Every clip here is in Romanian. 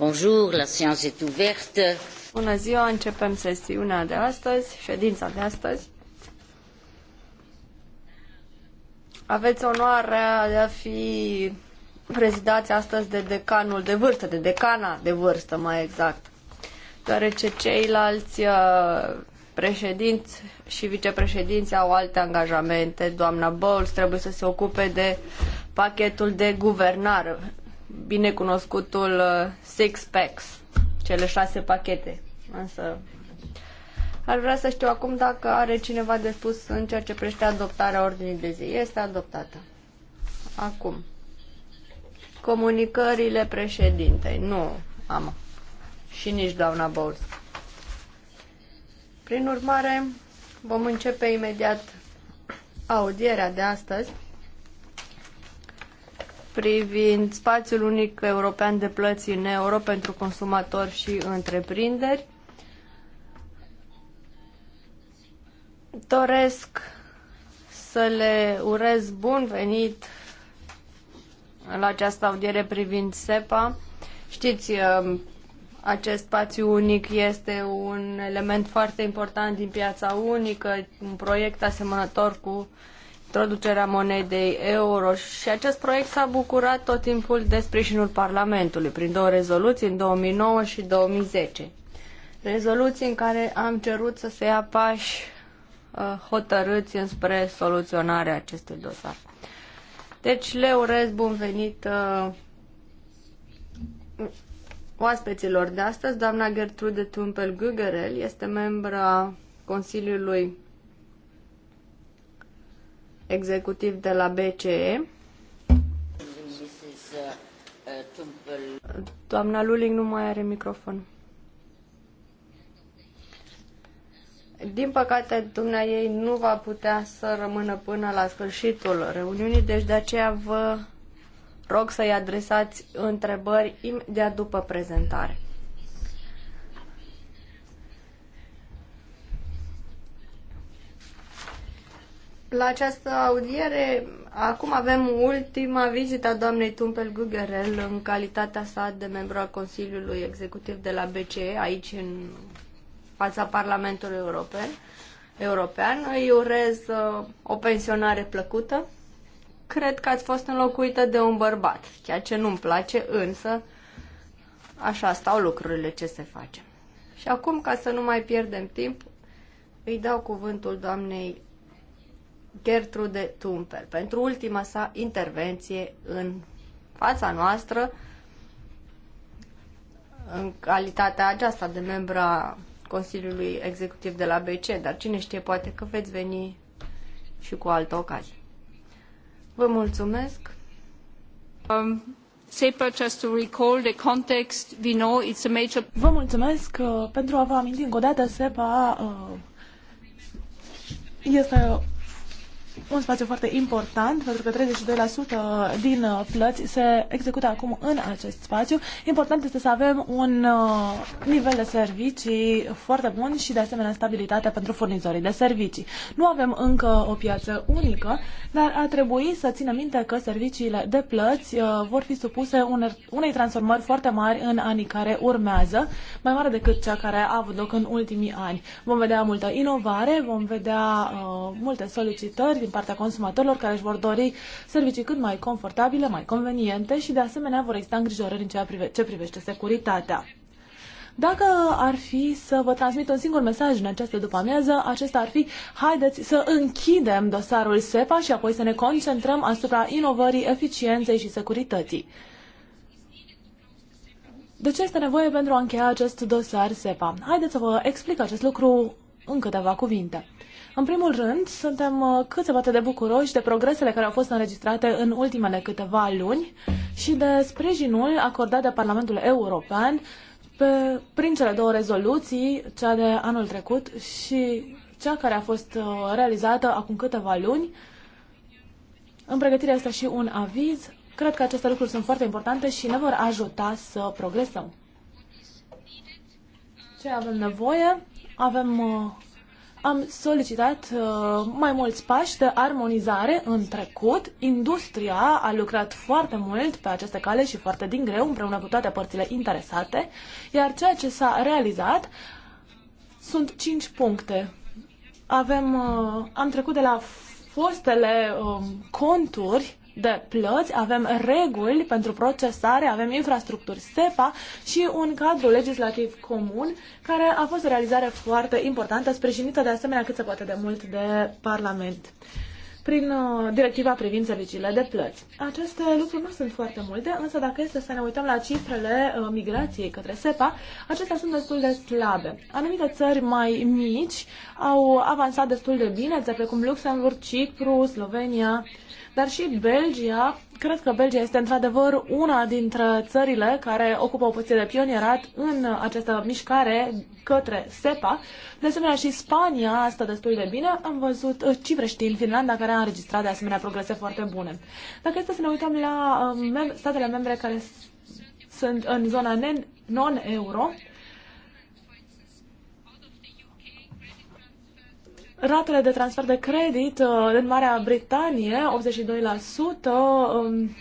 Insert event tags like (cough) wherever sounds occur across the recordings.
Bonjour, la séance est ouverte. Bună ziua, începem sesiunea de astăzi, ședința de astăzi. Aveți onoarea de a fi prezidați astăzi de decanul de vârstă, de decana de vârstă, mai exact, deoarece ceilalți uh, președinți și vicepreședinți au alte angajamente. Doamna Bowles trebuie să se ocupe de pachetul de guvernare, binecunoscutul uh, Six Packs, cele șase pachete. Însă ar vrea să știu acum dacă are cineva de spus în ceea ce prește adoptarea ordinii de zi. Este adoptată. Acum. Comunicările președintei. Nu am. Și nici doamna Bowles. Prin urmare, vom începe imediat audierea de astăzi privind spațiul unic european de plăți în euro pentru consumatori și întreprinderi. Doresc să le urez bun venit la această audiere privind SEPA. Știți, um, acest spațiu unic este un element foarte important din piața unică, un proiect asemănător cu uh, introducerea monedei euro și acest proiect s-a bucurat tot timpul de sprijinul Parlamentului prin două rezoluții în 2009 și 2010. Rezoluții în care am cerut să se ia pași uh, hotărâți înspre soluționarea acestui dosar. Deci le urez bun venit uh, oaspeților de astăzi. Doamna Gertrude tumpel gugărel este membra Consiliului executiv de la BCE. Doamna Luling nu mai are microfon. Din păcate, dumnea ei nu va putea să rămână până la sfârșitul reuniunii, deci de aceea vă rog să-i adresați întrebări imediat după prezentare. la această audiere acum avem ultima vizită a doamnei Tumpel Gugerel în calitatea sa de membru al Consiliului Executiv de la BCE aici în fața Parlamentului European. European. Îi urez uh, o pensionare plăcută. Cred că ați fost înlocuită de un bărbat, ceea ce nu-mi place, însă așa stau lucrurile ce se face. Și acum, ca să nu mai pierdem timp, îi dau cuvântul doamnei Gertrude Tumper. pentru ultima sa intervenție în fața noastră în calitatea aceasta de membra Consiliului Executiv de la BC, dar cine știe, poate că veți veni și cu altă ocazie. Vă mulțumesc. Um, SEPA, just to recall the context, we know it's a major... Vă mulțumesc uh, pentru a vă aminti încă o dată, SEPA uh, este un spațiu foarte important, pentru că 32% din uh, plăți se execută acum în acest spațiu. Important este să avem un uh, nivel de servicii foarte bun și, de asemenea, stabilitate pentru furnizorii de servicii. Nu avem încă o piață unică, dar ar trebui să ținem minte că serviciile de plăți uh, vor fi supuse unei transformări foarte mari în anii care urmează, mai mare decât cea care a avut loc în ultimii ani. Vom vedea multă inovare, vom vedea uh, multe solicitări din partea partea consumatorilor care își vor dori servicii cât mai confortabile, mai conveniente și de asemenea vor exista îngrijorări în ceea prive- ce privește securitatea. Dacă ar fi să vă transmit un singur mesaj în această după-amiază, acesta ar fi haideți să închidem dosarul SEPA și apoi să ne concentrăm asupra inovării, eficienței și securității. De ce este nevoie pentru a încheia acest dosar SEPA? Haideți să vă explic acest lucru în câteva cuvinte. În primul rând, suntem cât se poate de bucuroși de progresele care au fost înregistrate în ultimele câteva luni și de sprijinul acordat de Parlamentul European pe, prin cele două rezoluții, cea de anul trecut și cea care a fost uh, realizată acum câteva luni. În pregătire este și un aviz. Cred că aceste lucruri sunt foarte importante și ne vor ajuta să progresăm. Ce avem nevoie? Avem uh, am solicitat uh, mai mulți pași de armonizare în trecut. Industria a lucrat foarte mult pe aceste cale și foarte din greu împreună cu toate părțile interesate, iar ceea ce s-a realizat sunt cinci puncte. Avem, uh, am trecut de la fostele uh, conturi de plăți, avem reguli pentru procesare, avem infrastructuri SEPA și un cadru legislativ comun care a fost o realizare foarte importantă, sprijinită de asemenea cât se poate de mult de Parlament prin uh, directiva privind serviciile de plăți. Aceste lucruri nu sunt foarte multe, însă dacă este să ne uităm la cifrele uh, migrației către SEPA, acestea sunt destul de slabe. Anumite țări mai mici au avansat destul de bine, de precum Luxemburg, Cipru, Slovenia, uh, dar și Belgia. Cred că Belgia este într-adevăr una dintre țările care ocupă o poziție de pionierat în această mișcare către SEPA. De asemenea și Spania asta destul de bine. Am văzut uh, cifre știin Finlanda care a înregistrat de asemenea progrese foarte bune. Dacă este să ne uităm la uh, mem- statele membre care sunt în zona non-euro, Ratele de transfer de credit uh, în Marea Britanie, 82%, um,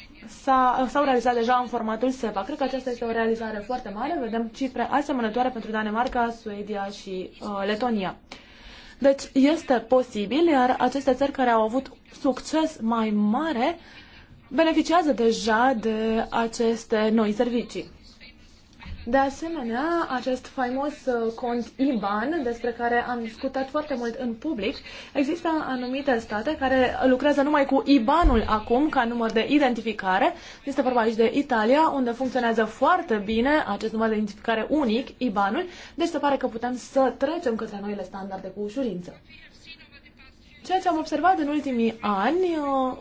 s-au realizat deja în formatul SEPA. Cred că aceasta este o realizare foarte mare. Vedem cifre asemănătoare pentru Danemarca, Suedia și uh, Letonia. Deci este posibil, iar aceste țări care au avut succes mai mare beneficiază deja de aceste noi servicii. De asemenea, acest faimos uh, cont IBAN, despre care am discutat foarte mult în public, există anumite state care lucrează numai cu IBAN-ul acum ca număr de identificare. Este vorba aici de Italia, unde funcționează foarte bine acest număr de identificare unic, IBAN-ul, deci se pare că putem să trecem către noile standarde cu ușurință. Ceea ce am observat în ultimii ani uh,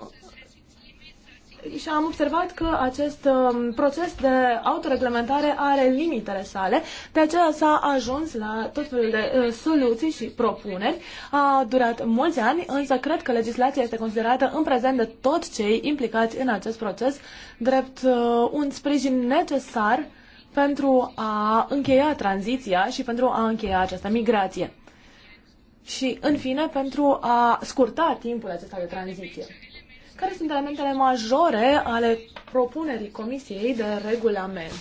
și am observat că acest um, proces de autoreglementare are limitele sale, de aceea s-a ajuns la tot felul de uh, soluții și propuneri. A durat mulți ani, însă cred că legislația este considerată în prezent de tot cei implicați în acest proces drept uh, un sprijin necesar pentru a încheia tranziția și pentru a încheia această migrație. Și, în fine, pentru a scurta timpul acesta de tranziție. Care sunt elementele majore ale propunerii Comisiei de regulament?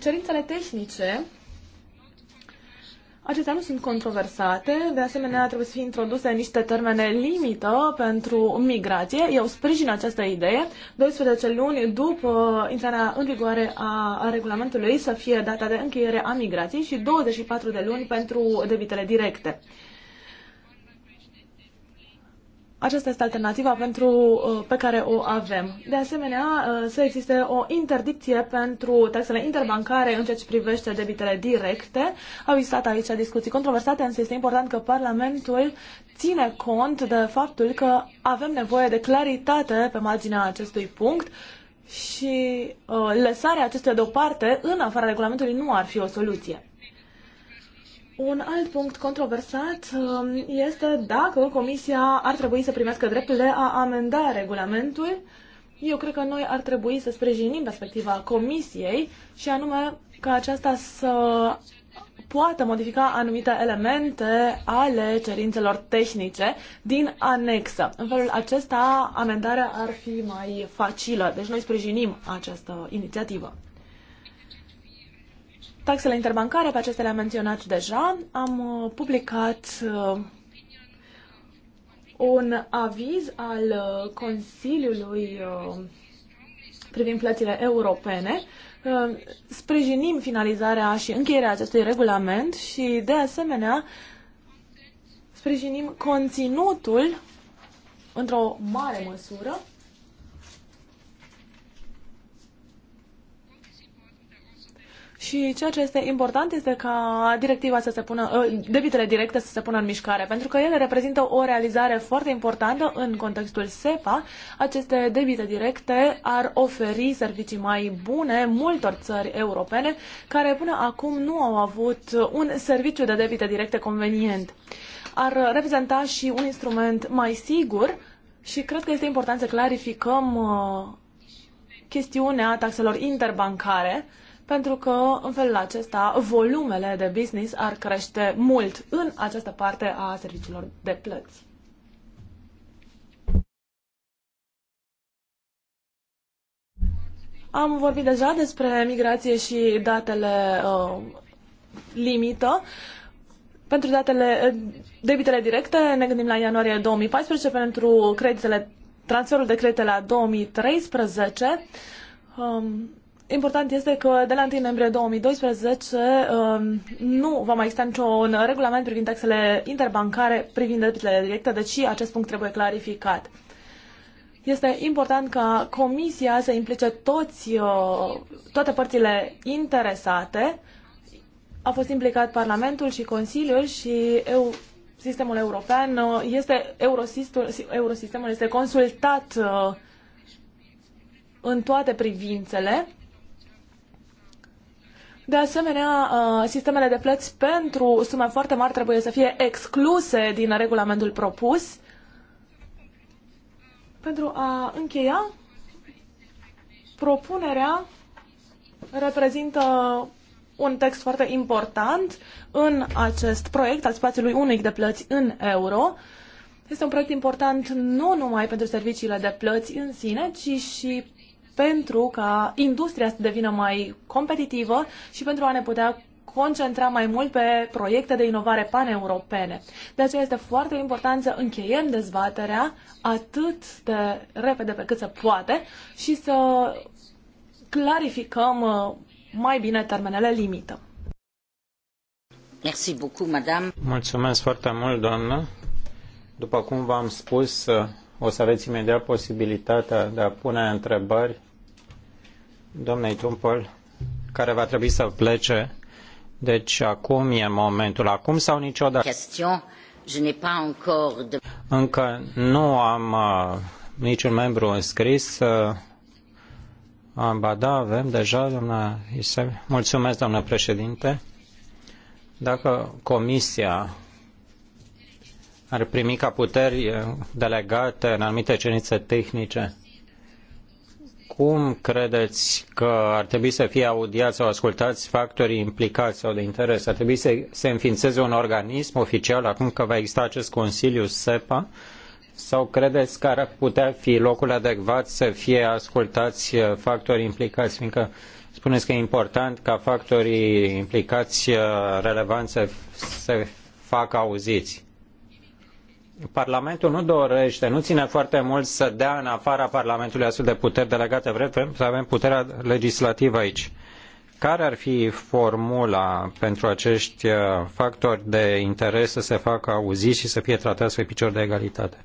Cerințele tehnice Acestea nu sunt controversate, de asemenea trebuie să fie introduse niște termene limită pentru migrație. Eu sprijin această idee. 12 luni după intrarea în vigoare a, regulamentului să fie data de încheiere a migrației și 24 de luni pentru debitele directe. Aceasta este alternativa pentru, uh, pe care o avem. De asemenea, uh, să existe o interdicție pentru taxele interbancare în ceea ce privește debitele directe. Au existat aici discuții controversate, însă este important că Parlamentul ține cont de faptul că avem nevoie de claritate pe marginea acestui punct și uh, lăsarea acestuia deoparte în afara regulamentului nu ar fi o soluție. Un alt punct controversat um, este dacă Comisia ar trebui să primească dreptul de a amenda regulamentul. Eu cred că noi ar trebui să sprijinim perspectiva Comisiei și anume ca aceasta să poată modifica anumite elemente ale cerințelor tehnice din anexă. În felul acesta, amendarea ar fi mai facilă. Deci noi sprijinim această inițiativă. Taxele interbancare, pe acestea le-am menționat deja. Am uh, publicat uh, un aviz al uh, Consiliului privind plățile europene. Sprijinim finalizarea și încheierea acestui regulament și, de asemenea, sprijinim conținutul într-o mare măsură Și ceea ce este important este ca directiva să se pună, uh, debitele directe să se pună în mișcare, pentru că ele reprezintă o realizare foarte importantă în contextul SEPA. Aceste debite directe ar oferi servicii mai bune multor țări europene care până acum nu au avut un serviciu de debite directe convenient. Ar reprezenta și un instrument mai sigur și cred că este important să clarificăm uh, chestiunea taxelor interbancare pentru că în felul acesta volumele de business ar crește mult în această parte a serviciilor de plăți. Am vorbit deja despre migrație și datele uh, limită. Pentru datele, uh, debitele directe ne gândim la ianuarie 2014, pentru creditele, transferul de credite la 2013. Um, Important este că de la 1 noiembrie 2012 um, nu va mai exista niciun regulament privind taxele interbancare privind debitele directe, deci acest punct trebuie clarificat. Este important ca Comisia să implice toți, uh, toate părțile interesate. A fost implicat Parlamentul și Consiliul și eu, sistemul european uh, este Eurosistemul este consultat uh, în toate privințele de asemenea, uh, sistemele de plăți pentru sume foarte mari trebuie să fie excluse din regulamentul propus. Pentru a încheia, propunerea reprezintă un text foarte important în acest proiect al spațiului unic de plăți în euro. Este un proiect important nu numai pentru serviciile de plăți în sine, ci și pentru ca industria să devină mai competitivă și pentru a ne putea concentra mai mult pe proiecte de inovare paneuropene. De aceea este foarte important să încheiem dezbaterea atât de repede pe cât se poate și să clarificăm uh, mai bine termenele limită. Merci beaucoup, madame. Mulțumesc foarte mult, doamnă. După cum v-am spus, uh, o să aveți imediat posibilitatea de a pune întrebări domnei Tumpol, care va trebui să plece. Deci acum e momentul, acum sau niciodată. Încă nu am uh, niciun membru înscris. Uh, ba da, avem deja, doamna Isabel. Mulțumesc, doamnă președinte. Dacă comisia ar primi ca puteri eh, delegate în anumite cerințe tehnice. Cum credeți că ar trebui să fie audiați sau ascultați factorii implicați sau de interes? Ar trebui să se înființeze un organism oficial acum că va exista acest Consiliu SEPA? Sau credeți că ar putea fi locul adecvat să fie ascultați eh, factorii implicați? Fiindcă spuneți că e important ca factorii implicați eh, relevanți să se facă auziți Parlamentul nu dorește, nu ține foarte mult să dea în afara Parlamentului astfel de puteri delegate. Vrem să avem puterea legislativă aici. Care ar fi formula pentru acești uh, factori de interes să se facă auziți și să fie tratați pe picior de egalitate?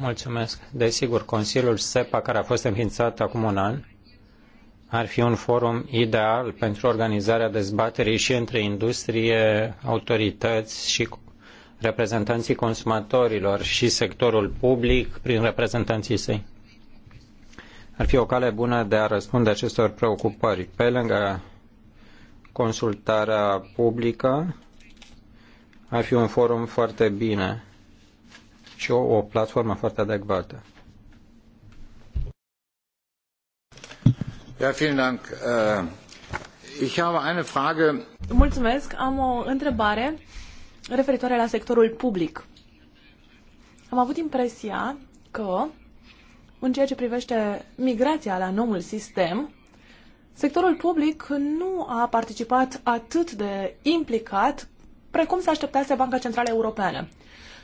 Mulțumesc. Desigur, Consiliul SEPA, care a fost înființat acum un an, ar fi un forum ideal pentru organizarea dezbaterii și între industrie, autorități și reprezentanții consumatorilor și sectorul public prin reprezentanții săi. Ar fi o cale bună de a răspunde acestor preocupări. Pe lângă consultarea publică, ar fi un forum foarte bine și o, o platformă foarte adecvată. Äh, Am o întrebare referitoare la sectorul public. Am avut impresia că, în ceea ce privește migrația la noul sistem, sectorul public nu a participat atât de implicat precum se așteptase Banca Centrală Europeană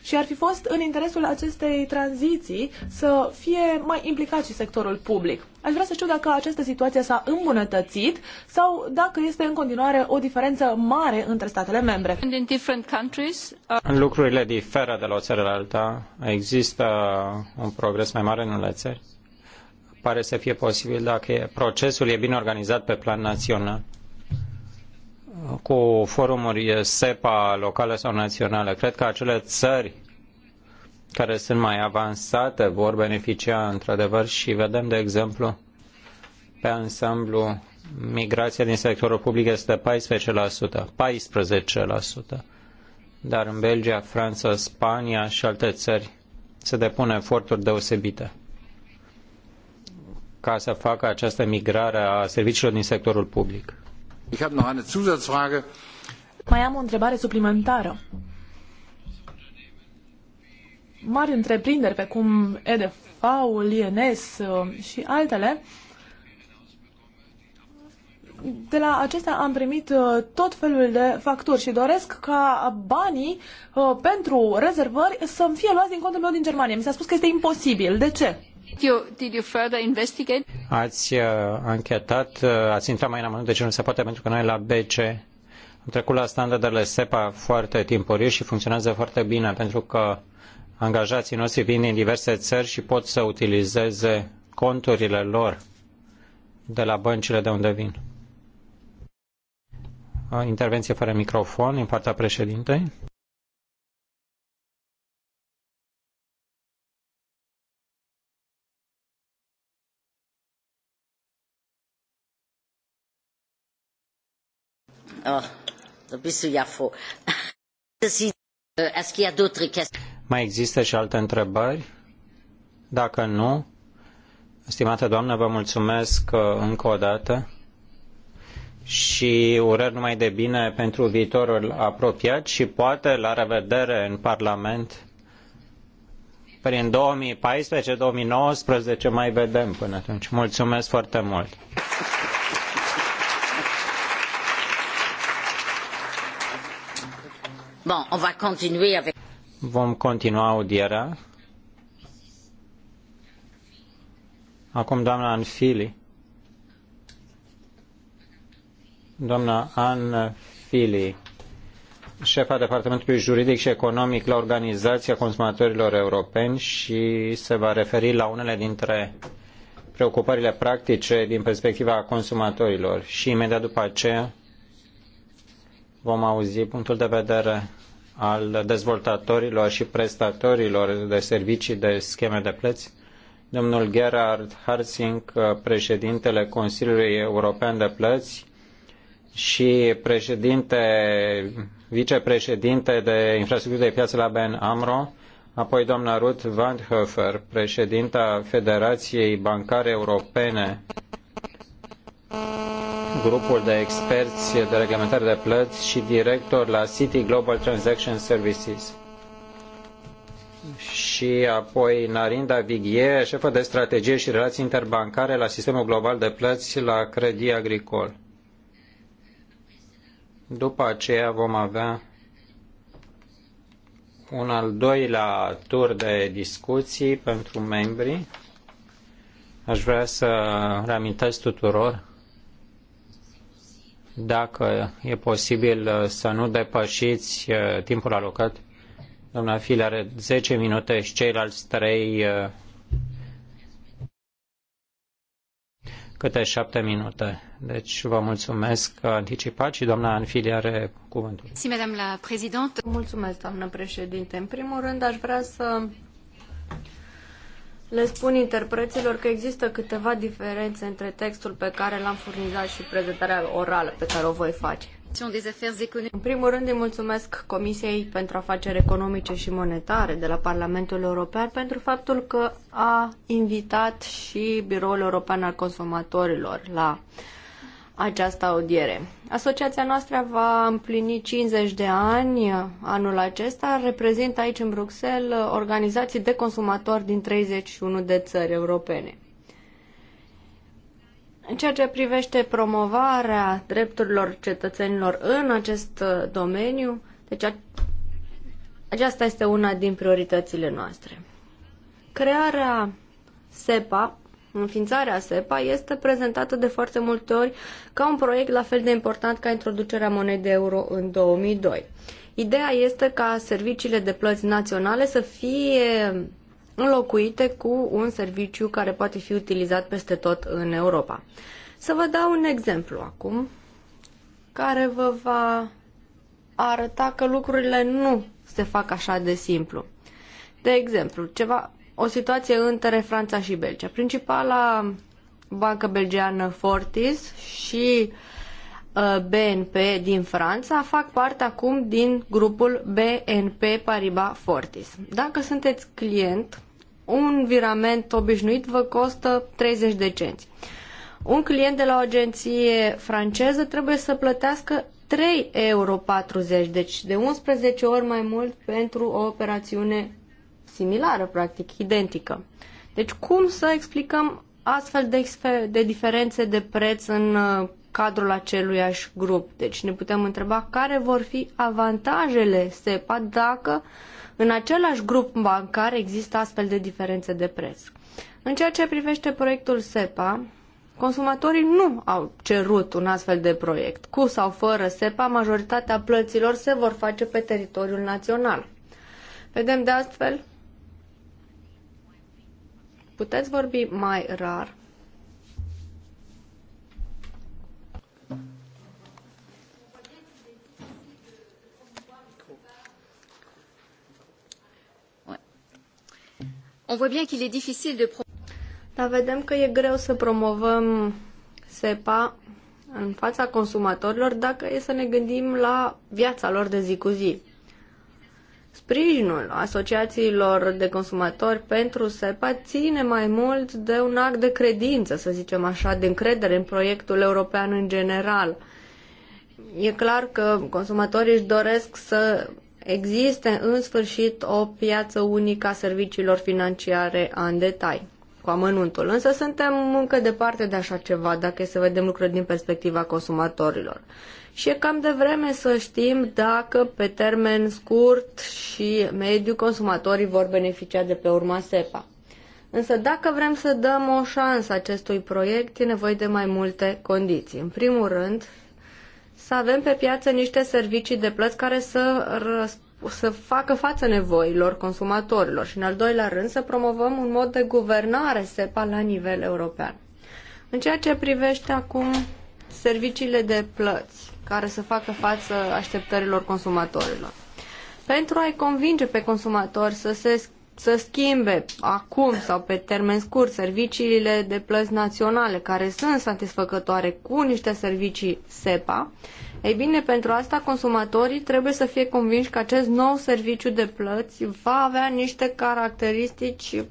și ar fi fost în interesul acestei tranziții să fie mai implicat și sectorul public. Aș vrea să știu dacă această situație s-a îmbunătățit sau dacă este în continuare o diferență mare între statele membre. Uh, lucrurile diferă de la o țară la alta. Există un progres mai mare în unele țări. Pare să fie posibil dacă procesul e bine organizat pe plan național cu forumuri SEPA locale sau naționale. Cred că acele țări care sunt mai avansate vor beneficia într-adevăr și vedem, de exemplu, pe ansamblu, migrația din sectorul public este de 14%, 14%, dar în Belgia, Franța, Spania și alte țări se depun eforturi deosebite ca să facă această migrare a serviciilor din sectorul public. Mai am o întrebare suplimentară. Mari întreprinderi, cum EDF-ul, INS uh, și altele, de la acestea am primit uh, tot felul de facturi și doresc ca banii uh, pentru rezervări să-mi fie luați din contul meu din Germania. Mi s-a spus că este imposibil. De ce? Did Ați uh, anchetat, uh, ați intrat mai în amănunte ce nu se poate pentru că noi la BC am trecut la standardele SEPA foarte timpuriu și funcționează foarte bine pentru că angajații noștri vin din diverse țări și pot să utilizeze conturile lor de la băncile de unde vin. Uh, intervenție fără microfon din partea președintei. Oh, (laughs) Mai există și alte întrebări? Dacă nu, stimată doamnă, vă mulțumesc uh, încă o dată și urări numai de bine pentru viitorul apropiat și poate la revedere în Parlament prin 2014-2019 mai vedem până atunci. Mulțumesc foarte mult! Bon, on va avec... Vom continua audierea. Acum doamna Anfili. Doamna Anfili, șefa Departamentului Juridic și Economic la Organizația Consumatorilor Europeni și se va referi la unele dintre preocupările practice din perspectiva consumatorilor. Și imediat după aceea vom auzi punctul de vedere al dezvoltatorilor și prestatorilor de servicii de scheme de plăți, domnul Gerhard Harsing, președintele Consiliului European de Plăți și președinte, vicepreședinte de infrastructură de piață la Ben Amro, apoi doamna Ruth Vandhofer, președinta Federației Bancare Europene grupul de experți de reglementare de plăți și director la City Global Transaction Services. Și apoi Narinda Vighie, șefă de strategie și relații interbancare la Sistemul Global de Plăți la Credit Agricol. După aceea vom avea un al doilea tur de discuții pentru membri. Aș vrea să reamintesc tuturor dacă e posibil uh, să nu depășiți uh, timpul alocat. Doamna Fil are 10 minute și ceilalți trei uh, câte 7 minute. Deci vă mulțumesc că anticipat și doamna Anfili are cuvântul. Mulțumesc, doamnă președinte. În primul rând aș vrea să le spun interpreților că există câteva diferențe între textul pe care l-am furnizat și prezentarea orală pe care o voi face. În primul rând îi mulțumesc Comisiei pentru Afaceri Economice și Monetare de la Parlamentul European pentru faptul că a invitat și Biroul European al Consumatorilor la uh, această audiere. Asociația noastră va împlini 50 de ani anul acesta. Reprezintă aici în Bruxelles organizații de consumatori din 31 de țări europene. În ceea ce privește promovarea drepturilor cetățenilor în acest domeniu, deci aceasta este una din prioritățile noastre. Crearea SEPA Înființarea SEPA este prezentată de foarte multe ori ca un proiect la fel de important ca introducerea monedei euro în 2002. Ideea este ca serviciile de plăți naționale să fie înlocuite cu un serviciu care poate fi utilizat peste tot în Europa. Să vă dau un exemplu acum care vă va arăta că lucrurile nu se fac așa de simplu. De exemplu, ceva o situație între Franța și Belgia. Principala bancă belgeană Fortis și uh, BNP din Franța fac parte acum din grupul BNP Paribas Fortis. Dacă sunteți client, un virament obișnuit vă costă 30 de cenți. Un client de la o agenție franceză trebuie să plătească 3,40 euro, deci de 11 ori mai mult pentru o operațiune similară, practic, identică. Deci cum să explicăm astfel de, de diferențe de preț în uh, cadrul aceluiași grup? Deci ne putem întreba care vor fi avantajele SEPA dacă în același grup bancar există astfel de diferențe de preț. În ceea ce privește proiectul SEPA, consumatorii nu au cerut un astfel de proiect. Cu sau fără SEPA, majoritatea plăților se vor face pe teritoriul național. Vedem de astfel Puteți vorbi mai rar? On voit bien qu'il est difficile de Dar vedem că e greu să promovăm SEPA în fața consumatorilor dacă e să ne gândim la viața lor de zi cu zi sprijinul asociațiilor de consumatori pentru SEPA ține mai mult de un act de credință, să zicem așa, de încredere în proiectul european în general. E clar că consumatorii își doresc să existe în sfârșit o piață unică a serviciilor financiare în detai cu amănuntul, însă suntem încă departe de așa ceva dacă e să vedem lucrurile din perspectiva consumatorilor și e cam de vreme să știm dacă pe termen scurt și mediu consumatorii vor beneficia de pe urma SEPA. Însă dacă vrem să dăm o șansă acestui proiect, e nevoie de mai multe condiții. În primul rând, să avem pe piață niște servicii de plăți care să, să facă față nevoilor consumatorilor și, în al doilea rând, să promovăm un mod de guvernare SEPA la nivel european. În ceea ce privește acum serviciile de plăți, care să facă față așteptărilor consumatorilor. Pentru a-i convinge pe consumatori să se să schimbe acum sau pe termen scurt serviciile de plăți naționale care sunt satisfăcătoare cu niște servicii SEPA, ei bine, pentru asta consumatorii trebuie să fie convinși că acest nou serviciu de plăți va avea niște caracteristici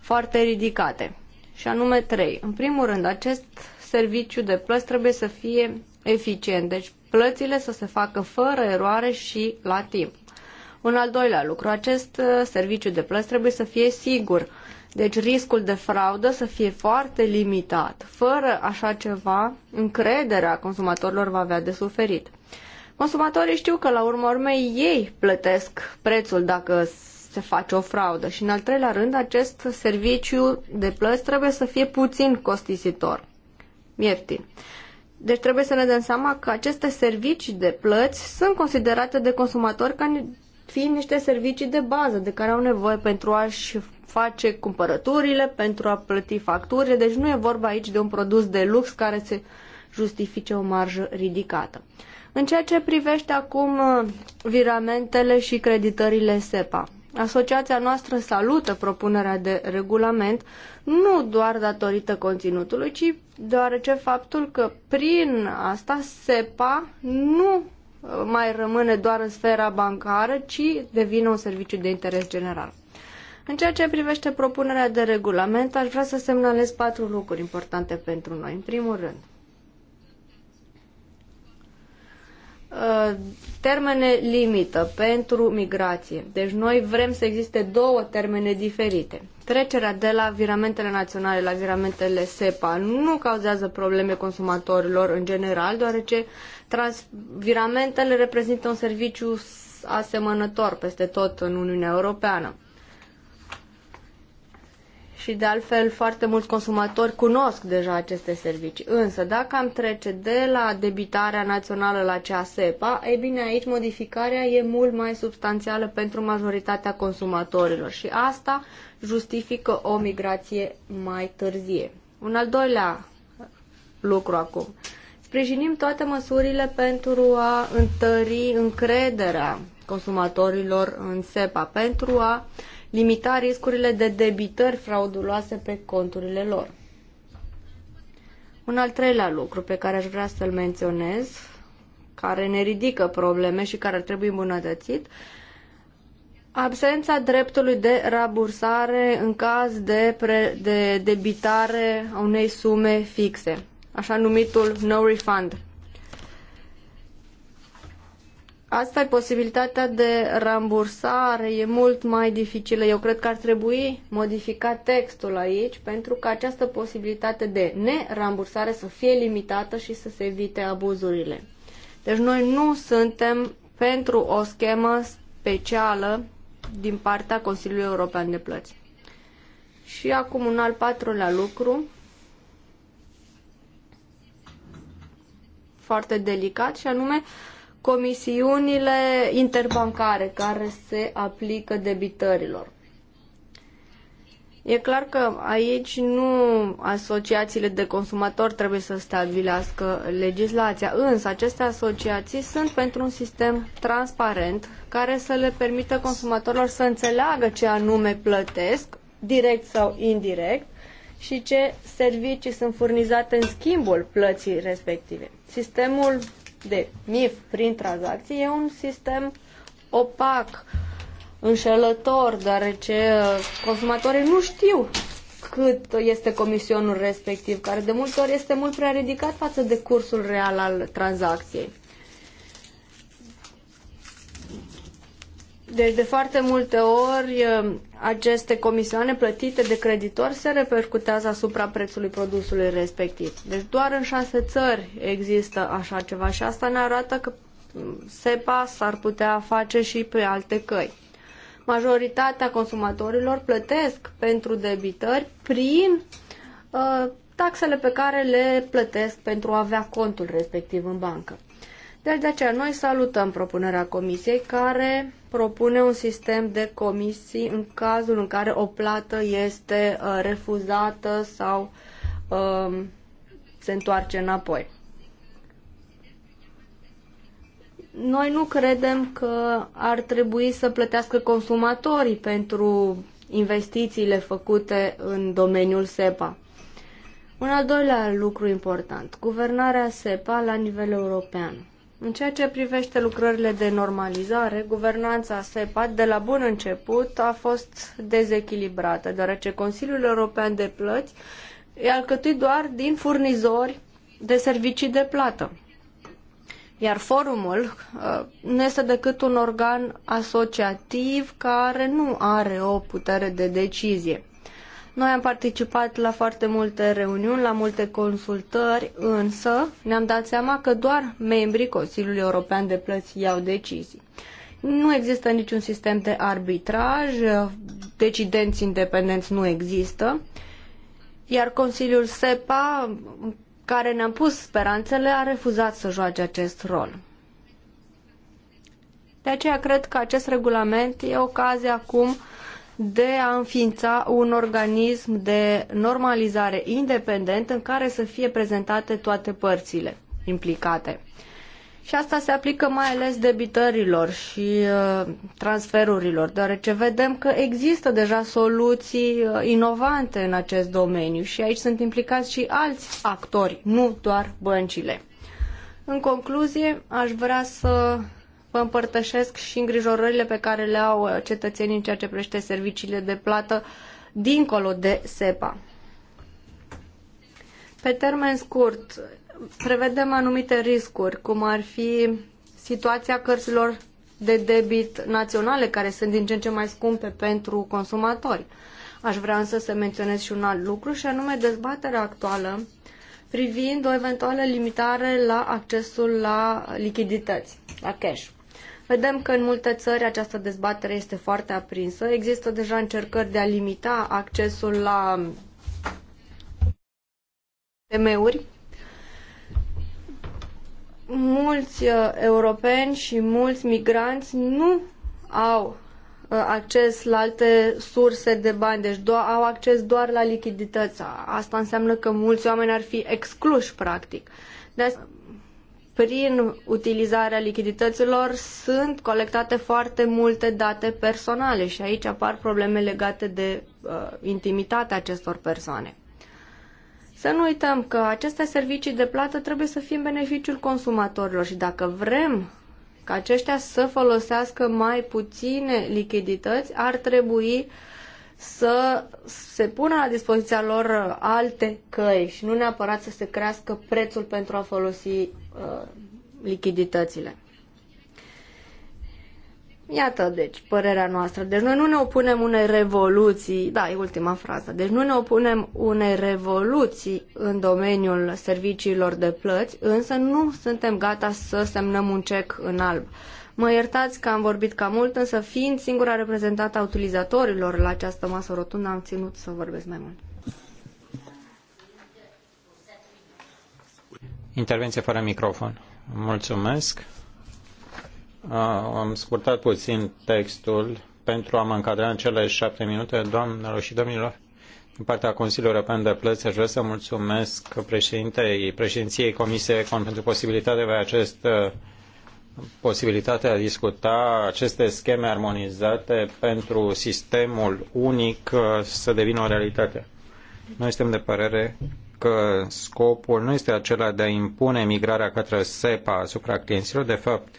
foarte ridicate. Și anume trei. În primul rând, acest serviciu de plăți trebuie să fie eficient. Deci plățile să se facă fără eroare și la timp. Un al doilea lucru, acest uh, serviciu de plăți trebuie să fie sigur. Deci riscul de fraudă să fie foarte limitat. Fără așa ceva, încrederea consumatorilor va avea de suferit. Consumatorii știu că la urma urmei ei plătesc prețul dacă se face o fraudă și în al treilea rând acest serviciu de plăți trebuie să fie puțin costisitor, ieftin. Deci trebuie să ne dăm seama că aceste servicii de plăți sunt considerate de consumatori ca fiind niște servicii de bază de care au nevoie pentru a-și face cumpărăturile, pentru a plăti facturile, deci nu e vorba aici de un produs de lux care se justifice o marjă ridicată. În ceea ce privește acum uh, viramentele și creditările SEPA, Asociația noastră salută propunerea de regulament nu doar datorită conținutului, ci deoarece faptul că prin asta SEPA nu uh, mai rămâne doar în sfera bancară, ci devine un serviciu de interes general. În ceea ce privește propunerea de regulament, aș vrea să semnalez patru lucruri importante pentru noi. În primul rând, Uh, termene limită pentru migrație. Deci noi vrem să existe două termene diferite. Trecerea de la viramentele naționale la viramentele SEPA nu cauzează probleme consumatorilor în general, deoarece trans- viramentele reprezintă un serviciu asemănător peste tot în Uniunea Europeană și de altfel foarte mulți consumatori cunosc deja aceste servicii. Însă dacă am trece de la debitarea națională la cea SEPA, e bine aici modificarea e mult mai substanțială pentru majoritatea consumatorilor și asta justifică o migrație mai târzie. Un al doilea lucru acum. Sprijinim toate măsurile pentru a întări încrederea consumatorilor în SEPA, pentru a limita riscurile de debitări frauduloase pe conturile lor. Un al treilea lucru pe care aș vrea să-l menționez, care ne ridică probleme și care ar trebui îmbunătățit, absența dreptului de rabursare în caz de, pre, de debitare a unei sume fixe, așa numitul no refund Asta e posibilitatea de rambursare, e mult mai dificilă. Eu cred că ar trebui modificat textul aici pentru că această posibilitate de nerambursare să fie limitată și să se evite abuzurile. Deci noi nu suntem pentru o schemă specială din partea Consiliului European de Plăți. Și acum un al patrulea lucru, foarte delicat, și anume comisiunile interbancare care se aplică debitărilor. E clar că aici nu asociațiile de consumatori trebuie să stabilească legislația, însă aceste asociații sunt pentru un sistem transparent care să le permită consumatorilor să înțeleagă ce anume plătesc, direct sau indirect, și ce servicii sunt furnizate în schimbul plății respective. Sistemul de MIF prin tranzacții e un sistem opac, înșelător, deoarece uh, consumatorii nu știu cât este comisionul respectiv, care de multe ori este mult prea ridicat față de cursul real al tranzacției. Deci de foarte multe ori ă, aceste comisioane plătite de creditori se repercutează asupra prețului produsului respectiv. Deci doar în șase țări există așa ceva și asta ne arată că ă, SEPA s-ar putea face și pe alte căi. Majoritatea consumatorilor plătesc pentru debitări prin uh, taxele pe care le plătesc pentru a avea contul respectiv în bancă. Deci de aceea noi salutăm propunerea comisiei care propune un sistem de comisii în cazul în care o plată este uh, refuzată sau uh, se întoarce înapoi. Noi nu credem că ar trebui să plătească consumatorii pentru investițiile făcute în domeniul SEPA. Un al doilea lucru important, guvernarea SEPA la nivel european. În ceea ce privește lucrările de normalizare, guvernanța SEPA de la bun început a fost dezechilibrată, deoarece Consiliul European de Plăți e alcătuit doar din furnizori de servicii de plată. Iar forumul uh, nu este decât un organ asociativ care nu are o putere de decizie. Noi am participat la foarte multe reuniuni, la multe consultări, însă ne-am dat seama că doar membrii Consiliului European de Plăți iau decizii. Nu există niciun sistem de arbitraj, decidenți independenți nu există, iar Consiliul SEPA, care ne-a pus speranțele, a refuzat să joace acest rol. De aceea cred că acest regulament e ocazia acum de a înființa un organism de normalizare independent în care să fie prezentate toate părțile implicate. Și asta se aplică mai ales debitărilor și uh, transferurilor, deoarece vedem că există deja soluții uh, inovante în acest domeniu și aici sunt implicați și alți actori, nu doar băncile. În concluzie, aș vrea să vă împărtășesc și îngrijorările pe care le au uh, cetățenii în ceea ce privește serviciile de plată dincolo de SEPA. Pe termen scurt, prevedem anumite riscuri, cum ar fi situația cărților de debit naționale, care sunt din ce în ce mai scumpe pentru consumatori. Aș vrea însă să menționez și un alt lucru, și anume dezbaterea actuală privind o eventuală limitare la accesul la lichidități, la cash. Vedem că în multe țări această dezbatere este foarte aprinsă. Există deja încercări de a limita accesul la temeuri. Mulți uh, europeni și mulți migranți nu au uh, acces la alte surse de bani, deci do- au acces doar la lichidități. Asta înseamnă că mulți oameni ar fi excluși, practic. De asta prin utilizarea lichidităților sunt colectate foarte multe date personale și aici apar probleme legate de uh, intimitatea acestor persoane. Să nu uităm că aceste servicii de plată trebuie să fie în beneficiul consumatorilor și dacă vrem ca aceștia să folosească mai puține lichidități, ar trebui să se pună la dispoziția lor alte căi și nu neapărat să se crească prețul pentru a folosi Uh, lichiditățile. Iată, deci, părerea noastră. Deci noi nu ne opunem unei revoluții, da, e ultima frază, deci nu ne opunem unei revoluții în domeniul serviciilor de plăți, însă nu suntem gata să semnăm un cec în alb. Mă iertați că am vorbit cam mult, însă fiind singura reprezentată a utilizatorilor la această masă rotundă, am ținut să vorbesc mai mult. Intervenție fără microfon. Mulțumesc. Am scurtat puțin textul pentru a mă încadra în cele șapte minute. Doamnelor și domnilor, din partea Consiliului European de Plăți, aș vrea să mulțumesc președintei, președinției Comisiei Econ pentru posibilitatea de acest posibilitatea de a discuta aceste scheme armonizate pentru sistemul unic să devină o realitate. Noi suntem de părere că scopul nu este acela de a impune migrarea către SEPA asupra clienților. De fapt,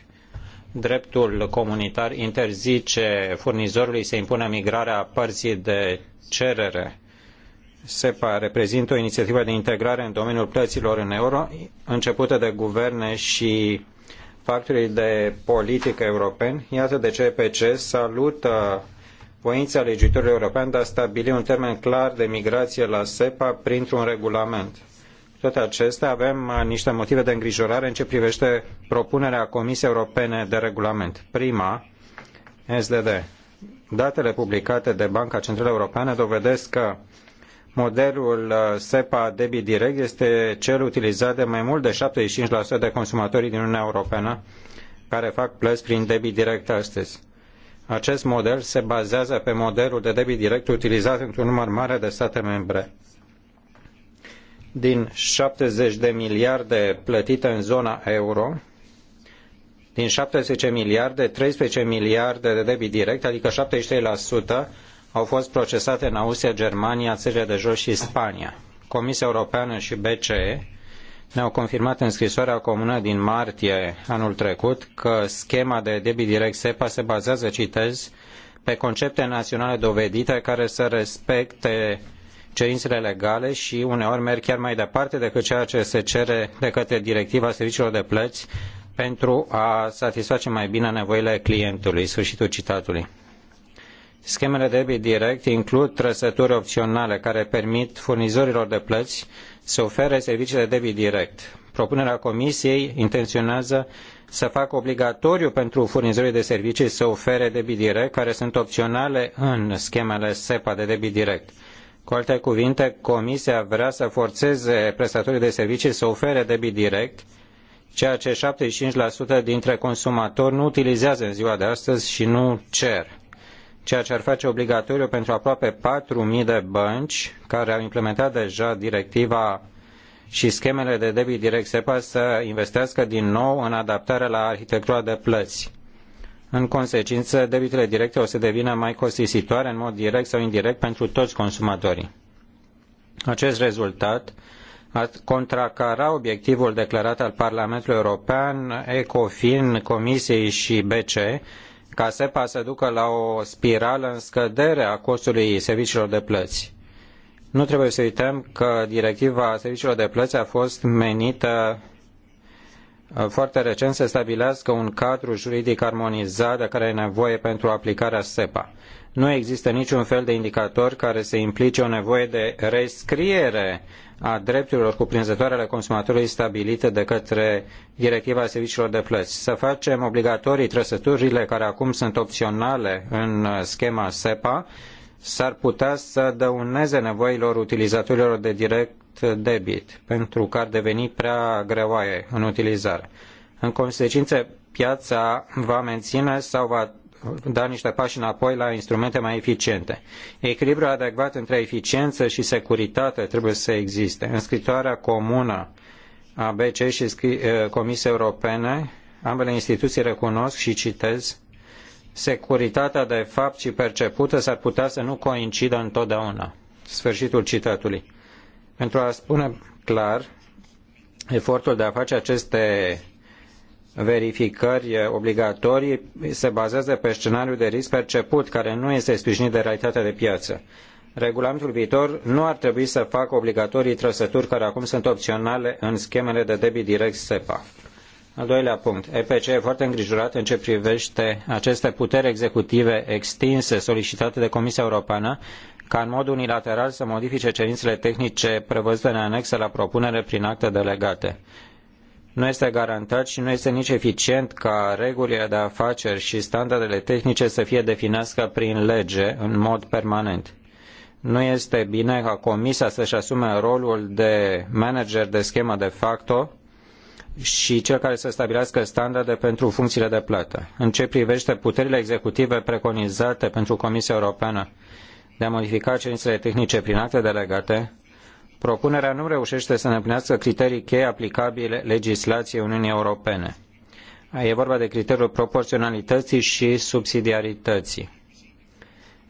dreptul comunitar interzice furnizorului să impună migrarea părții de cerere. SEPA reprezintă o inițiativă de integrare în domeniul plăților în euro, începută de guverne și factorii de politică europeni. Iată de ce EPC salută voința legiuitorului european de a stabili un termen clar de migrație la SEPA printr-un regulament. Toate acestea avem uh, niște motive de îngrijorare în ce privește propunerea Comisiei Europene de regulament. Prima, SDD. Datele publicate de Banca Centrală Europeană dovedesc că modelul uh, SEPA debit direct este cel utilizat de mai mult de 75% de consumatorii din Uniunea Europeană care fac plăți prin debit direct astăzi. Acest model se bazează pe modelul de debit direct utilizat într-un număr mare de state membre. Din 70 de miliarde plătite în zona euro, din 17 miliarde, 13 miliarde de debit direct, adică 73%, au fost procesate în Austria, Germania, țările de jos și Spania. Comisia Europeană și BCE ne-au confirmat în scrisoarea comună din martie anul trecut că schema de debit direct SEPA se bazează, citez, pe concepte naționale dovedite care să respecte cerințele legale și uneori merg chiar mai departe decât ceea ce se cere de către directiva serviciilor de plăți pentru a satisface mai bine nevoile clientului. Sfârșitul citatului. Schemele de debit direct includ trăsături opționale care permit furnizorilor de plăți să ofere servicii de debit direct. Propunerea Comisiei intenționează să facă obligatoriu pentru furnizorii de servicii să ofere debit direct, care sunt opționale în schemele SEPA de debit direct. Cu alte cuvinte, Comisia vrea să forțeze prestatorii de servicii să ofere debit direct, ceea ce 75% dintre consumatori nu utilizează în ziua de astăzi și nu cer ceea ce ar face obligatoriu pentru aproape 4.000 de bănci care au implementat deja directiva și schemele de debit direct SEPA să investească din nou în adaptarea la arhitectura de plăți. În consecință, debitele directe o să devină mai costisitoare în mod direct sau indirect pentru toți consumatorii. Acest rezultat ar contracara obiectivul declarat al Parlamentului European, ECOFIN, Comisiei și BCE ca SEPA să ducă la o spirală în scădere a costului serviciilor de plăți. Nu trebuie să uităm că directiva serviciilor de plăți a fost menită Uh, foarte recent să stabilească un cadru juridic armonizat de care e nevoie pentru aplicarea SEPA. Nu există niciun fel de indicator care să implice o nevoie de rescriere a drepturilor cuprinzătoare ale consumatorului stabilite de către Directiva Serviciilor de Plăți. Să facem obligatorii trăsăturile care acum sunt opționale în schema SEPA, uh, s-ar putea să dăuneze nevoilor utilizatorilor de direct debit, pentru că ar deveni prea greoaie în utilizare. În consecință, piața va menține sau va da niște pași înapoi la instrumente mai eficiente. Echilibrul adecvat între eficiență și securitate trebuie să existe. În scritoarea comună a BCE și eh, Comisiei Europene, ambele instituții recunosc și citez securitatea de fapt și percepută s-ar putea să nu coincidă întotdeauna. Sfârșitul citatului. Pentru a spune clar, efortul de a face aceste verificări obligatorii se bazează pe scenariul de risc perceput, care nu este sprijinit de realitatea de piață. Regulamentul viitor nu ar trebui să facă obligatorii trăsături care acum sunt opționale în schemele de debit direct SEPA. Al doilea punct. EPC e foarte îngrijorat în ce privește aceste puteri executive extinse solicitate de Comisia Europeană ca în mod unilateral să modifice cerințele tehnice prevăzute în anexă la propunere prin acte delegate. Nu este garantat și nu este nici eficient ca regulile de afaceri și standardele tehnice să fie definească prin lege în mod permanent nu este bine ca Comisia să-și asume rolul de manager de schemă de facto și cel care să stabilească standarde pentru funcțiile de plată. În ce privește puterile executive preconizate pentru Comisia Europeană de a modifica cerințele tehnice prin acte delegate, propunerea nu reușește să îndeplinească criterii cheie aplicabile legislației Uniunii Europene. E vorba de criteriul proporționalității și subsidiarității.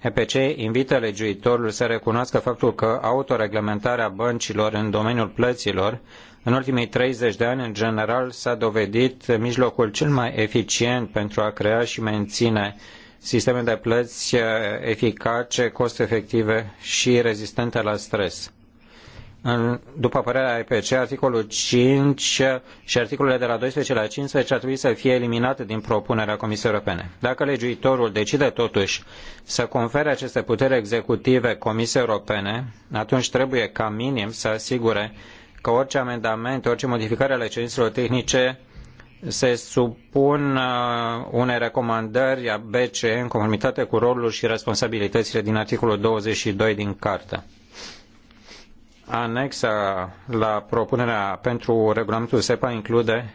EPC invită legiuitorul să recunoască faptul că autoreglementarea băncilor în domeniul plăților în ultimii 30 de ani, în general, s-a dovedit mijlocul cel mai eficient pentru a crea și menține sisteme de plăți eh, eficace, cost-efective și rezistente la stres. În, după părerea IPC, articolul 5 și articolele de la 12 la 15 ar trebui să fie eliminate din propunerea Comisiei Europene. Dacă legiuitorul decide totuși să confere aceste puteri executive Comisiei Europene, atunci trebuie ca minim să asigure că orice amendament, orice modificare ale cerințelor tehnice se supun uh, unei recomandări a BCE în conformitate cu rolul și responsabilitățile din articolul 22 din carte. Anexa la propunerea pentru regulamentul SEPA include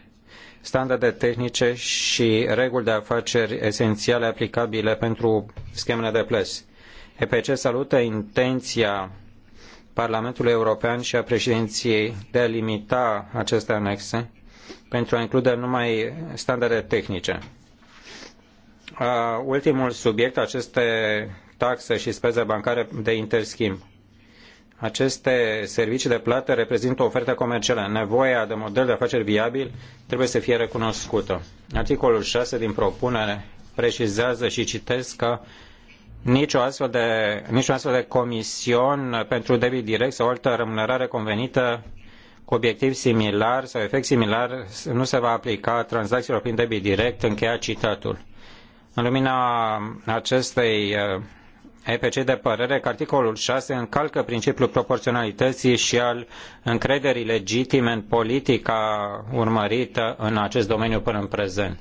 standarde tehnice și reguli de afaceri esențiale aplicabile pentru schemele de plăți. EPC salută intenția Parlamentului European și a președinției de a limita aceste anexe pentru a include numai standarde tehnice. Ultimul subiect, aceste taxe și speze bancare de interschimb. Aceste servicii de plată reprezintă o ofertă comercială. Nevoia de model de afaceri viabil trebuie să fie recunoscută. Articolul 6 din propunere precizează și citesc că nici o astfel de, nici o astfel de comision pentru debit direct sau altă remunerare convenită cu obiectiv similar sau efect similar nu se va aplica tranzacțiilor prin debit direct, încheia citatul. În lumina acestei uh, EPC de părere că articolul 6 încalcă principiul proporționalității și al încrederii legitime în politica urmărită în acest domeniu până în prezent.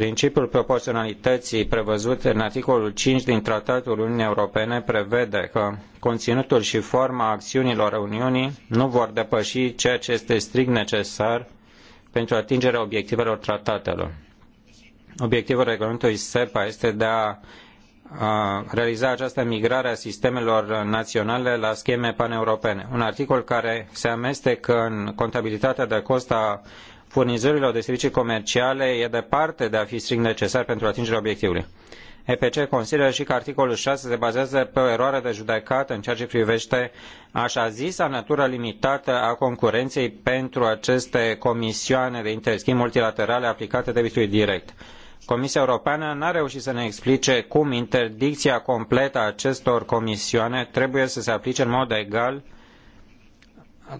Principiul proporționalității prevăzut în articolul 5 din Tratatul Uniunii Europene prevede că conținutul și forma acțiunilor Uniunii nu vor depăși ceea ce este strict necesar pentru atingerea obiectivelor tratatelor. Obiectivul regulamentului SEPA este de a realiza această migrare a sistemelor naționale la scheme paneuropene. Un articol care se amestecă în contabilitatea de cost a furnizorilor de servicii comerciale e departe de a fi strict necesar pentru atingerea obiectivului. EPC consideră și că articolul 6 se bazează pe o eroare de judecată în ceea ce privește așa zisa natură limitată a concurenței pentru aceste comisioane de interschimb multilaterale aplicate debitului direct. Comisia Europeană n-a reușit să ne explice cum interdicția completă a acestor comisioane trebuie să se aplice în mod egal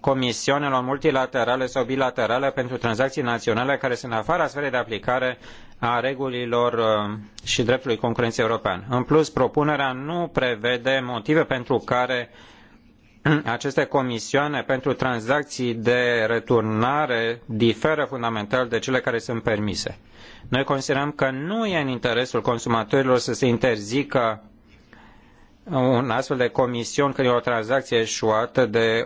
comisioanelor multilaterale sau bilaterale pentru tranzacții naționale care sunt în afara sferei de aplicare a regulilor uh, și dreptului concurenței european. În plus, propunerea nu prevede motive pentru care (clears throat) aceste comisioane pentru tranzacții de returnare diferă fundamental de cele care sunt permise. Noi considerăm că nu e în interesul consumatorilor să se interzică un astfel de comision când e o tranzacție eșuată de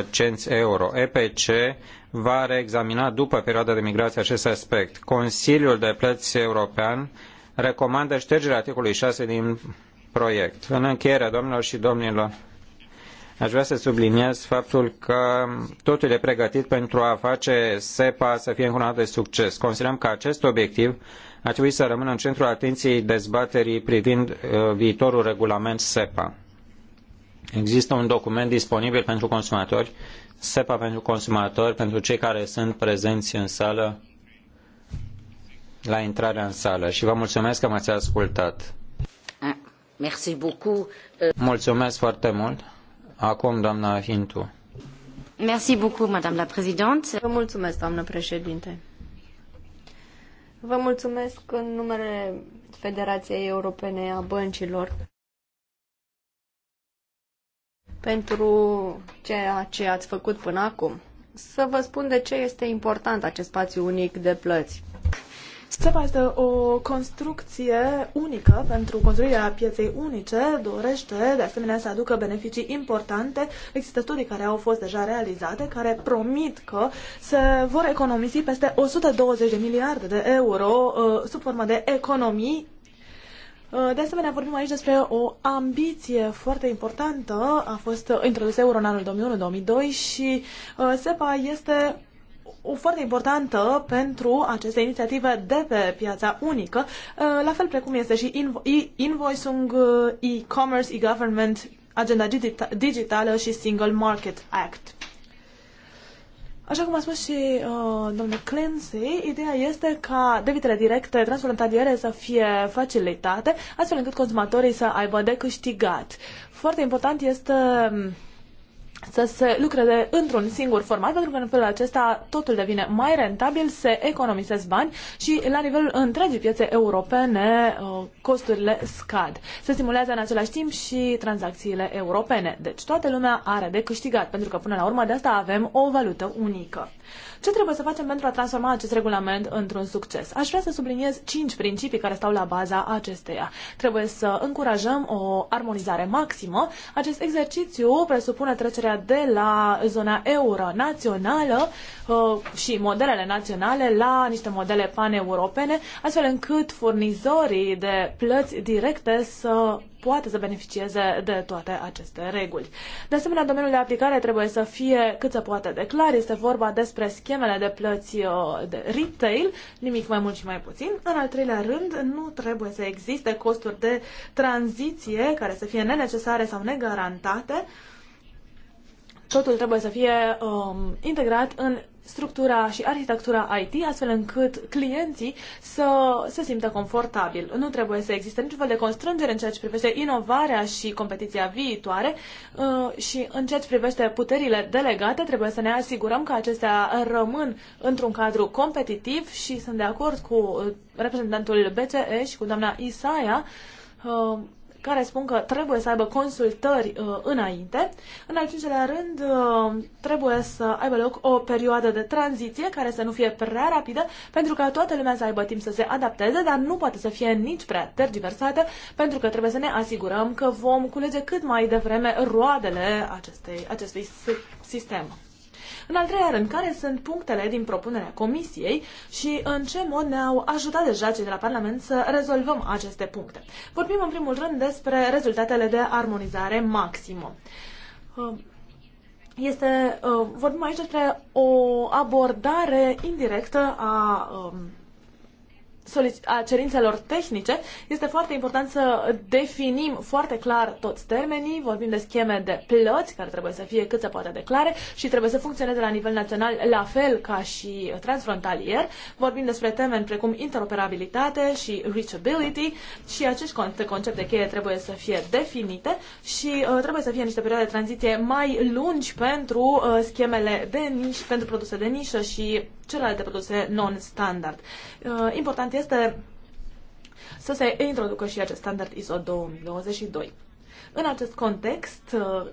8,8 cenți euro. EPC va reexamina după perioada de migrație acest aspect. Consiliul de Plăți European recomandă ștergerea articolului 6 din proiect. În încheiere, domnilor și domnilor, aș vrea să subliniez faptul că totul e pregătit pentru a face SEPA să fie încununat de succes. Considerăm că acest obiectiv a trebuit să rămână în centrul atenției dezbaterii privind uh, viitorul regulament SEPA. Există un document disponibil pentru consumatori, SEPA pentru consumatori, pentru cei care sunt prezenți în sală la intrarea în sală și vă mulțumesc că m-ați ascultat. Ah, mulțumesc foarte mult. Acum, doamna Hintu. Merci beaucoup, madame la présidente. Vă mulțumesc, doamnă președinte. Vă mulțumesc în numele Federației Europene a Băncilor pentru ceea ce ați făcut până acum. Să vă spun de ce este important acest spațiu unic de plăți se bază o construcție unică pentru construirea pieței unice, dorește de asemenea să aducă beneficii importante. Există studii care au fost deja realizate, care promit că se vor economisi peste 120 de miliarde de euro uh, sub formă de economii uh, de asemenea, vorbim aici despre o ambiție foarte importantă. A fost introdus euro în anul 2001-2002 și uh, SEPA este foarte importantă pentru aceste inițiative de pe piața unică, uh, la fel precum este și invoicing, uh, e-commerce, e-government, agenda digitală și Single Market Act. Așa cum a spus și uh, domnul Clancy, ideea este ca debitele directe transfrontaliere să fie facilitate, astfel încât consumatorii să aibă de câștigat. Foarte important este um, să se lucreze într-un singur format, pentru că în felul acesta totul devine mai rentabil, se economisesc bani și la nivelul întregii piețe europene uh, costurile scad. Se stimulează în același timp și tranzacțiile europene. Deci toată lumea are de câștigat, pentru că până la urmă de asta avem o valută unică. Ce trebuie să facem pentru a transforma acest regulament într-un succes? Aș vrea să subliniez cinci principii care stau la baza acesteia. Trebuie să încurajăm o armonizare maximă. Acest exercițiu presupune trecerea de la zona euro națională uh, și modelele naționale la niște modele paneuropene, astfel încât furnizorii de plăți directe să poate să beneficieze de toate aceste reguli. De asemenea, domeniul de aplicare trebuie să fie cât se poate de clar. Este vorba despre schemele de plăți uh, de retail, nimic mai mult și mai puțin. În al treilea rând, nu trebuie să existe costuri de tranziție care să fie nenecesare sau negarantate totul trebuie să fie um, integrat în structura și arhitectura IT, astfel încât clienții să se simtă confortabil. Nu trebuie să existe niciun fel de constrângere în ceea ce privește inovarea și competiția viitoare uh, și în ceea ce privește puterile delegate, trebuie să ne asigurăm că acestea rămân într-un cadru competitiv și sunt de acord cu uh, reprezentantul BCE și cu doamna Isaia uh, care spun că trebuie să aibă consultări uh, înainte. În al cincilea rând, uh, trebuie să aibă loc o perioadă de tranziție care să nu fie prea rapidă, pentru că toată lumea să aibă timp să se adapteze, dar nu poate să fie nici prea tergiversată, pentru că trebuie să ne asigurăm că vom culege cât mai devreme roadele acestei, acestui sistem. În al treilea rând, care sunt punctele din propunerea Comisiei și în ce mod ne-au ajutat deja cei de la Parlament să rezolvăm aceste puncte. Vorbim în primul rând despre rezultatele de armonizare maximă um, este, uh, vorbim aici despre o abordare indirectă a um, a cerințelor tehnice, este foarte important să definim foarte clar toți termenii, vorbim de scheme de plăți care trebuie să fie cât se poate declare și trebuie să funcționeze la nivel național la fel ca și transfrontalier. Vorbim despre termeni precum interoperabilitate și reachability și acești concepte cheie trebuie să fie definite și uh, trebuie să fie niște perioade de tranziție mai lungi pentru uh, schemele de niș, pentru produse de nișă și celelalte produse non-standard. Uh, important este să se introducă și acest standard ISO 2022. În acest context, uh,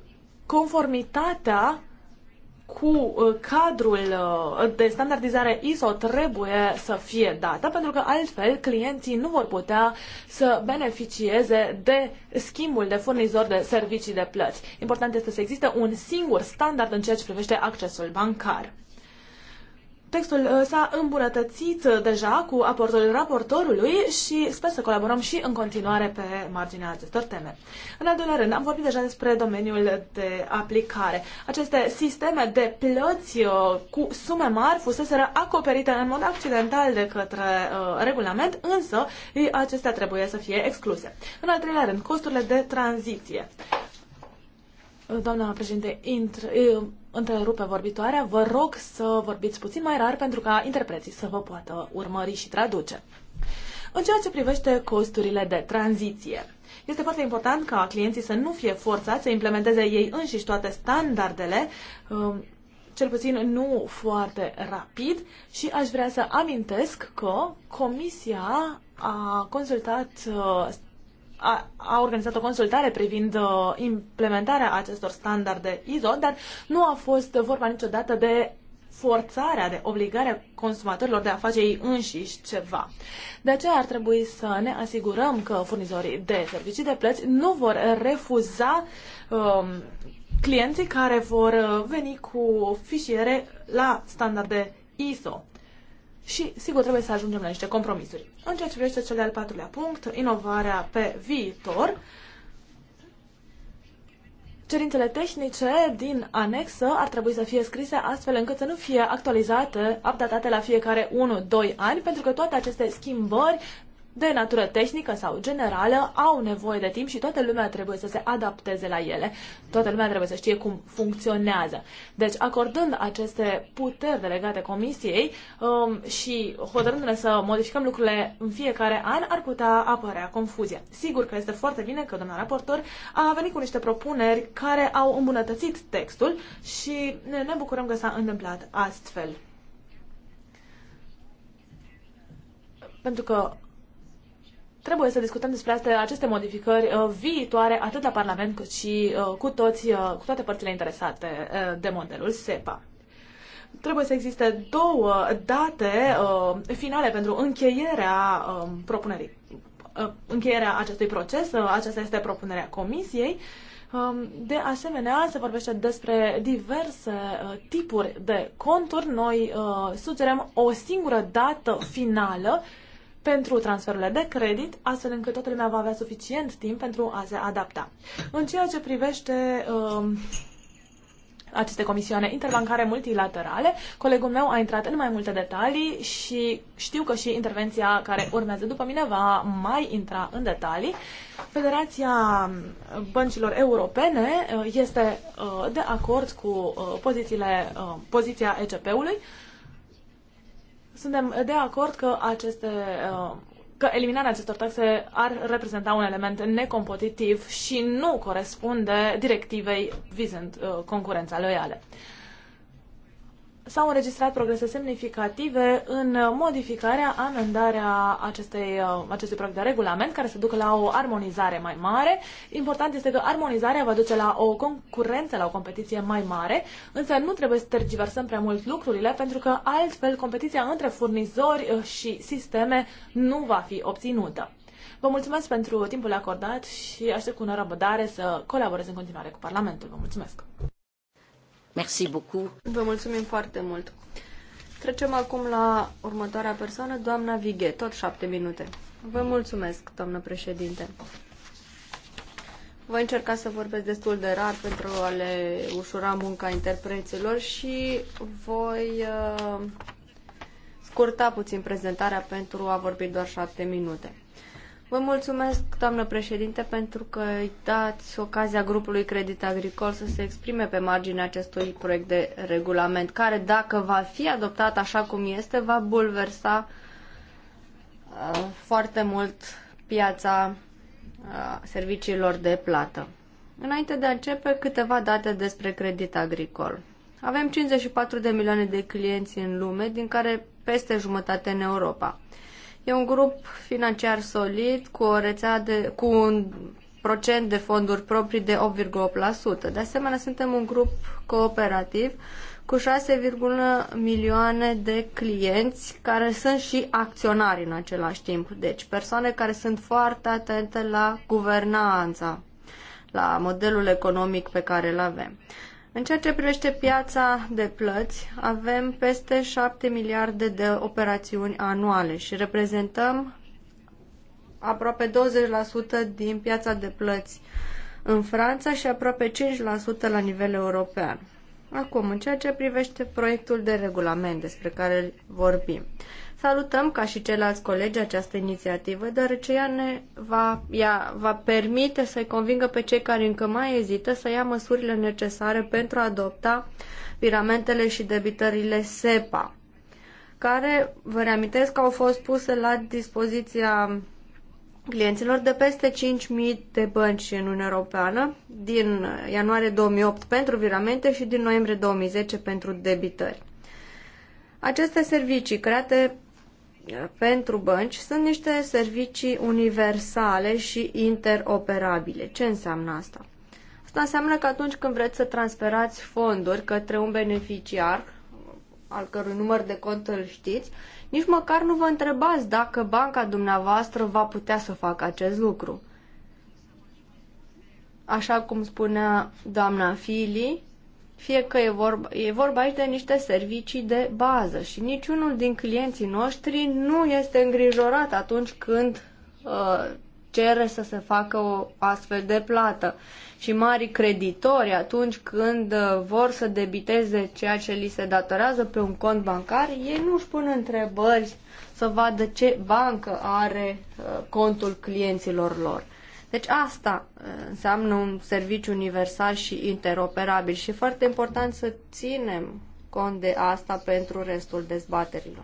conformitatea cu uh, cadrul uh, de standardizare ISO trebuie să fie dată, pentru că altfel clienții nu vor putea să beneficieze de schimbul de furnizor de servicii de plăți. Important este să existe un singur standard în ceea ce privește accesul bancar. Textul uh, s-a îmbunătățit uh, deja cu aportul raportorului și sper să colaborăm și în continuare pe marginea acestor teme. În al doilea rând, am vorbit deja despre domeniul de aplicare. Aceste sisteme de plăți uh, cu sume mari fuseseră acoperite în mod accidental de către uh, regulament, însă acestea trebuie să fie excluse. În al treilea rând, costurile de tranziție. Doamna președinte, întrerupe vorbitoarea. Vă rog să vorbiți puțin mai rar pentru ca interpreții să vă poată urmări și traduce. În ceea ce privește costurile de tranziție, este foarte important ca clienții să nu fie forțați să implementeze ei înșiși toate standardele, cel puțin nu foarte rapid, și aș vrea să amintesc că Comisia a consultat a, organizat o consultare privind uh, implementarea acestor standarde ISO, dar nu a fost vorba niciodată de forțarea, de obligarea consumatorilor de a face ei înșiși ceva. De aceea ar trebui să ne asigurăm că furnizorii de servicii de plăți nu vor refuza um, clienții care vor uh, veni cu fișiere la standarde ISO și, sigur, trebuie să ajungem la niște compromisuri. În ceea ce privește cel de-al patrulea punct, inovarea pe viitor, cerințele tehnice din anexă ar trebui să fie scrise astfel încât să nu fie actualizate, updatate la fiecare 1-2 ani, pentru că toate aceste schimbări de natură tehnică sau generală au nevoie de timp și toată lumea trebuie să se adapteze la ele. Toată lumea trebuie să știe cum funcționează. Deci, acordând aceste puteri delegate comisiei um, și hotărându-ne să modificăm lucrurile în fiecare an, ar putea apărea confuzie. Sigur că este foarte bine că doamna raportor a venit cu niște propuneri care au îmbunătățit textul și ne bucurăm că s-a întâmplat astfel. Pentru că trebuie să discutăm despre astea, aceste modificări uh, viitoare, atât la Parlament cât și uh, cu, toți, uh, cu toate părțile interesate uh, de modelul SEPA. Trebuie să existe două date uh, finale pentru încheierea uh, propunerii, uh, încheierea acestui proces. Uh, aceasta este propunerea Comisiei. Um, de asemenea, se vorbește despre diverse uh, tipuri de conturi. Noi uh, sugerăm o singură dată finală pentru transferurile de credit, astfel încât toată lumea va avea suficient timp pentru a se adapta. În ceea ce privește uh, aceste comisioane interbancare multilaterale. Colegul meu a intrat în mai multe detalii și știu că și intervenția care urmează după mine va mai intra în detalii. Federația Băncilor Europene uh, este uh, de acord cu uh, pozițiile, poziția ECP-ului suntem de acord că aceste uh, că eliminarea acestor taxe ar reprezenta un element necompetitiv și nu corespunde directivei vizând uh, concurența loială s-au înregistrat progrese semnificative în modificarea, amendarea acestei, uh, acestui proiect de regulament care se ducă la o armonizare mai mare. Important este că armonizarea va duce la o concurență, la o competiție mai mare, însă nu trebuie să tergiversăm prea mult lucrurile pentru că altfel competiția între furnizori uh, și sisteme nu va fi obținută. Vă mulțumesc pentru timpul acordat și aștept cu nerăbdare să colaborez în continuare cu Parlamentul. Vă mulțumesc! Merci beaucoup. Vă mulțumim foarte mult. Trecem acum la următoarea persoană, doamna Vighe, tot șapte minute. Vă mulțumesc, doamnă președinte. Voi încerca să vorbesc destul de rar pentru a le ușura munca interpreților și voi uh, scurta puțin prezentarea pentru a vorbi doar șapte minute. Vă mulțumesc, doamnă președinte, pentru că îi dați ocazia grupului Credit Agricol să se exprime pe marginea acestui proiect de regulament, care, dacă va fi adoptat așa cum este, va bulversa uh, foarte mult piața uh, serviciilor de plată. Înainte de a începe, câteva date despre Credit Agricol. Avem 54 de milioane de clienți în lume, din care peste jumătate în Europa. E un grup financiar solid cu o rețea de, cu un procent de fonduri proprii de 8,8%. De asemenea, suntem un grup cooperativ cu 6,1 milioane de clienți care sunt și acționari în același timp. Deci persoane care sunt foarte atente la guvernanța, la modelul economic pe care îl avem. În ceea ce privește piața de plăți, avem peste 7 miliarde de operațiuni anuale și reprezentăm aproape 20% din piața de plăți în Franța și aproape 5% la nivel european. Acum, în ceea ce privește proiectul de regulament despre care vorbim, Salutăm ca și ceilalți colegi această inițiativă, deoarece ea, ne va, ea va permite să-i convingă pe cei care încă mai ezită să ia măsurile necesare pentru a adopta viramentele și debitările SEPA, care, vă reamintesc, au fost puse la dispoziția clienților de peste 5.000 de bănci în Uniunea Europeană din ianuarie 2008 pentru viramente și din noiembrie 2010 pentru debitări. Aceste servicii create pentru bănci sunt niște servicii universale și interoperabile. Ce înseamnă asta? Asta înseamnă că atunci când vreți să transferați fonduri către un beneficiar, al cărui număr de cont îl știți, nici măcar nu vă întrebați dacă banca dumneavoastră va putea să facă acest lucru. Așa cum spunea doamna Fili, fie că e vorba, e vorba aici de niște servicii de bază și niciunul din clienții noștri nu este îngrijorat atunci când uh, cere să se facă o astfel de plată. Și mari creditori, atunci când uh, vor să debiteze ceea ce li se datorează pe un cont bancar, ei nu își pun întrebări să vadă ce bancă are uh, contul clienților lor. Deci asta uh, înseamnă un serviciu universal și interoperabil și foarte important să ținem cont de asta pentru restul dezbaterilor.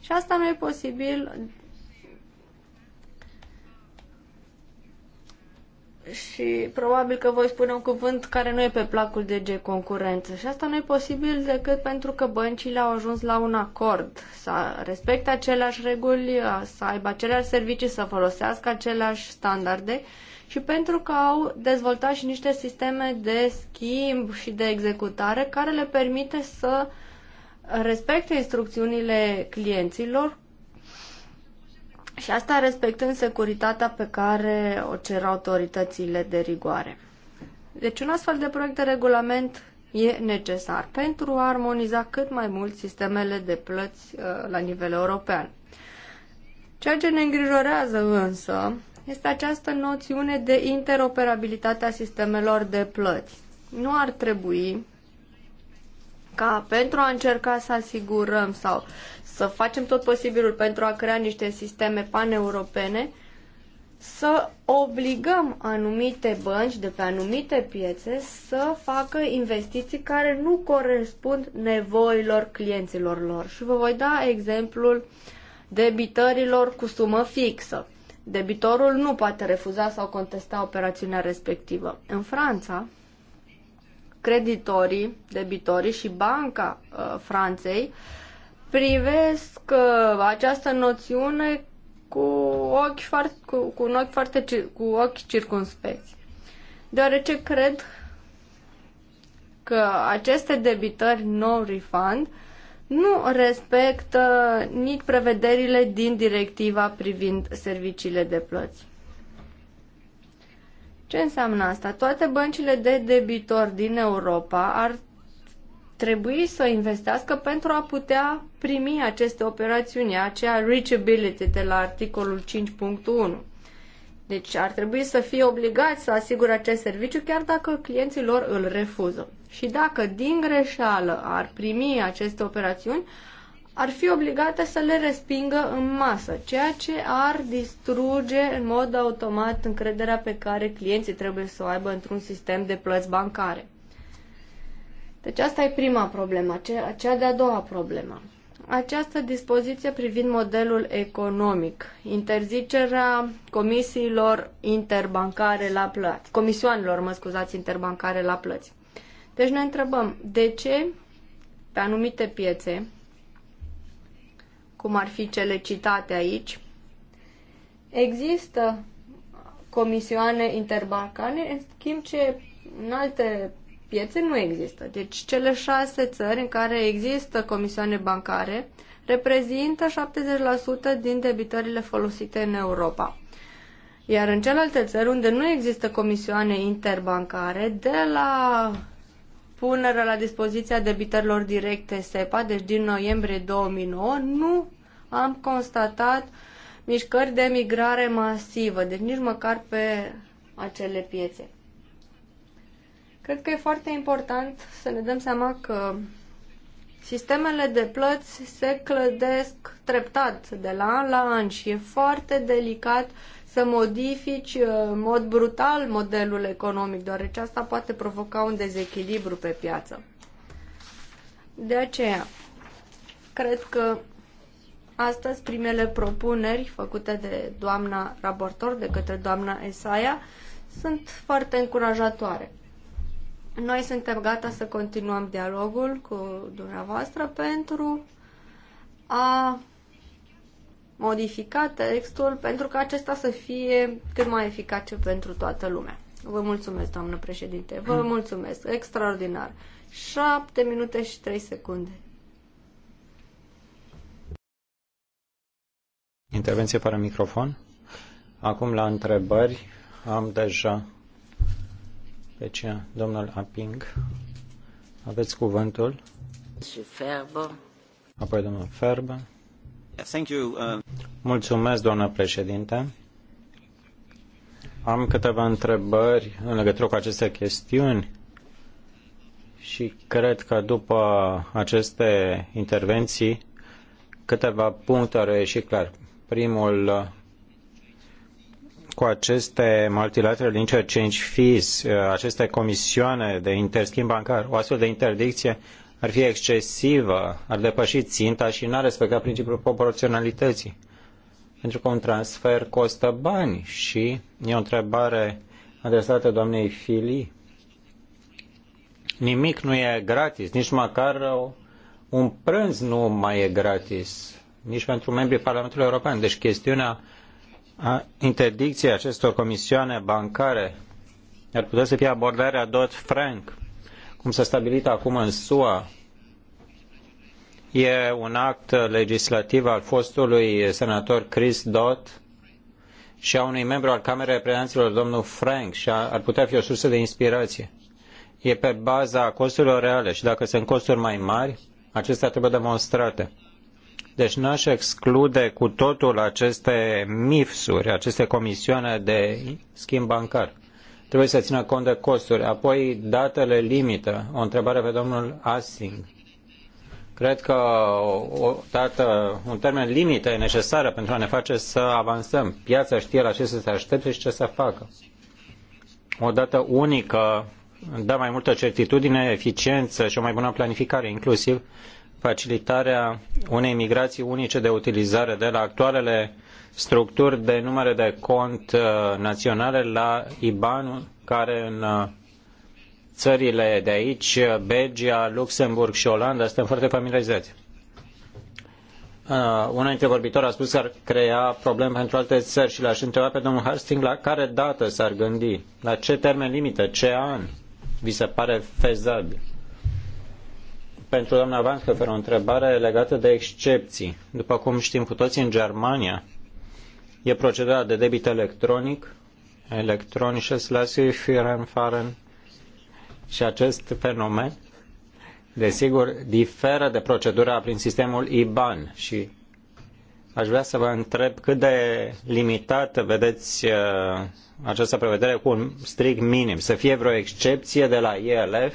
Și asta nu e posibil și probabil că voi spune un cuvânt care nu e pe placul ge concurență și asta nu e posibil decât pentru că băncile au ajuns la un acord să respecte aceleași reguli, să aibă aceleași servicii, să folosească aceleași standarde și pentru că au dezvoltat și niște sisteme de schimb și de executare care le permite să respecte instrucțiunile clienților și asta respectând securitatea pe care o cer autoritățile de rigoare. Deci un astfel de proiect de regulament e necesar pentru a armoniza cât mai mult sistemele de plăți uh, la nivel european. Ceea ce ne îngrijorează însă este această noțiune de interoperabilitate a sistemelor de plăți. Nu ar trebui ca pentru a încerca să asigurăm sau să facem tot posibilul pentru a crea niște sisteme paneuropene, să obligăm anumite bănci de pe anumite piețe să facă investiții care nu corespund nevoilor clienților lor. Și vă voi da exemplul debitărilor cu sumă fixă. Debitorul nu poate refuza sau contesta operațiunea respectivă. În Franța, creditorii, debitorii și Banca uh, Franței uh, privesc uh, această noțiune cu, ochi foarte, cu, cu un ochi foarte cu ochi circunspecți. Deoarece cred că aceste debitări non-refund nu respectă nici prevederile din directiva privind serviciile de plăți. Ce înseamnă asta? Toate băncile de debitori din Europa ar trebui să investească pentru a putea primi aceste operațiuni, aceea reachability de la articolul 5.1. Deci ar trebui să fie obligați să asigure acest serviciu chiar dacă clienții lor îl refuză. Și dacă din greșeală ar primi aceste operațiuni, ar fi obligate să le respingă în masă, ceea ce ar distruge în mod automat încrederea pe care clienții trebuie să o aibă într-un sistem de plăți bancare. Deci asta e prima problemă, cea de-a doua problemă. Această dispoziție privind modelul economic, interzicerea comisiilor interbancare la plăți, comisioanelor, mă scuzați, interbancare la plăți. Deci ne întrebăm de ce pe anumite piețe, cum ar fi cele citate aici, există comisioane interbancare, în schimb ce în alte piețe nu există. Deci cele șase țări în care există comisioane bancare reprezintă 70% din debitările folosite în Europa. Iar în celelalte țări unde nu există comisioane interbancare, de la punerea la dispoziția debitărilor directe SEPA, deci din noiembrie 2009, nu am constatat mișcări de migrare masivă, deci nici măcar pe acele piețe. Cred că e foarte important să ne dăm seama că sistemele de plăți se clădesc treptat de la an la an și e foarte delicat să modifici uh, în mod brutal modelul economic, deoarece asta poate provoca un dezechilibru pe piață. De aceea, cred că astăzi primele propuneri făcute de doamna raportor, de către doamna Esaia, sunt foarte încurajatoare. Noi suntem gata să continuăm dialogul cu dumneavoastră pentru a modifica textul pentru ca acesta să fie cât mai eficace pentru toată lumea. Vă mulțumesc, doamnă președinte. Vă mm. mulțumesc. Extraordinar. 7 minute și 3 secunde. Intervenție fără microfon. Acum la întrebări am deja deci, domnul Aping, aveți cuvântul. Ferber. Apoi domnul Ferber. Thank you. Uh, Mulțumesc, doamnă președinte. Am câteva întrebări în legătură cu aceste chestiuni și cred că după aceste intervenții câteva puncte au reieșit clar. Primul cu aceste multilateral interchange fees, uh, aceste comisioane de interschimb bancar. O astfel de interdicție ar fi excesivă, ar depăși ținta și n-ar respecta principiul proporționalității. Pentru că un transfer costă bani și e o întrebare adresată doamnei Fili. Nimic nu e gratis, nici măcar un prânz nu mai e gratis, nici pentru membrii Parlamentului European. Deci chestiunea interdicției acestor comisioane bancare ar putea să fie abordarea Dodd-Frank, cum s-a stabilit acum în SUA, e un act legislativ al fostului senator Chris Dodd și a unui membru al Camerei Reprezentanților, domnul Frank, și ar putea fi o sursă de inspirație. E pe baza costurilor reale și dacă sunt costuri mai mari, acestea trebuie demonstrate. Deci n-aș exclude cu totul aceste MIFS-uri, aceste comisioane de schimb bancar. Trebuie să țină cont de costuri. Apoi, datele limită. O întrebare pe domnul Asing. Cred că o dată, un termen limită e necesară pentru a ne face să avansăm. Piața știe la ce să se aștepte și ce să facă. O dată unică da mai multă certitudine, eficiență și o mai bună planificare, inclusiv facilitarea unei migrații unice de utilizare de la actualele structuri de numere de cont uh, naționale la IBAN, care în uh, țările de aici, uh, Belgia, Luxemburg și Olanda, suntem foarte familiarizați. Una dintre vorbitori a spus că ar crea probleme pentru alte țări și l-aș întreba pe domnul Harsting la care dată s-ar gândi, la ce termen limită, ce an vi se pare fezabil. Pentru doamna Vanscăfer, o întrebare legată de excepții. După cum știm cu toții, în Germania e procedura de debit electronic, electronisches Lassifierenfahren și acest fenomen, desigur, diferă de procedura prin sistemul IBAN și aș vrea să vă întreb cât de limitat vedeți uh, această prevedere cu un strict minim, să fie vreo excepție de la ILF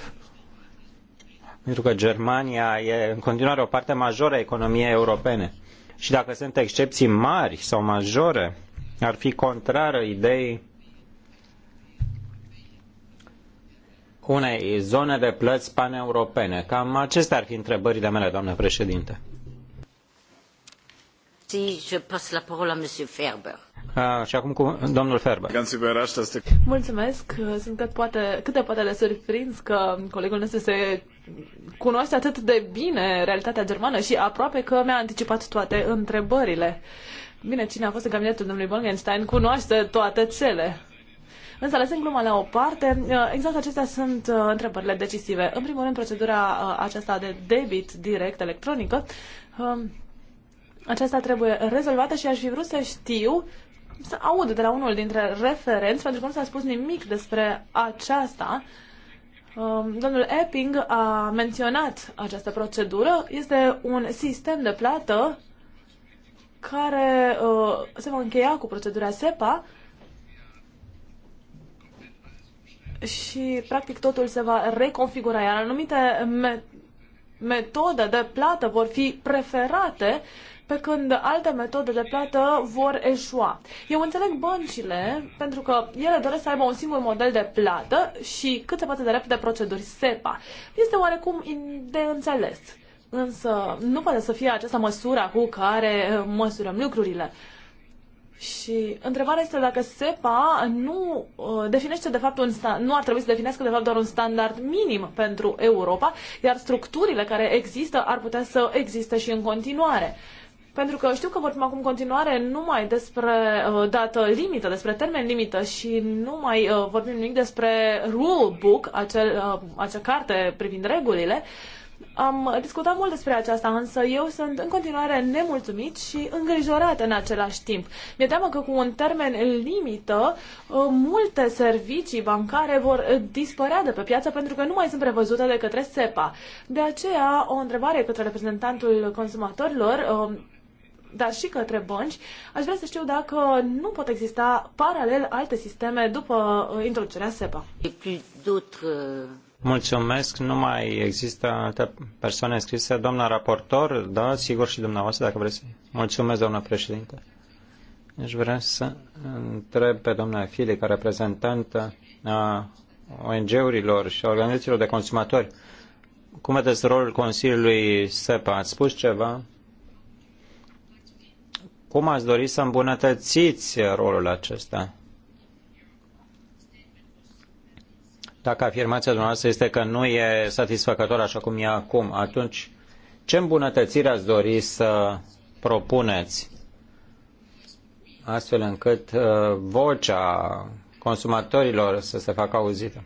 pentru că Germania e în continuare o parte majoră a economiei europene. Și dacă sunt excepții mari sau majore, ar fi contrară ideii unei zone de plăți paneuropene. Cam acestea ar fi întrebările mele, doamnă președinte. Si, je passe la parole à Monsieur Ferber. Și acum cu domnul Ferber. Mulțumesc. Sunt cât, poate, cât de poate de surprins că colegul nostru se cunoaște atât de bine realitatea germană și aproape că mi-a anticipat toate întrebările. Bine, cine a fost în cabinetul domnului Bolgenstein cunoaște toate cele. Însă, lăsând gluma la o parte, exact acestea sunt uh, întrebările decisive. În primul rând, procedura uh, aceasta de debit direct electronică um, aceasta trebuie rezolvată și aș fi vrut să știu să aud de la unul dintre referenți, pentru că nu s-a spus nimic despre aceasta. Um, domnul Epping a menționat această procedură. Este un sistem de plată care uh, se va încheia cu procedura SEPA și practic totul se va reconfigura, iar anumite metode de plată vor fi preferate pe când alte metode de plată vor eșua. Eu înțeleg băncile pentru că ele doresc să aibă un singur model de plată și cât se poate de repede proceduri SEPA. Este oarecum de înțeles. Însă nu poate să fie această măsură cu care eh, măsurăm lucrurile. Și întrebarea este dacă SEPA nu uh, definește de fapt un nu ar trebui să definească de fapt doar un standard minim pentru Europa, iar structurile care există ar putea să existe și în continuare. Pentru că știu că vorbim acum continuare numai despre uh, dată limită, despre termen limită și nu mai uh, vorbim nimic despre rule book, acel, uh, acea carte privind regulile. Am discutat mult despre aceasta, însă eu sunt în continuare nemulțumit și îngrijorat în același timp. Mi-e teamă că cu un termen limită, uh, multe servicii bancare vor dispărea de pe piață pentru că nu mai sunt prevăzute de către SEPA. De aceea, o întrebare către reprezentantul consumatorilor uh, dar și către bănci, aș vrea să știu dacă nu pot exista paralel alte sisteme după uh, introducerea SEPA. Euh, Mulțumesc, nu mai există alte persoane scrise. Doamna raportor, da, sigur și dumneavoastră, dacă vreți. Mulțumesc, doamna președinte. Aș vrea să întreb pe doamna Fili, ca reprezentantă a ONG-urilor și a organizațiilor de consumatori, cum vedeți rolul Consiliului SEPA? Ați spus ceva cum ați dori să îmbunătățiți rolul acesta? Dacă afirmația dumneavoastră este că nu e satisfăcător așa cum e acum, atunci ce îmbunătățire ați dori să propuneți astfel încât uh, vocea consumatorilor să se facă auzită?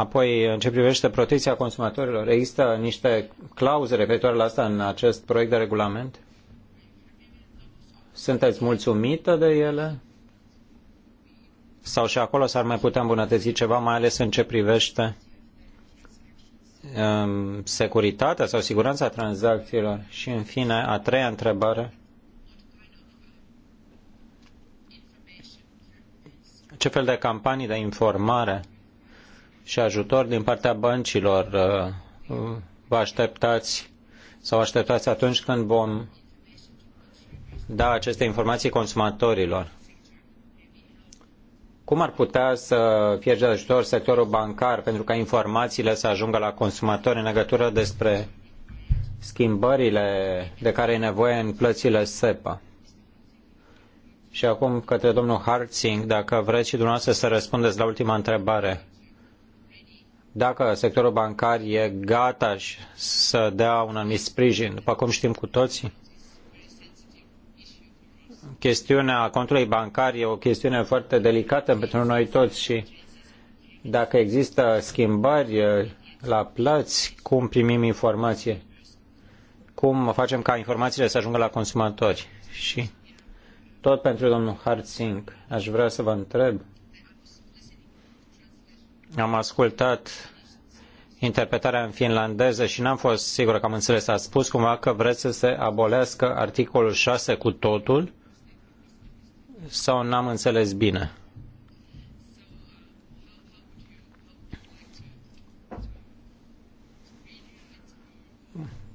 Apoi, în ce privește protecția consumatorilor, există niște clauze referitoare la asta în acest proiect de regulament? Sunteți mulțumită de ele? Sau și acolo s-ar mai putea îmbunătăți ceva, mai ales în ce privește um, securitatea sau siguranța tranzacțiilor? Și, în fine, a treia întrebare. Ce fel de campanii de informare și ajutor din partea băncilor. Vă așteptați sau așteptați atunci când vom da aceste informații consumatorilor? Cum ar putea să fie de ajutor sectorul bancar pentru ca informațiile să ajungă la consumatori în legătură despre schimbările de care e nevoie în plățile SEPA? Și acum către domnul Hartzing, dacă vreți și dumneavoastră să răspundeți la ultima întrebare dacă sectorul bancar e gata să dea un anumit sprijin. După cum știm cu toții, chestiunea contului bancar e o chestiune foarte delicată pentru noi toți și dacă există schimbări la plăți, cum primim informație, cum facem ca informațiile să ajungă la consumatori. Și tot pentru domnul Hartzink, aș vrea să vă întreb am ascultat interpretarea în finlandeză și n-am fost sigur că am înțeles. A spus cumva că vreți să se abolească articolul 6 cu totul sau n-am înțeles bine?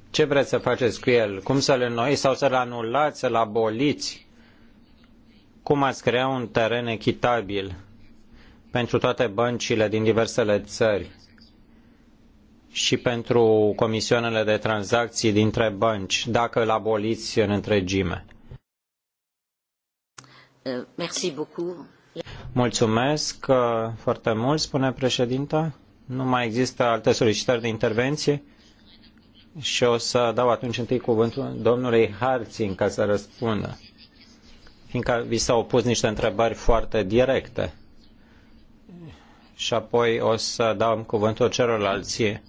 Ce vreți să faceți cu el? Cum să-l înnoiți sau să-l anulați, să-l aboliți? Cum ați crea un teren echitabil? pentru toate băncile din diversele țări și pentru comisioanele de tranzacții dintre bănci, dacă îl aboliți în întregime. Uh, Mulțumesc uh, foarte mult, spune președinta. Nu mai există alte solicitări de intervenție și o să dau atunci întâi cuvântul domnului Harțin ca să răspundă, fiindcă vi s-au pus niște întrebări foarte directe și apoi o să dau cuvântul celorlalți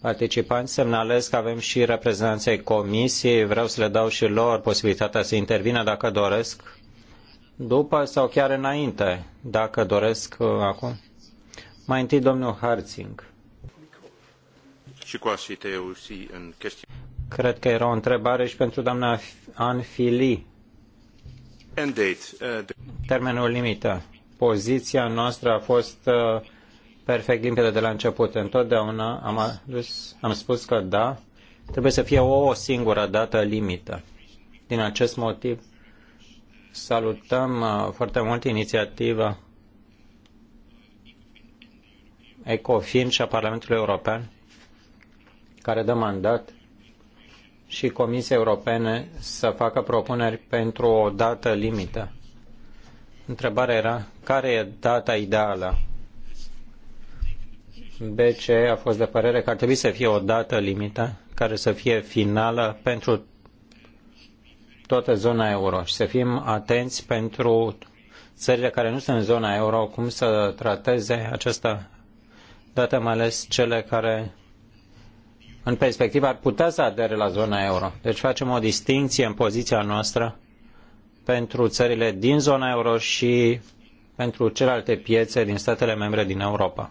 participanți. Semnalez că avem și reprezentanții comisiei. Vreau să le dau și lor posibilitatea să intervină dacă doresc, după sau chiar înainte, dacă doresc uh, acum. Mai întâi domnul Hartzing. Cred că era o întrebare și pentru doamna Anfili. Uh, Termenul limită poziția noastră a fost uh, perfect limpede de la început. Întotdeauna am, adus, am spus că da, trebuie să fie o, singură dată limită. Din acest motiv, salutăm uh, foarte mult inițiativa ECOFIN și a Parlamentului European care dă mandat și Comisiei Europene să facă propuneri pentru o dată limită. Întrebarea era, care e data ideală? BC a fost de părere că ar trebui să fie o dată limită care să fie finală pentru toată zona euro și să fim atenți pentru țările care nu sunt în zona euro, cum să trateze această dată, mai ales cele care în perspectivă ar putea să adere la zona euro. Deci facem o distinție în poziția noastră pentru țările din zona euro și pentru celelalte piețe din statele membre din Europa.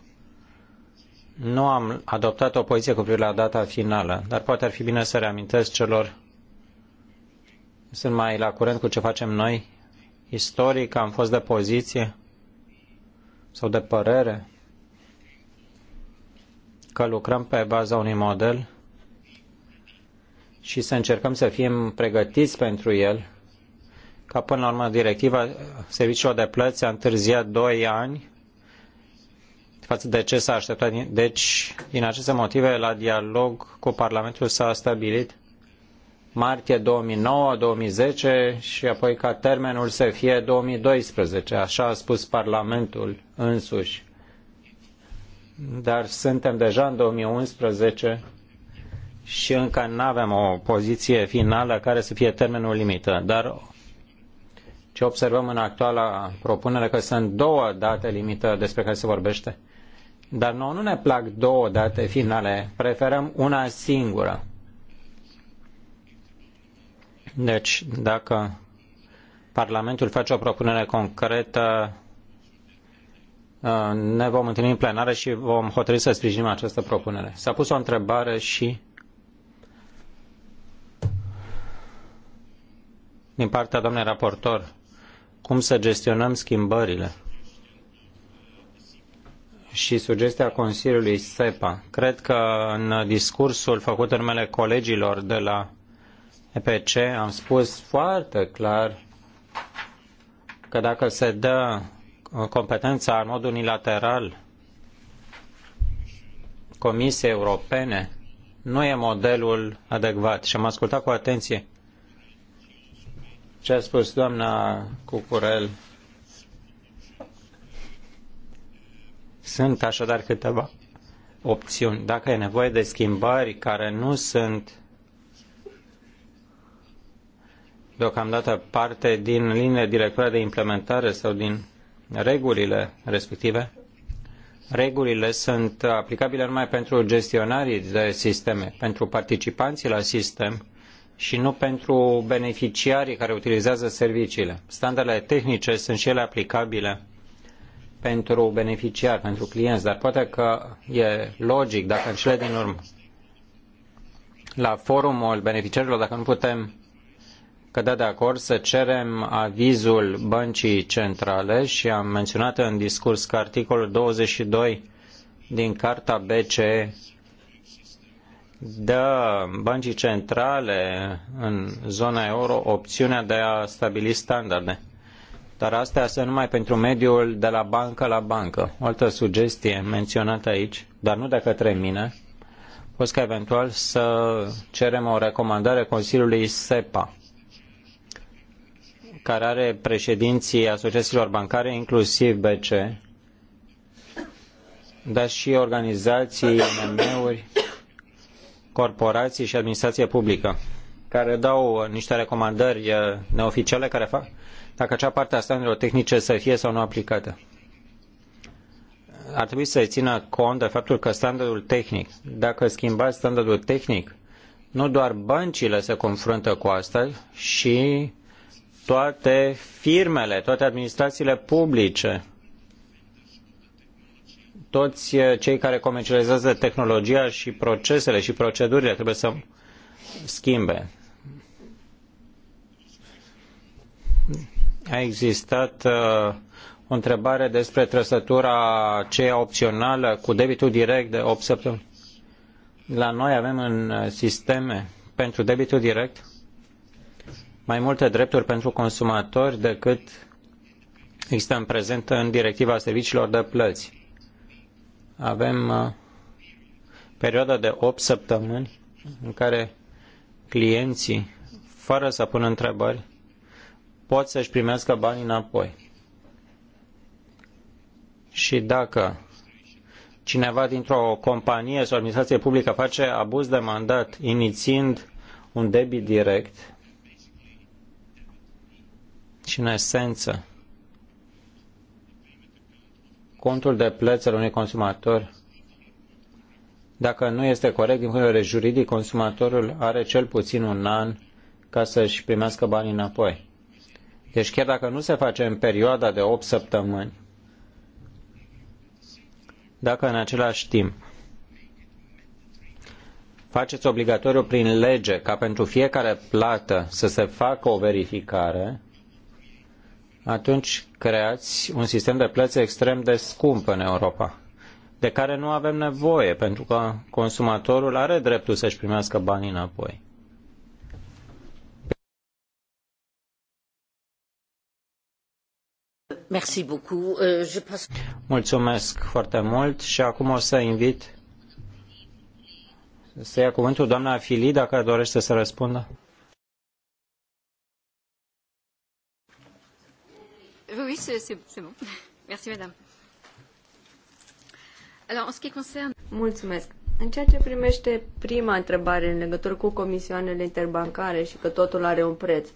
Nu am adoptat o poziție cu privire la data finală, dar poate ar fi bine să reamintesc celor sunt mai la curent cu ce facem noi. Istoric am fost de poziție sau de părere că lucrăm pe baza unui model și să încercăm să fim pregătiți pentru el că până la urmă directiva serviciilor de plăți a întârziat 2 ani față de ce s-a așteptat. Deci, din aceste motive, la dialog cu Parlamentul s-a stabilit martie 2009-2010 și apoi ca termenul să fie 2012. Așa a spus Parlamentul însuși. Dar suntem deja în 2011 și încă nu avem o poziție finală care să fie termenul limită. Dar ce observăm în actuala propunere că sunt două date limită despre care se vorbește. Dar nouă nu ne plac două date finale, preferăm una singură. Deci, dacă Parlamentul face o propunere concretă, uh, ne vom întâlni în plenară și vom hotărâi să sprijinim această propunere. S-a pus o întrebare și din partea doamnei raportor cum să gestionăm schimbările. Și sugestia Consiliului SEPA. Cred că în discursul făcut în numele colegilor de la EPC am spus foarte clar că dacă se dă competența în mod unilateral Comisiei Europene, nu e modelul adecvat. Și am ascultat cu atenție ce a spus doamna Cucurel. Sunt așadar câteva opțiuni. Dacă e nevoie de schimbări care nu sunt deocamdată parte din linia directoare de implementare sau din regulile respective, regulile sunt aplicabile numai pentru gestionarii de sisteme, pentru participanții la sistem, și nu pentru beneficiarii care utilizează serviciile. Standardele tehnice sunt și ele aplicabile pentru beneficiari, pentru clienți, dar poate că e logic dacă în cele din urmă la forumul beneficiarilor, dacă nu putem cădea de acord, să cerem avizul băncii centrale și am menționat în discurs că articolul 22 din Carta BCE dă băncii centrale în zona euro opțiunea de a stabili standarde. Dar astea sunt numai pentru mediul de la bancă la bancă. O altă sugestie menționată aici, dar nu de către mine, fost ca eventual să cerem o recomandare Consiliului SEPA, care are președinții asociațiilor bancare, inclusiv BC, dar și organizații, IMM-uri, corporații și administrație publică, care dau niște recomandări eh, neoficiale care fac dacă acea parte a standardelor tehnice să fie sau nu aplicată. Ar trebui să se țină cont de faptul că standardul tehnic, dacă schimbați standardul tehnic, nu doar băncile se confruntă cu asta și toate firmele, toate administrațiile publice toți eh, cei care comercializează tehnologia și procesele și procedurile trebuie să schimbe. A existat uh, o întrebare despre trăsătura aceea opțională cu debitul direct de 8 săptămâni. La noi avem în eh, sisteme pentru debitul direct mai multe drepturi pentru consumatori decât există în prezent în directiva serviciilor de plăți avem uh, perioada de 8 săptămâni în care clienții, fără să pună întrebări, pot să-și primească banii înapoi. Și dacă cineva dintr-o companie sau administrație publică face abuz de mandat, inițiind un debit direct, și în esență contul de plăți al unui consumator, dacă nu este corect din punct de vedere juridic, consumatorul are cel puțin un an ca să-și primească banii înapoi. Deci chiar dacă nu se face în perioada de 8 săptămâni, dacă în același timp faceți obligatoriu prin lege ca pentru fiecare plată să se facă o verificare, atunci creați un sistem de plăți extrem de scump în Europa, de care nu avem nevoie, pentru că consumatorul are dreptul să-și primească banii înapoi. Euh, Mulțumesc foarte mult și acum o să invit să ia cuvântul doamna Fili dacă dorește să răspundă. Oui, c'est bon. (laughs) Merci, madame. Alors, en ce qui concerne... Mulțumesc. În ceea ce primește prima întrebare în legătură cu comisioanele interbancare și că totul are un preț,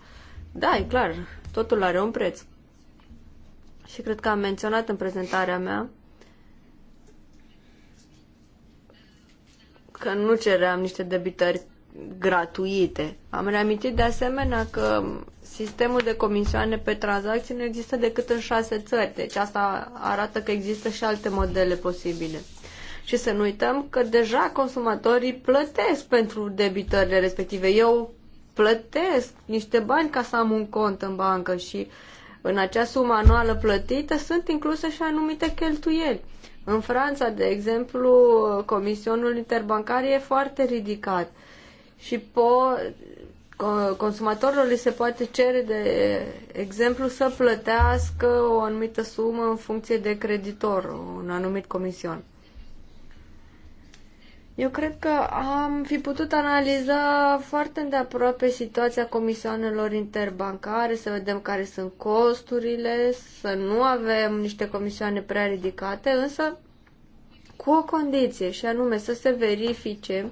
da, e clar, totul are un preț. Și cred că am menționat în prezentarea mea că nu ceream niște debitări gratuite. Am reamintit de asemenea că Sistemul de comisioane pe tranzacții nu există decât în șase țări, deci asta arată că există și alte modele posibile. Și să nu uităm că deja consumatorii plătesc pentru debitările respective. Eu plătesc niște bani ca să am un cont în bancă și în acea sumă anuală plătită sunt incluse și anumite cheltuieli. În Franța, de exemplu, comisionul interbancar e foarte ridicat și po- consumatorilor li se poate cere, de exemplu, să plătească o anumită sumă în funcție de creditor, un anumit comision. Eu cred că am fi putut analiza foarte îndeaproape situația comisioanelor interbancare, să vedem care sunt costurile, să nu avem niște comisioane prea ridicate, însă cu o condiție, și anume să se verifice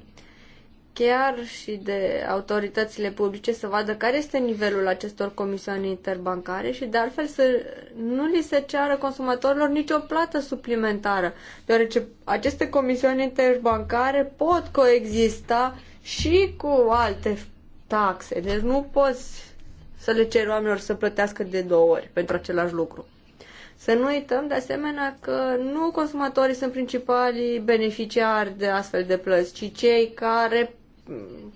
chiar și de autoritățile publice să vadă care este nivelul acestor comisioane interbancare și de altfel să nu li se ceară consumatorilor nicio plată suplimentară, deoarece aceste comisioane interbancare pot coexista și cu alte taxe. Deci nu poți să le ceri oamenilor să plătească de două ori pentru același lucru. Să nu uităm, de asemenea, că nu consumatorii sunt principalii beneficiari de astfel de plăți, ci cei care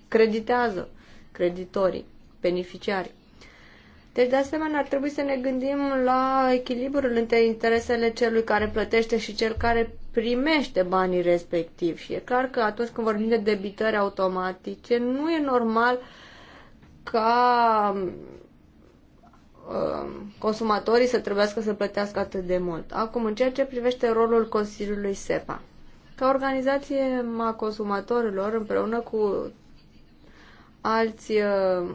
creditează creditorii, beneficiarii. Deci, de asemenea, ar trebui să ne gândim la echilibrul între interesele celui care plătește și cel care primește banii respectiv. Și e clar că atunci când vorbim de debitări automatice, nu e normal ca uh, consumatorii să trebuiască să plătească atât de mult. Acum, în ceea ce privește rolul Consiliului SEPA. Ca organizație a consumatorilor, împreună cu alți uh,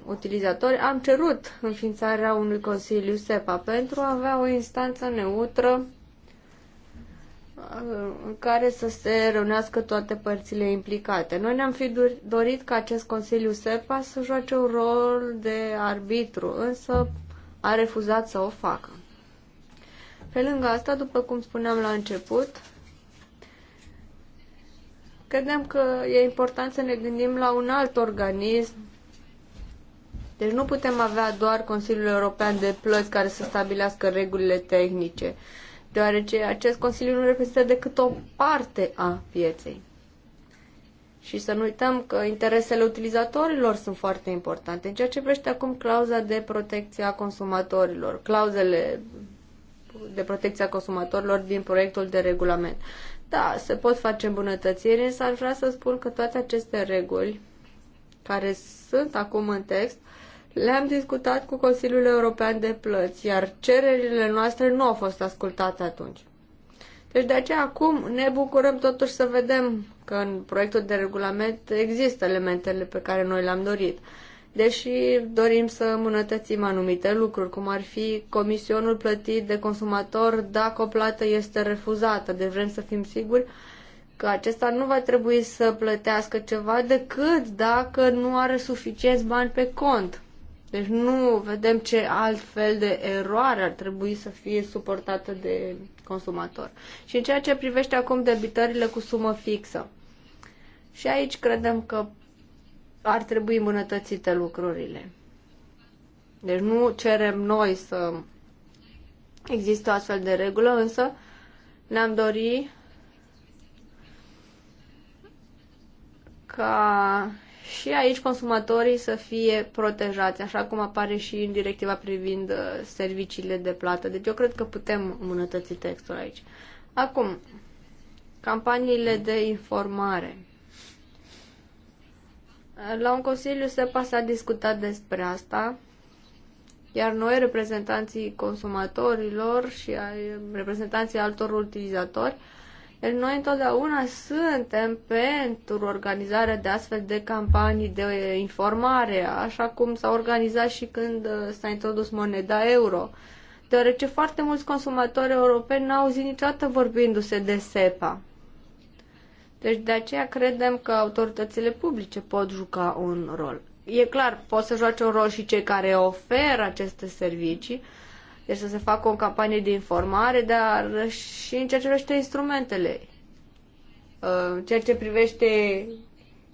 utilizatori, am cerut înființarea unui Consiliu SEPA pentru a avea o instanță neutră uh, în care să se reunească toate părțile implicate. Noi ne-am fi dorit ca acest Consiliu SEPA să joace un rol de arbitru, însă a refuzat să o facă. Pe lângă asta, după cum spuneam la început, Credem că e important să ne gândim la un alt organism. Deci nu putem avea doar Consiliul European de Plăți care să stabilească regulile tehnice, deoarece acest Consiliu nu reprezintă decât o parte a pieței. Și să nu uităm că interesele utilizatorilor sunt foarte importante. În ceea ce vrește acum clauza de protecție a consumatorilor, clauzele de protecție a consumatorilor din proiectul de regulament. Da, se pot face îmbunătățiri, însă ar vrea să spun că toate aceste reguli care sunt acum în text le-am discutat cu Consiliul European de Plăți, iar cererile noastre nu au fost ascultate atunci. Deci de aceea acum ne bucurăm totuși să vedem că în proiectul de regulament există elementele pe care noi le-am dorit deși dorim să îmbunătățim anumite lucruri, cum ar fi comisionul plătit de consumator dacă o plată este refuzată. Deci vrem să fim siguri că acesta nu va trebui să plătească ceva decât dacă nu are suficienți bani pe cont. Deci nu vedem ce alt fel de eroare ar trebui să fie suportată de consumator. Și în ceea ce privește acum debitările cu sumă fixă. Și aici credem că ar trebui îmbunătățite lucrurile. Deci nu cerem noi să există astfel de regulă, însă ne-am dorit ca și aici consumatorii să fie protejați, așa cum apare și în directiva privind uh, serviciile de plată. Deci eu cred că putem îmbunătăți textul aici. Acum, campaniile de informare. La un consiliu SEPA s-a discutat despre asta, iar noi, reprezentanții consumatorilor și reprezentanții altor utilizatori, deci noi întotdeauna suntem pentru organizarea de astfel de campanii de informare, așa cum s-a organizat și când uh, s-a introdus moneda euro, deoarece foarte mulți consumatori europeni n-au auzit niciodată vorbindu-se de SEPA. Deci de aceea credem că autoritățile publice pot juca un rol. E clar, pot să joace un rol și cei care oferă aceste servicii, deci să se facă o campanie de informare, dar și în ceea ce privește instrumentele. În ceea ce privește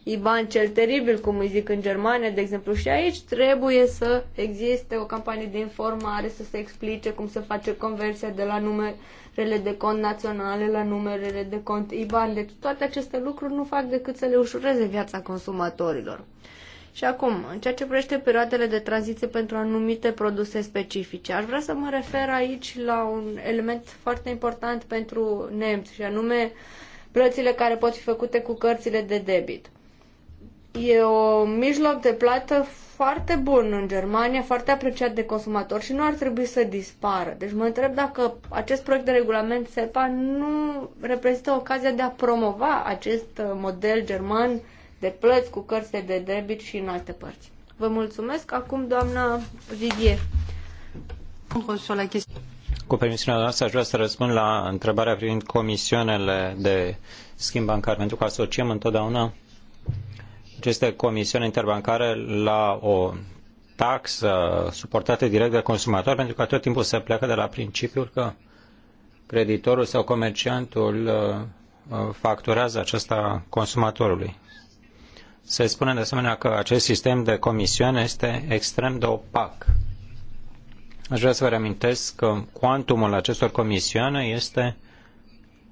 IBAN cel teribil, cum îi zic în Germania, de exemplu, și aici trebuie să existe o campanie de informare, să se explice cum se face conversia de la nume rele de cont naționale, la numerele de cont IBAN. Deci toate aceste lucruri nu fac decât să le ușureze viața consumatorilor. Și acum, în ceea ce privește perioadele de tranziție pentru anumite produse specifice, aș vrea să mă refer aici la un element foarte important pentru nemți, și anume plățile care pot fi făcute cu cărțile de debit. E un mijloc de plată foarte bun în Germania, foarte apreciat de consumator și nu ar trebui să dispară. Deci mă întreb dacă acest proiect de regulament SEPA nu reprezintă ocazia de a promova acest uh, model german de plăți cu cărți de debit și în alte părți. Vă mulțumesc. Acum, doamna Vidie. Cu permisiunea noastră, aș vrea să răspund la întrebarea privind comisioanele de schimb bancar, pentru că asociem întotdeauna aceste comisiuni interbancare la o taxă suportată direct de consumator, pentru că tot timpul se pleacă de la principiul că creditorul sau comerciantul uh, uh, facturează acesta consumatorului. Se spune de asemenea că acest sistem de comisiune este extrem de opac. Aș vrea să vă reamintesc că cuantumul acestor comisioane este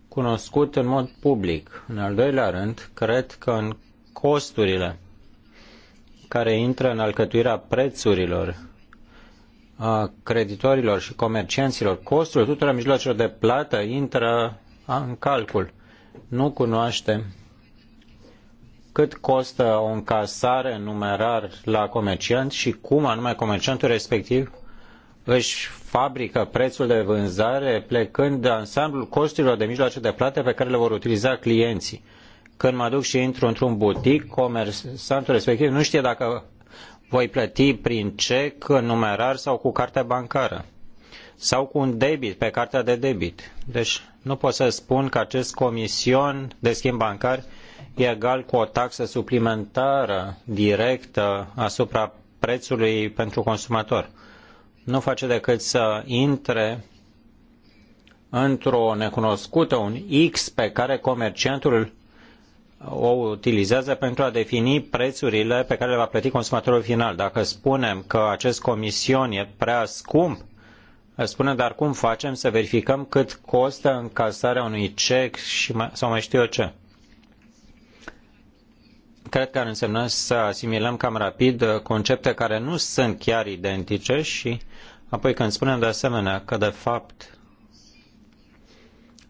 cunoscut în mod public. În al doilea rând, cred că în costurile care intră în alcătuirea prețurilor a creditorilor și comercianților, costul tuturor mijloacelor de plată intră în calcul. Nu cunoaștem cât costă o încasare în numerar la comerciant și cum anume comerciantul respectiv își fabrică prețul de vânzare plecând de ansamblul costurilor de mijloace de plată pe care le vor utiliza clienții. Când mă duc și intru într-un butic, comersantul respectiv nu știe dacă voi plăti prin cec, numerar sau cu carte bancară sau cu un debit pe cartea de debit. Deci nu pot să spun că acest comision de schimb bancar e egal cu o taxă suplimentară directă asupra prețului pentru consumator. Nu face decât să intre într-o necunoscută, un X pe care comerciantul o utilizează pentru a defini prețurile pe care le va plăti consumatorul final. Dacă spunem că acest comision e prea scump, spunem dar cum facem să verificăm cât costă încasarea unui cec și mai, sau mai știu eu ce? Cred că ar însemna să asimilăm cam rapid concepte care nu sunt chiar identice și apoi când spunem de asemenea că de fapt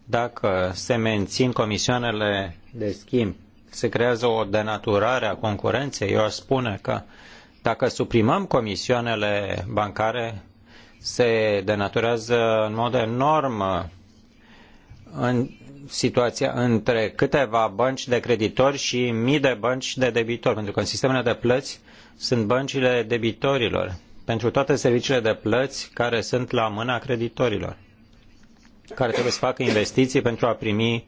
dacă se mențin comisioanele de schimb, se creează o denaturare a concurenței. Eu aș spune că dacă suprimăm comisioanele bancare, se denaturează în mod enorm uh, în situația între câteva bănci de creditori și mii de bănci de debitori, pentru că în sistemele de plăți sunt băncile debitorilor pentru toate serviciile de plăți care sunt la mâna creditorilor care trebuie să facă investiții pentru a primi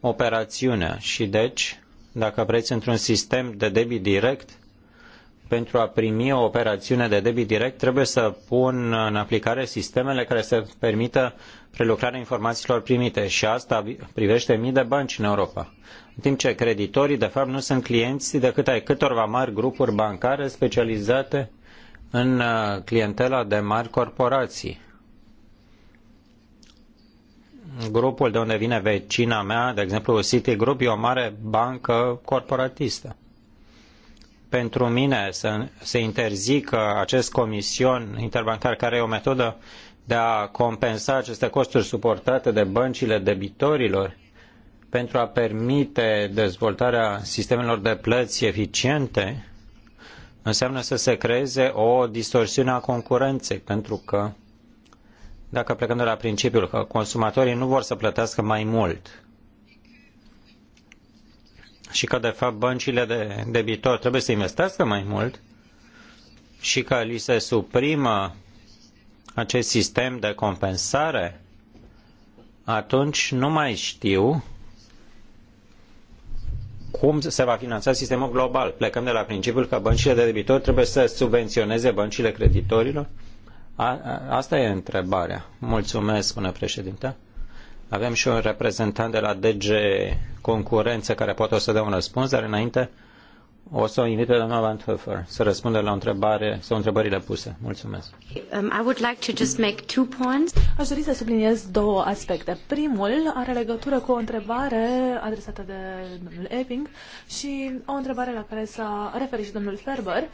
operațiunea și deci, dacă vreți, într-un sistem de debit direct, pentru a primi o operațiune de debit direct, trebuie să pun în aplicare sistemele care să permită prelucrarea informațiilor primite și asta privește mii de bănci în Europa. În timp ce creditorii, de fapt, nu sunt clienți decât ai câtorva mari grupuri bancare specializate în uh, clientela de mari corporații grupul de unde vine vecina mea, de exemplu Citigroup, e o mare bancă corporatistă. Pentru mine să se interzică acest comision interbancar, care e o metodă de a compensa aceste costuri suportate de băncile debitorilor, pentru a permite dezvoltarea sistemelor de plăți eficiente, înseamnă să se creeze o distorsiune a concurenței, pentru că dacă plecăm de la principiul că consumatorii nu vor să plătească mai mult și că, de fapt, băncile de debitor trebuie să investească mai mult și că li se suprimă acest sistem de compensare, atunci nu mai știu cum se va finanța sistemul global. Plecăm de la principiul că băncile de debitori trebuie să subvenționeze băncile creditorilor a, asta e întrebarea. Mulțumesc, spune președinte. Avem și un reprezentant de la DG Concurență care poate o să dea un răspuns, dar înainte o să o invit pe doamna Van Hofer să răspundă la întrebare sau întrebările puse. Mulțumesc. Um, I would like to just make two points. Aș dori să subliniez două aspecte. Primul are legătură cu o întrebare adresată de domnul Epping și o întrebare la care s-a referit și domnul Ferber. Uh,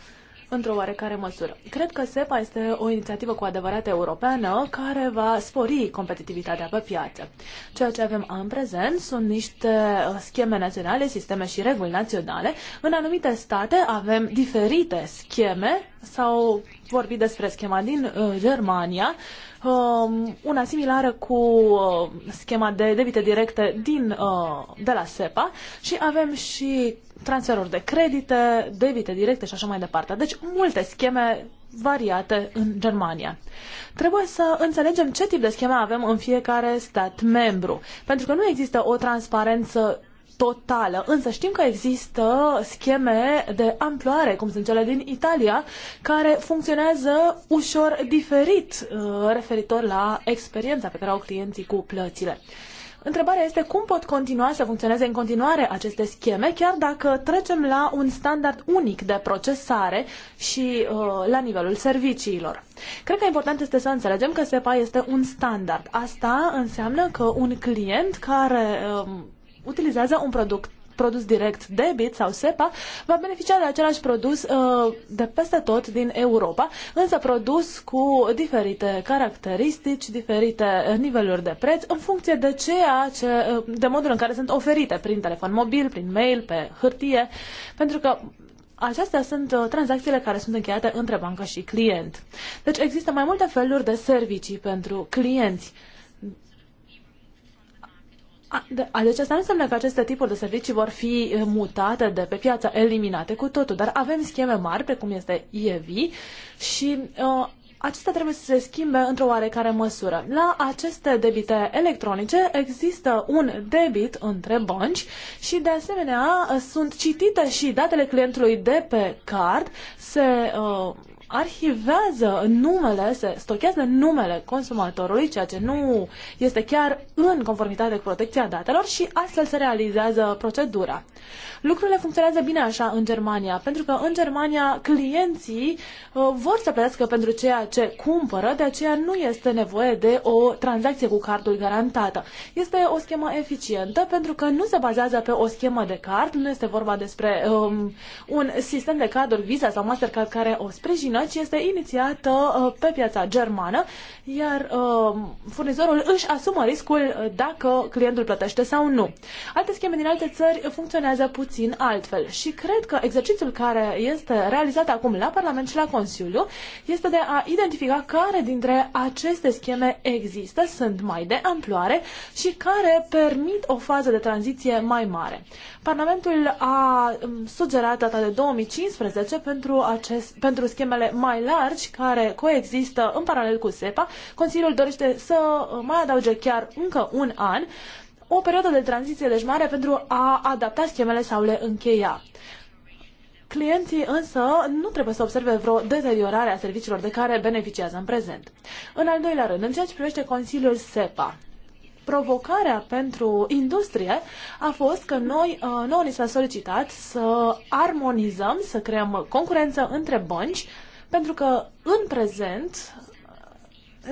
într-o oarecare măsură. Cred că SEPA este o inițiativă cu adevărat europeană care va spori competitivitatea pe piață. Ceea ce avem în prezent sunt niște uh, scheme naționale, sisteme și reguli naționale. În anumite state avem diferite scheme sau vorbi despre schema din uh, Germania, uh, Um, una similară cu uh, schema de debite directe din, uh, de la SEPA și avem și transferuri de credite, debite directe și așa mai departe. Deci multe scheme variate în Germania. Trebuie să înțelegem ce tip de scheme avem în fiecare stat membru, pentru că nu există o transparență totală. Însă știm că există scheme de amploare, cum sunt cele din Italia, care funcționează ușor diferit uh, referitor la experiența pe care au clienții cu plățile. Întrebarea este cum pot continua să funcționeze în continuare aceste scheme, chiar dacă trecem la un standard unic de procesare și uh, la nivelul serviciilor. Cred că important este să înțelegem că SEPA este un standard. Asta înseamnă că un client care. Uh, utilizează un product produs direct debit sau SEPA, va beneficia de același produs uh, de peste tot din Europa, însă produs cu diferite caracteristici, diferite niveluri de preț, în funcție de ceea ce, uh, de modul în care sunt oferite prin telefon mobil, prin mail, pe hârtie, pentru că Acestea sunt uh, tranzacțiile care sunt încheiate între bancă și client. Deci există mai multe feluri de servicii pentru clienți. Da, deci asta nu înseamnă că aceste tipuri de servicii vor fi eh, mutate de pe piață, eliminate cu totul, dar avem scheme mari, precum este IEVI, și uh, acestea trebuie să se schimbe într-o oarecare măsură. La aceste debite electronice există un debit între bănci și de asemenea sunt citite și datele clientului de pe card, se uh, arhivează numele, se stochează numele consumatorului, ceea ce nu este chiar în conformitate cu protecția datelor și astfel se realizează procedura. Lucrurile funcționează bine așa în Germania, pentru că în Germania clienții uh, vor să plătească pentru ceea ce cumpără, de aceea nu este nevoie de o tranzacție cu cardul garantată. Este o schemă eficientă pentru că nu se bazează pe o schemă de card, nu este vorba despre um, un sistem de carduri Visa sau Mastercard care o sprijină, străină, ci deci este inițiată uh, pe piața germană, iar uh, furnizorul își asumă riscul uh, dacă clientul plătește sau nu. Alte scheme din alte țări funcționează puțin altfel și cred că exercițiul care este realizat acum la Parlament și la Consiliu este de a identifica care dintre aceste scheme există, sunt mai de amploare și care permit o fază de tranziție mai mare. Parlamentul a um, sugerat data de 2015 pentru, acest, pentru schemele mai largi care coexistă în paralel cu SEPA. Consiliul dorește să uh, mai adauge chiar încă un an o perioadă de tranziție deci mare pentru a adapta schemele sau le încheia. Clienții însă nu trebuie să observe vreo deteriorare a serviciilor de care beneficiază în prezent. În al doilea rând, în ceea ce privește Consiliul SEPA, provocarea pentru industrie a fost că noi, uh, noi ni s-a solicitat să armonizăm, să creăm concurență între bănci, pentru că în prezent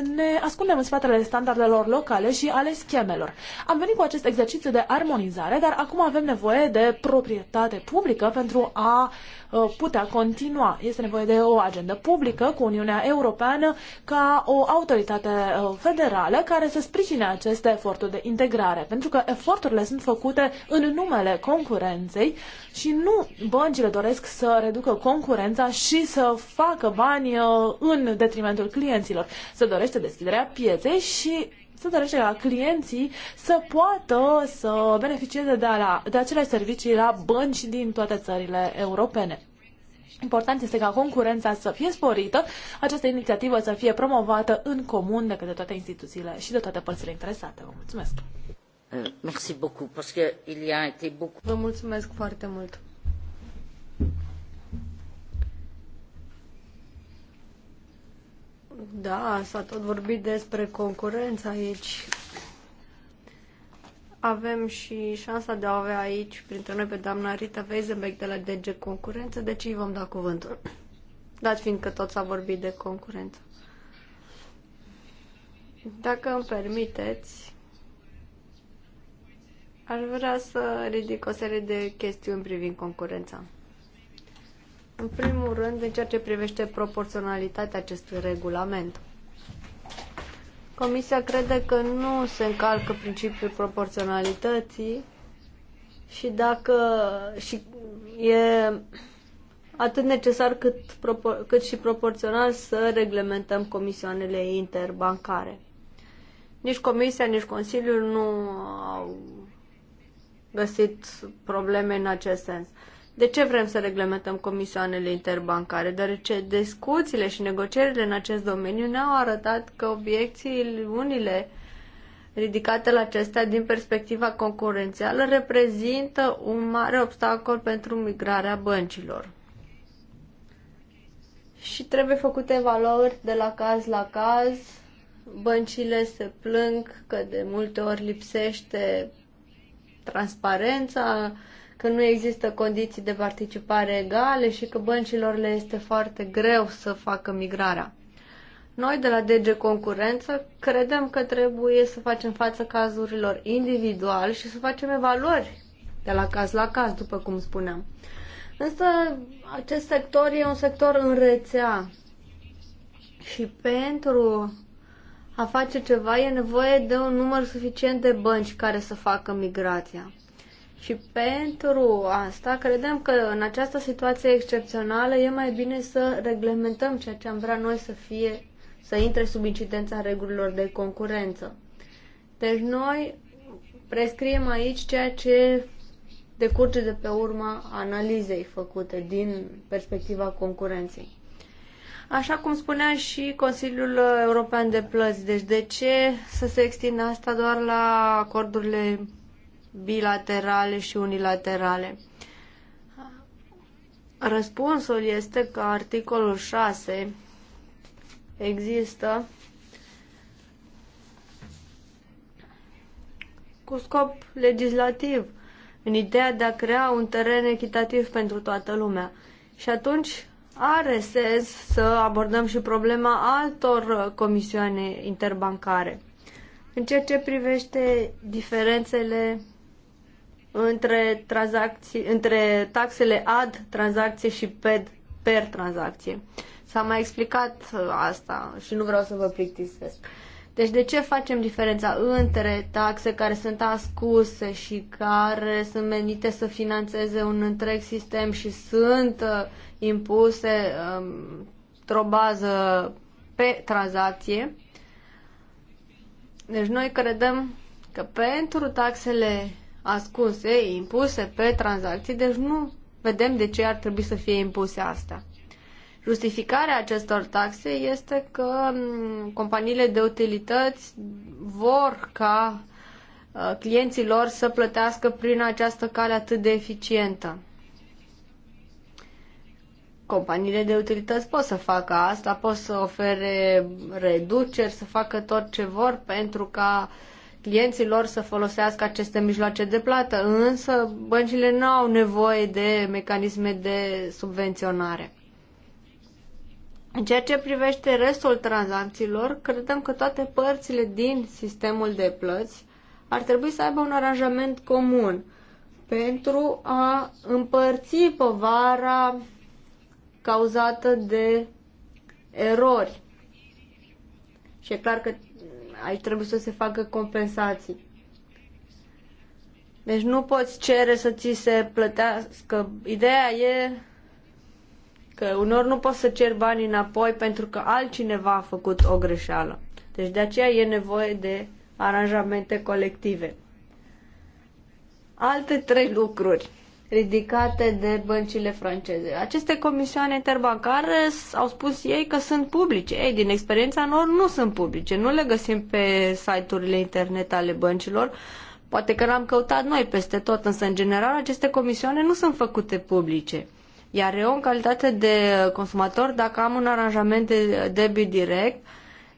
ne ascundem în spatele standardelor locale și ale schemelor. Am venit cu acest exercițiu de armonizare, dar acum avem nevoie de proprietate publică pentru a uh, putea continua. Este nevoie de o agendă publică cu Uniunea Europeană ca o autoritate uh, federală care să sprijine aceste eforturi de integrare, pentru că eforturile sunt făcute în numele concurenței și nu băncile doresc să reducă concurența și să facă bani uh, în detrimentul clienților. Se doresc dorește deschiderea pieței și se dorește la clienții să poată să beneficieze de, la, de acele servicii la bănci din toate țările europene. Important este ca concurența să fie sporită, această inițiativă să fie promovată în comun de către toate instituțiile și de toate părțile interesate. Vă mulțumesc! Vă mulțumesc foarte mult! Da, s-a tot vorbit despre concurență aici. Avem și șansa de a avea aici printre noi pe doamna Rita Weisenbeck de la DG Concurență, deci îi vom da cuvântul. Dat fiindcă tot s-a vorbit de concurență. Dacă îmi permiteți, aș vrea să ridic o serie de chestiuni privind concurența. În primul rând, în ceea ce privește proporționalitatea acestui regulament. Comisia crede că nu se încalcă principiul proporționalității și dacă și e atât necesar cât, cât și proporțional să reglementăm comisioanele interbancare. Nici Comisia, nici Consiliul nu au găsit probleme în acest sens. De ce vrem să reglementăm comisioanele interbancare? Deoarece discuțiile și negocierile în acest domeniu ne-au arătat că obiecțiile unile ridicate la acestea din perspectiva concurențială reprezintă un mare obstacol pentru migrarea băncilor. Și trebuie făcute evaluări de la caz la caz. Băncile se plâng că de multe ori lipsește transparența, că nu există condiții de participare egale și că băncilor le este foarte greu să facă migrarea. Noi de la DG Concurență credem că trebuie să facem față cazurilor individual și să facem evaluări de la caz la caz, după cum spuneam. Însă acest sector e un sector în rețea și pentru a face ceva e nevoie de un număr suficient de bănci care să facă migrația. Și pentru asta credem că în această situație excepțională e mai bine să reglementăm ceea ce am vrea noi să fie, să intre sub incidența regulilor de concurență. Deci noi prescriem aici ceea ce decurge de pe urma analizei făcute din perspectiva concurenței. Așa cum spunea și Consiliul European de Plăți, deci de ce să se extindă asta doar la acordurile bilaterale și unilaterale. Răspunsul este că articolul 6 există cu scop legislativ, în ideea de a crea un teren echitativ pentru toată lumea. Și atunci are sens să abordăm și problema altor comisioane interbancare. În ceea ce privește diferențele între, tranzacții, între taxele ad tranzacție și ped per tranzacție. S-a mai explicat uh, asta și nu vreau să vă plictisesc. Deci de ce facem diferența între taxe care sunt ascuse și care sunt menite să financeze un întreg sistem și sunt uh, impuse um, într-o bază pe tranzacție? Deci noi credem că pentru taxele ascunse, impuse pe tranzacții, deci nu vedem de ce ar trebui să fie impuse astea. Justificarea acestor taxe este că companiile de utilități vor ca uh, clienții lor să plătească prin această cale atât de eficientă. Companiile de utilități pot să facă asta, pot să ofere reduceri, să facă tot ce vor pentru ca uh, clienților să folosească aceste mijloace de plată, însă băncile nu au nevoie de mecanisme de subvenționare. În ceea ce privește restul tranzacțiilor, credem că toate părțile din sistemul de plăți ar trebui să aibă un aranjament comun pentru a împărți povara cauzată de erori. Și e clar că aici trebuie să se facă compensații. Deci nu poți cere să ți se plătească. Ideea e că unor nu poți să ceri banii înapoi pentru că altcineva a făcut o greșeală. Deci de aceea e nevoie de aranjamente colective. Alte trei lucruri ridicate de băncile franceze. Aceste comisioane interbancare au spus ei că sunt publice. Ei, din experiența lor, nu sunt publice. Nu le găsim pe site-urile internet ale băncilor. Poate că l-am căutat noi peste tot, însă, în general, aceste comisioane nu sunt făcute publice. Iar eu, în calitate de consumator, dacă am un aranjament de debit direct,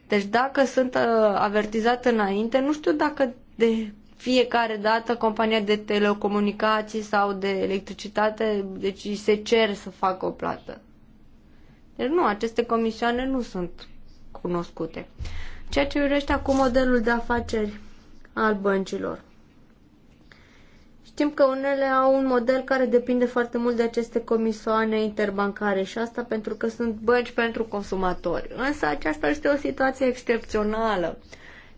deci dacă sunt uh, avertizat înainte, nu știu dacă de fiecare dată compania de telecomunicații sau de electricitate, deci se cer să facă o plată. Deci nu, aceste comisioane nu sunt cunoscute. Ceea ce urește acum modelul de afaceri al băncilor. Știm că unele au un model care depinde foarte mult de aceste comisioane interbancare și asta pentru că sunt bănci pentru consumatori. Însă aceasta este o situație excepțională.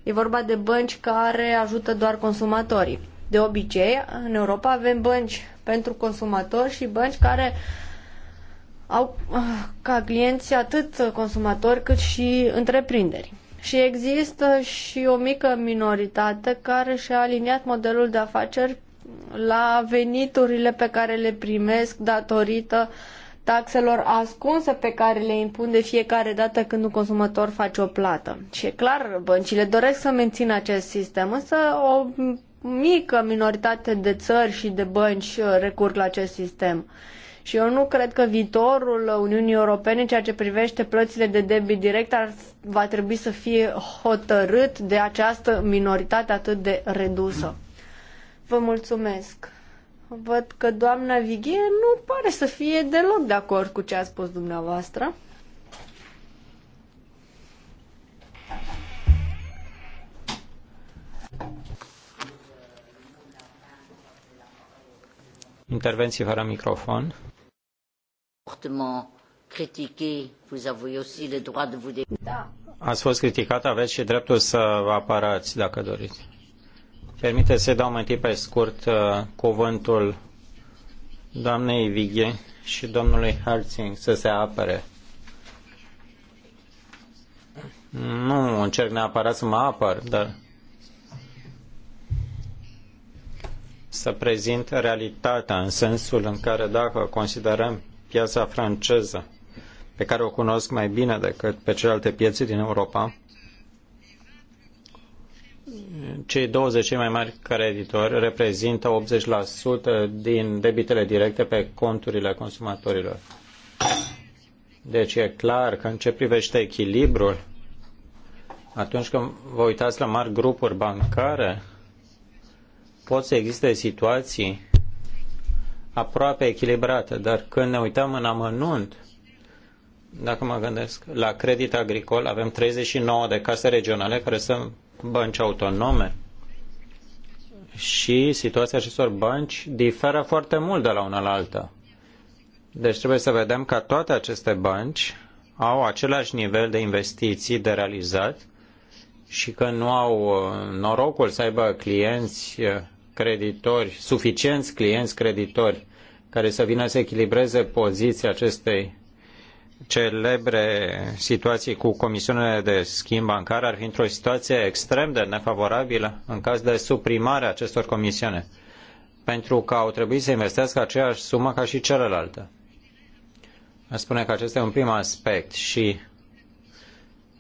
E vorba de bănci care ajută doar consumatorii. De obicei, în Europa avem bănci pentru consumatori și bănci care au ah, ca clienți atât consumatori cât și întreprinderi. Și există și o mică minoritate care și-a aliniat modelul de afaceri la veniturile pe care le primesc datorită uh, taxelor ascunse pe care le impun de fiecare dată când un consumator face o plată. Și e clar, băncile doresc să mențină acest sistem, însă o mică minoritate de țări și de bănci recurg la acest sistem. Și eu nu cred că viitorul Uniunii Europene ceea ce privește plățile de debit direct ar, va trebui să fie hotărât de această minoritate atât de redusă. Vă mulțumesc! văd că doamna Vighe nu pare să fie deloc de acord cu ce a spus dumneavoastră. Intervenții fără microfon. Da. Ați fost criticat, aveți și dreptul să vă apărați dacă doriți. Permite să dau mai pe scurt uh, cuvântul doamnei Vighe și domnului Harting să se apere. Nu încerc neapărat să mă apăr, dar să prezint realitatea în sensul în care dacă considerăm piața franceză, pe care o cunosc mai bine decât pe celelalte piețe din Europa, cei 20 cei mai mari creditori reprezintă 80% din debitele directe pe conturile consumatorilor. Deci e clar că în ce privește echilibrul, atunci când vă uitați la mari grupuri bancare, pot să existe situații aproape echilibrate, dar când ne uităm în amănunt, dacă mă gândesc, la Credit Agricol avem 39 de case regionale care sunt bănci autonome și situația acestor bănci diferă foarte mult de la una la alta. Deci trebuie să vedem că toate aceste bănci au același nivel de investiții de realizat și că nu au uh, norocul să aibă clienți uh, creditori, suficienți clienți creditori care să vină să echilibreze poziția acestei celebre situații cu comisiunile de schimb bancar ar fi într-o situație extrem de nefavorabilă în caz de suprimare a acestor comisiune, pentru că au trebuit să investească aceeași sumă ca și celelalte. Aș spune că acesta e un prim aspect și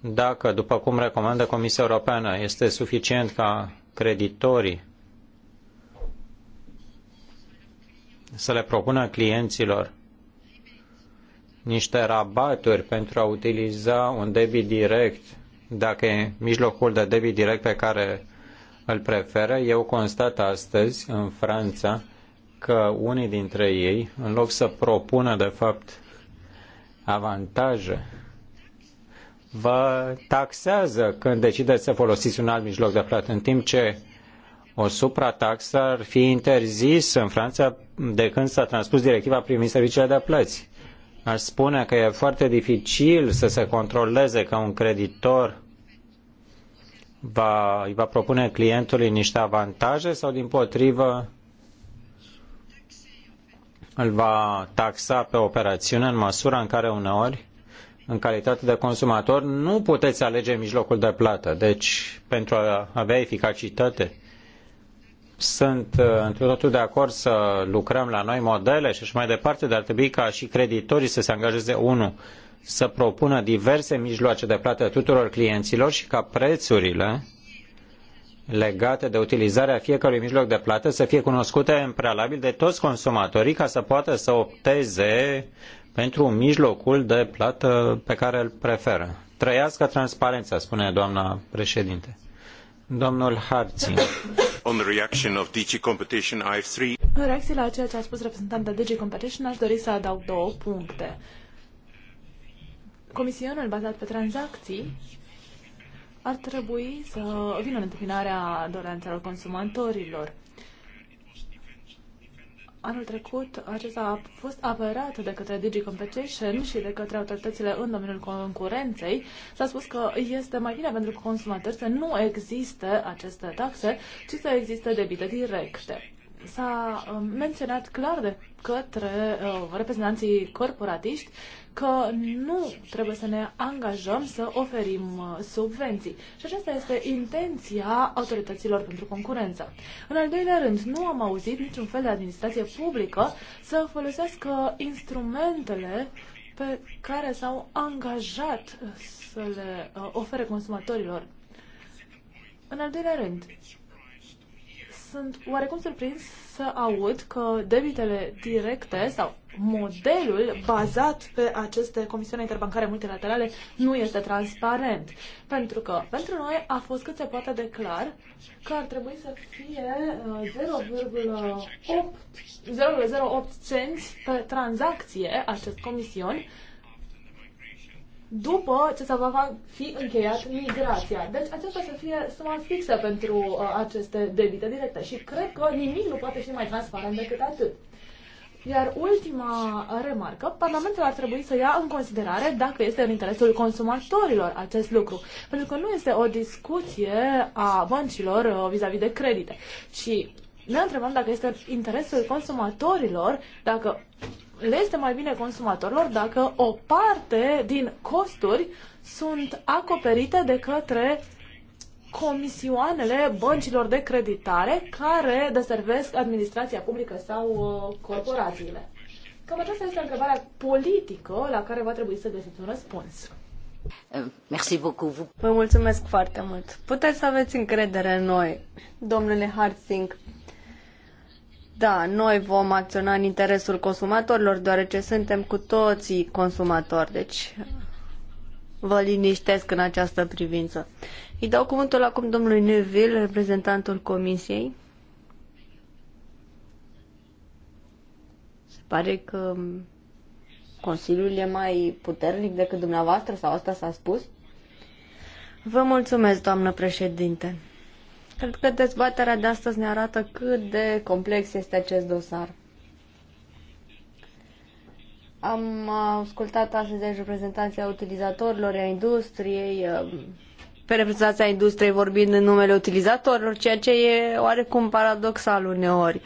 dacă, după cum recomandă Comisia Europeană, este suficient ca creditorii să le propună clienților niște rabaturi pentru a utiliza un debit direct, dacă e mijlocul de debit direct pe care îl preferă, eu constat astăzi în Franța că unii dintre ei, în loc să propună de fapt avantaje, vă taxează când decideți să folosiți un alt mijloc de plată, în timp ce o suprataxă ar fi interzis în Franța de când s-a transpus directiva privind serviciile de plăți. Aș spune că e foarte dificil să se controleze că un creditor va, îi va propune clientului niște avantaje sau din potrivă îl va taxa pe operațiune în măsura în care uneori, în calitate de consumator, nu puteți alege mijlocul de plată. Deci, pentru a avea eficacitate, sunt uh, întru totul de acord să lucrăm la noi modele și așa mai departe, dar ar trebui ca și creditorii să se angajeze, unu, să propună diverse mijloace de plată tuturor clienților și ca prețurile legate de utilizarea fiecărui mijloc de plată să fie cunoscute în prealabil de toți consumatorii ca să poată să opteze pentru mijlocul de plată pe care îl preferă. Trăiască transparența, spune doamna președinte. Domnul I În reacție la ceea ce a spus reprezentantul DG Competition, aș dori să adaug două puncte. Comisionul bazat pe tranzacții ar trebui să vină în întâmpinarea doleanțelor consumatorilor. Anul trecut, acesta a fost apărat de către Digi Competition și de către autoritățile în domeniul concurenței. S-a spus că este mai bine pentru consumatori să nu existe aceste taxe, ci să existe debite directe. S-a um, menționat clar de către uh, reprezentanții corporatiști că nu trebuie să ne angajăm să oferim uh, subvenții. Și aceasta este intenția autorităților pentru concurență. În al doilea rând, nu am auzit niciun fel de administrație publică să folosească instrumentele pe care s-au angajat să le uh, ofere consumatorilor. În al doilea rând, sunt oarecum surprins să aud că debitele directe sau modelul bazat pe aceste comisiuni interbancare multilaterale nu este transparent. Pentru că pentru noi a fost cât se poate de clar că ar trebui să fie 0,08 uh, cenți pe tranzacție acest comision după ce se va fi încheiat migrația. Deci aceasta să fie suma fixă pentru uh, aceste debite directe și cred că nimic nu poate fi mai transparent decât atât. Iar ultima remarcă, Parlamentul ar trebui să ia în considerare dacă este în interesul consumatorilor acest lucru. Pentru că nu este o discuție a băncilor uh, vis-a-vis -vis de credite, ci ne întrebăm dacă este în interesul consumatorilor, dacă le este mai bine consumatorilor dacă o parte din costuri sunt acoperite de către comisioanele băncilor de creditare care deservesc administrația publică sau uh, corporațiile. Cam aceasta este întrebarea politică la care va trebui să găsiți un răspuns. Eh, merci beaucoup. Vă mulțumesc foarte mult. Puteți să aveți încredere în noi, domnule Hartzink. Da, noi vom acționa în interesul consumatorilor, deoarece suntem cu toții consumatori. Deci, vă liniștesc în această privință. Îi dau cuvântul acum domnului Neville, reprezentantul comisiei. Se pare că Consiliul e mai puternic decât dumneavoastră sau asta s-a spus? Vă mulțumesc, doamnă președinte. Cred că dezbaterea de astăzi ne arată cât de complex este acest dosar. Am ascultat astăzi reprezentanții utilizatorilor, a industriei, um, pe reprezentanța industriei vorbind în numele utilizatorilor, ceea ce e oarecum paradoxal uneori.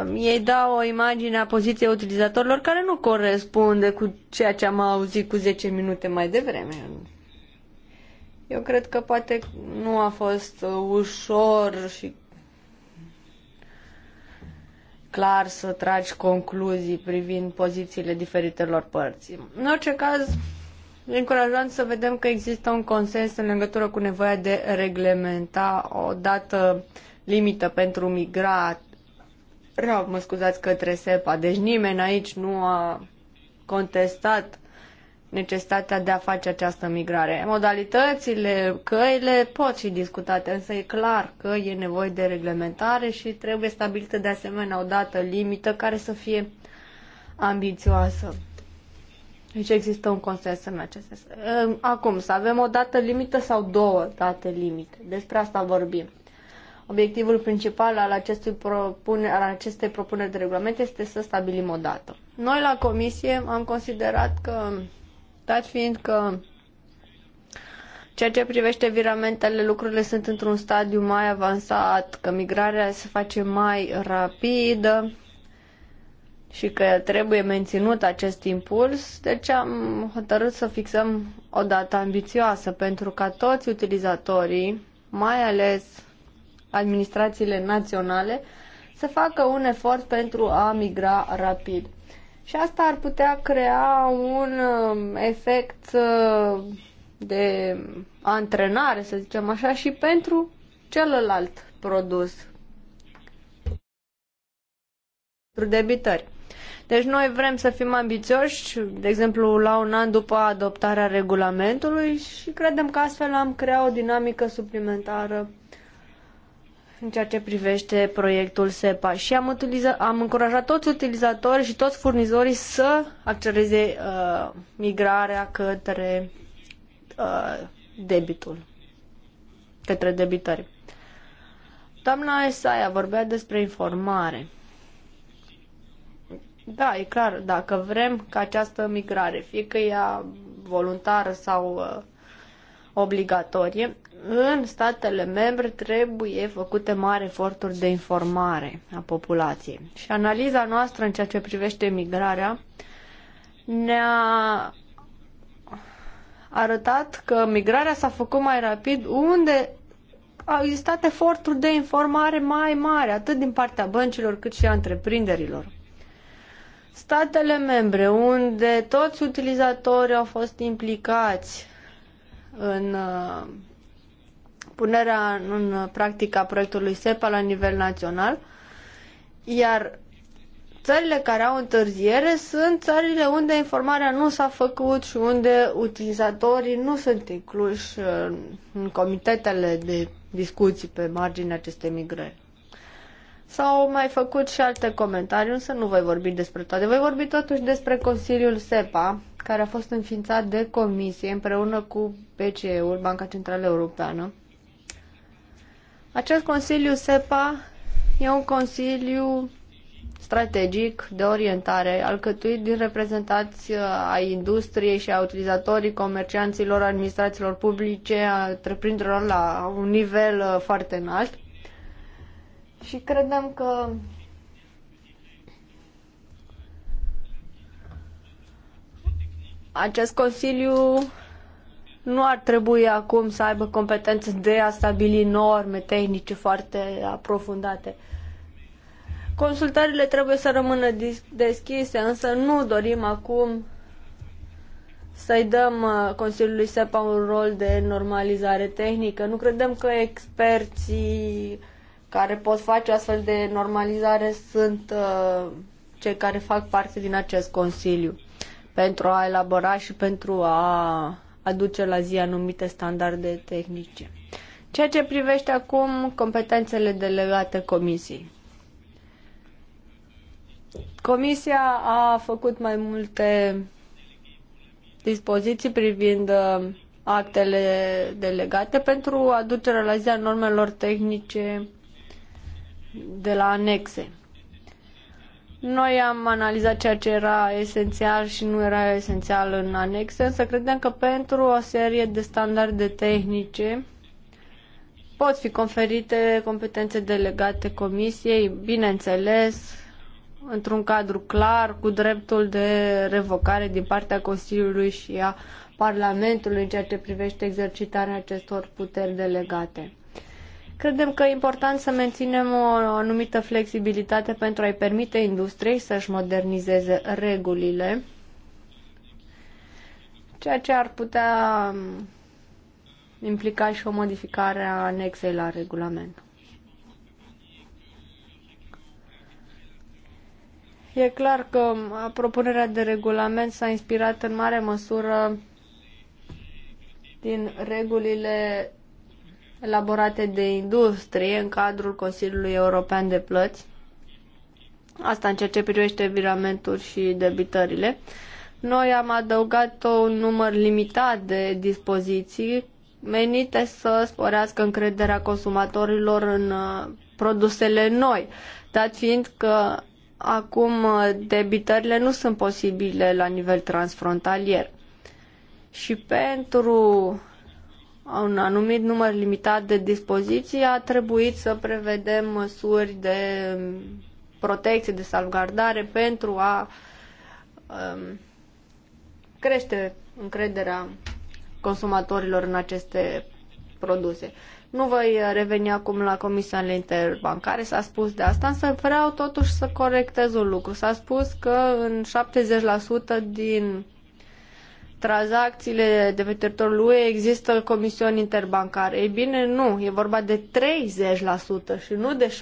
Um, ei dau o imagine a poziției utilizatorilor care nu corespunde cu ceea ce am auzit cu 10 minute mai devreme. Eu cred că poate nu a fost ușor și clar să tragi concluzii privind pozițiile diferitelor părți. În orice caz, încurajant să vedem că există un consens în legătură cu nevoia de reglementa o dată limită pentru migrat. Rău, mă scuzați, către SEPA. Deci nimeni aici nu a contestat necesitatea de a face această migrare. Modalitățile, căile pot fi discutate, însă e clar că e nevoie de reglementare și trebuie stabilită de asemenea o dată limită care să fie ambițioasă. Deci există un consens în acest sens. Acum, să avem o dată limită sau două date limite. Despre asta vorbim. Obiectivul principal al, acestui propune, al acestei propuneri de regulament este să stabilim o dată. Noi la comisie am considerat că dat fiind că ceea ce privește viramentele, lucrurile sunt într-un stadiu mai avansat, că migrarea se face mai rapidă și că trebuie menținut acest impuls, deci am hotărât să fixăm o dată ambițioasă pentru ca toți utilizatorii, mai ales administrațiile naționale, să facă un efort pentru a migra rapid. Și asta ar putea crea un um, efect uh, de antrenare, să zicem așa, și pentru celălalt produs, pentru debitări. Deci noi vrem să fim ambițioși, de exemplu, la un an după adoptarea regulamentului și credem că astfel am creat o dinamică suplimentară în ceea ce privește proiectul SEPA și am, utiliza, am încurajat toți utilizatorii și toți furnizorii să accelereze uh, migrarea către uh, debitul, către debitări. Doamna Esaia vorbea despre informare. Da, e clar, dacă vrem ca această migrare, fie că ea voluntară sau uh, obligatorie, în statele membre trebuie făcute mari eforturi de informare a populației. Și analiza noastră în ceea ce privește migrarea ne-a arătat că migrarea s-a făcut mai rapid unde au existat eforturi de informare mai mari, atât din partea băncilor cât și a întreprinderilor. Statele membre unde toți utilizatorii au fost implicați în uh, punerea în practică a proiectului SEPA la nivel național, iar țările care au întârziere sunt țările unde informarea nu s-a făcut și unde utilizatorii nu sunt incluși uh, în comitetele de discuții pe marginea acestei migrări. S-au mai făcut și alte comentarii, însă nu voi vorbi despre toate. Voi vorbi totuși despre Consiliul SEPA, care a fost înființat de Comisie împreună cu BCE-ul, Banca Centrală Europeană, acest Consiliu SEPA e un consiliu strategic de orientare, alcătuit din reprezentanți a industriei și a utilizatorii, comercianților, administrațiilor publice, întreprinderilor la un nivel uh, foarte înalt. Și credem că acest consiliu nu ar trebui acum să aibă competențe de a stabili norme tehnice foarte aprofundate. Consultările trebuie să rămână deschise, însă nu dorim acum să-i dăm uh, Consiliului SEPA un rol de normalizare tehnică. Nu credem că experții care pot face astfel de normalizare sunt uh, cei care fac parte din acest Consiliu pentru a elabora și pentru a aduce la zi anumite standarde tehnice. Ceea ce privește acum competențele delegate comisiei. Comisia a făcut mai multe dispoziții privind uh, actele delegate pentru aducerea la zi a normelor tehnice de la anexe. Noi am analizat ceea ce era esențial și nu era esențial în anexe, însă credem că pentru o serie de standarde tehnice pot fi conferite competențe delegate comisiei, bineînțeles, într-un cadru clar, cu dreptul de revocare din partea Consiliului și a Parlamentului în ceea ce privește exercitarea acestor puteri delegate. Credem că e important să menținem o anumită flexibilitate pentru a-i permite industriei să-și modernizeze regulile, ceea ce ar putea um, implica și o modificare a anexei la regulament. E clar că um, propunerea de regulament s-a inspirat în mare măsură din regulile elaborate de industrie în cadrul Consiliului European de Plăți. Asta în ceea ce privește viramentul și debitările. Noi am adăugat un număr limitat de dispoziții menite să sporească încrederea consumatorilor în uh, produsele noi, dat fiind că acum uh, debitările nu sunt posibile la nivel transfrontalier. Și pentru un anumit număr limitat de dispoziții, a trebuit să prevedem măsuri de protecție, de salvgardare pentru a um, crește încrederea consumatorilor în aceste produse. Nu voi reveni acum la comisiile interbancare, s-a spus de asta, însă vreau totuși să corectez un lucru. S-a spus că în 70% din tranzacțiile de pe teritoriul UE există comisiuni interbancare. Ei bine, nu, e vorba de 30% și nu de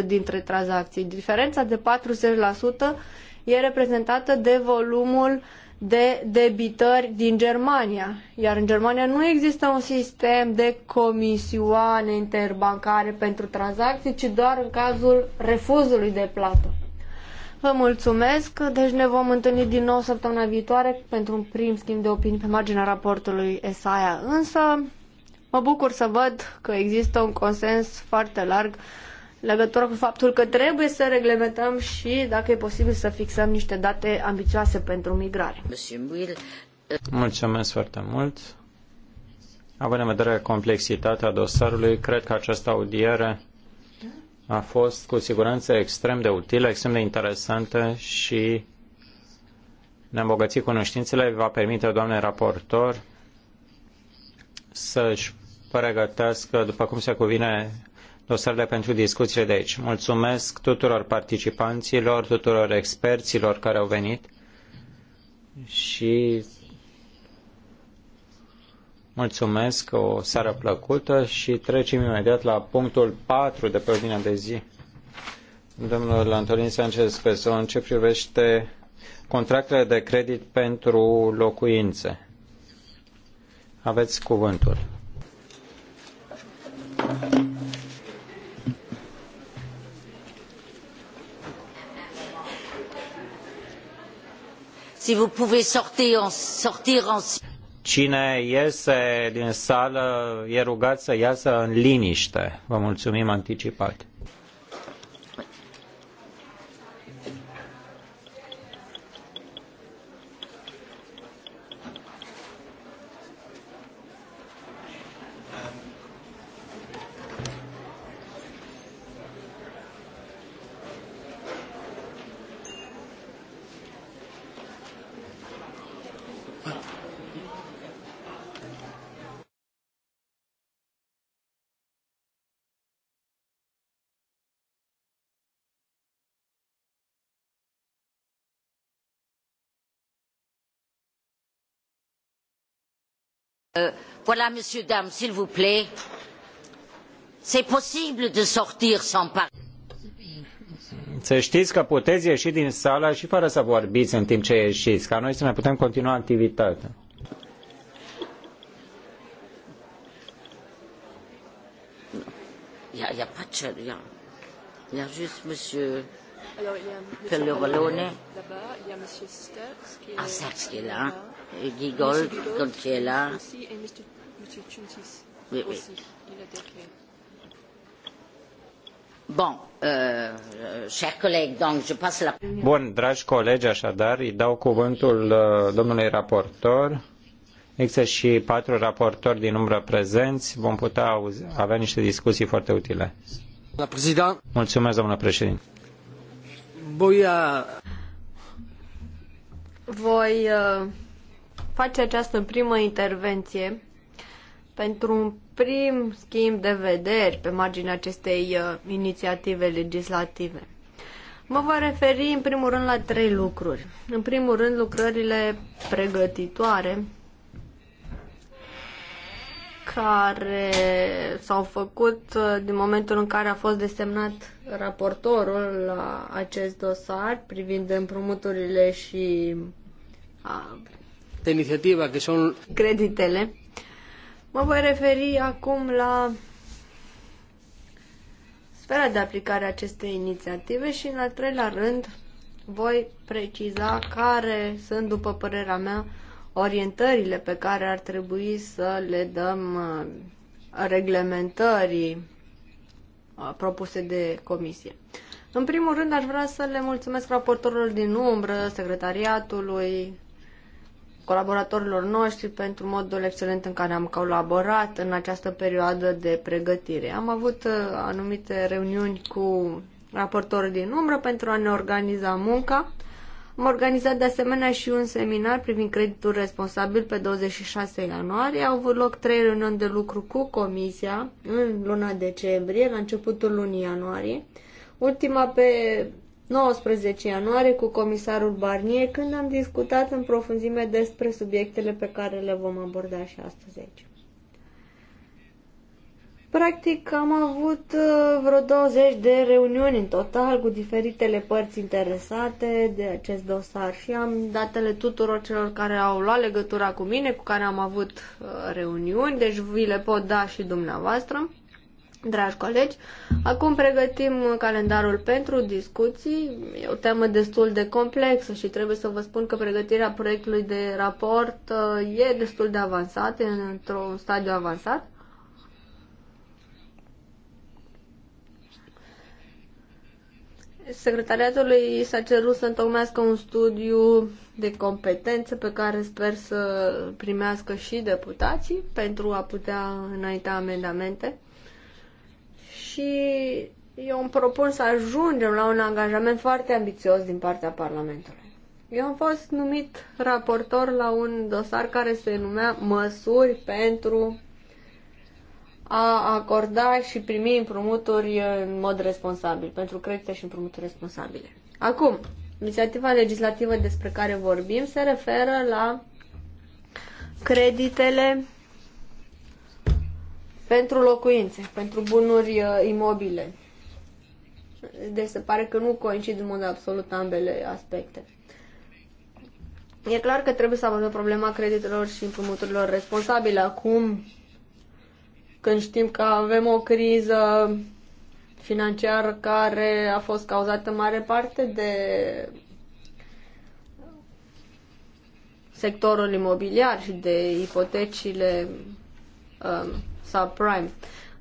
70% dintre tranzacții. Diferența de 40% e reprezentată de volumul de debitări din Germania. Iar în Germania nu există un sistem de comisioane interbancare pentru tranzacții, ci doar în cazul refuzului de plată. Vă mulțumesc, deci ne vom întâlni din nou săptămâna viitoare pentru un prim schimb de opinii pe marginea raportului ESAIA. Însă, mă bucur să văd că există un consens foarte larg legătură cu faptul că trebuie să reglementăm și, dacă e posibil, să fixăm niște date ambițioase pentru migrare. Mulțumesc foarte mult. Având în vedere complexitatea dosarului, cred că această audiere a fost cu siguranță extrem de utilă, extrem de interesantă și ne-a îmbogățit cunoștințele. Va permite, doamne raportor, să-și pregătească, după cum se cuvine, dosarele pentru discuțiile de aici. Mulțumesc tuturor participanților, tuturor experților care au venit și Mulțumesc, o seară plăcută și trecem imediat la punctul 4 de pe ordinea de zi. Domnul Antolin Sanchez Peso, în ce privește contractele de credit pentru locuințe. Aveți cuvântul. Si vous pouvez sortir en, sortir en... Cine iese din sală e rugat să iasă în liniște. Vă mulțumim anticipat. Voilà, messieurs, dames, s'il vous plaît. C'est possible de sortir sans parler. Să știți că puteți ieși din sală și fără să vorbiți în timp ce ieșiți, ca noi să ne putem continua activitatea. Il n'y a, y a pas de... monsieur... Alors, per le Vallone. a M. Ah, qui est, là. Guy Gold, Gold qui est là. Oui, oui. Bon, euh, chers collègues, donc je passe la... Bun, dragi colegi, așadar, îi dau cuvântul uh, domnului raportor. Există și patru raportori din umbră prezenți. Vom putea auzi, avea niște discuții foarte utile. La Mulțumesc, domnule președinte. Voi, a... Uh, voi uh, face această primă intervenție pentru un prim schimb de vederi pe marginea acestei uh, inițiative legislative. Mă voi referi în primul rând la trei lucruri. În primul rând lucrările pregătitoare care s-au făcut uh, din momentul în care a fost desemnat raportorul la acest dosar privind împrumuturile și a, de inițiativa, că sunt creditele. Mă voi referi acum la sfera de aplicare a acestei inițiative și, în al treilea rând, voi preciza care sunt, după părerea mea, orientările pe care ar trebui să le dăm uh, reglementării uh, propuse de comisie. În primul rând, aș vrea să le mulțumesc raportorilor din umbră, secretariatului, colaboratorilor noștri pentru modul excelent în care am colaborat în această perioadă de pregătire. Am avut uh, anumite reuniuni cu raportorii din umbră pentru a ne organiza munca am organizat de asemenea și un seminar privind creditul responsabil pe 26 ianuarie. Au avut loc trei reuniuni de lucru cu comisia în luna decembrie, la începutul lunii ianuarie. Ultima pe 19 ianuarie cu comisarul Barnier, când am discutat în profunzime despre subiectele pe care le vom aborda și astăzi aici. Practic am avut uh, vreo 20 de reuniuni în total cu diferitele părți interesate de acest dosar și am datele tuturor celor care au luat legătura cu mine, cu care am avut uh, reuniuni, deci vi le pot da și dumneavoastră, dragi colegi. Acum pregătim uh, calendarul pentru discuții, e o temă destul de complexă și trebuie să vă spun că pregătirea proiectului de raport e destul de avansată, într-un stadiu avansat. Secretariatului s-a cerut să întocmească un studiu de competențe pe care sper să primească și deputații pentru a putea înainta amendamente. Și eu îmi propun să ajungem la un angajament foarte ambițios din partea Parlamentului. Eu am fost numit raportor la un dosar care se numea Măsuri pentru a acorda și primi împrumuturi în mod responsabil, pentru credite și împrumuturi responsabile. Acum, inițiativa legislativă despre care vorbim se referă la creditele pentru locuințe, pentru bunuri uh, imobile. Deci se pare că nu coincid în mod absolut ambele aspecte. E clar că trebuie să avem problema creditelor și împrumuturilor responsabile. Acum când știm că avem o criză financiară care a fost cauzată în mare parte de sectorul imobiliar și de ipotecile um, subprime.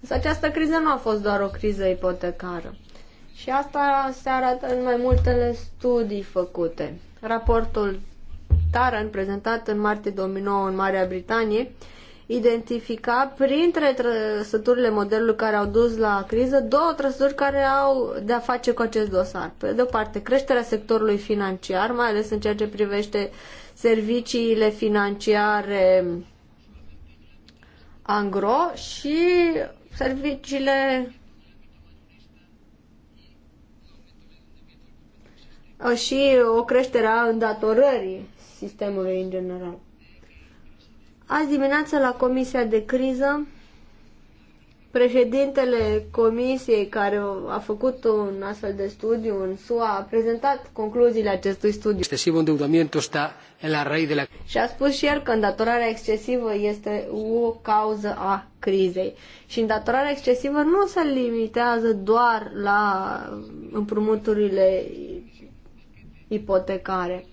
Însă această criză nu a fost doar o criză ipotecară. Și asta se arată în mai multele studii făcute. Raportul Taran, prezentat în martie 2009 în Marea Britanie, uh, identifica printre trăsăturile modelului care au dus la criză două trăsături care au de-a face cu acest dosar. Pe de o parte, creșterea sectorului financiar, mai ales în ceea ce privește serviciile financiare angro și serviciile și o creștere a îndatorării sistemului în general. Azi dimineața la comisia de criză, președintele comisiei care a făcut un astfel de studiu în SUA a prezentat concluziile acestui studiu. Excesiv endeudamiento este în la raíz de la... Și a spus și el că îndatorarea excesivă este o cauză a crizei. Și îndatorarea excesivă nu se limitează doar la împrumuturile ipotecare.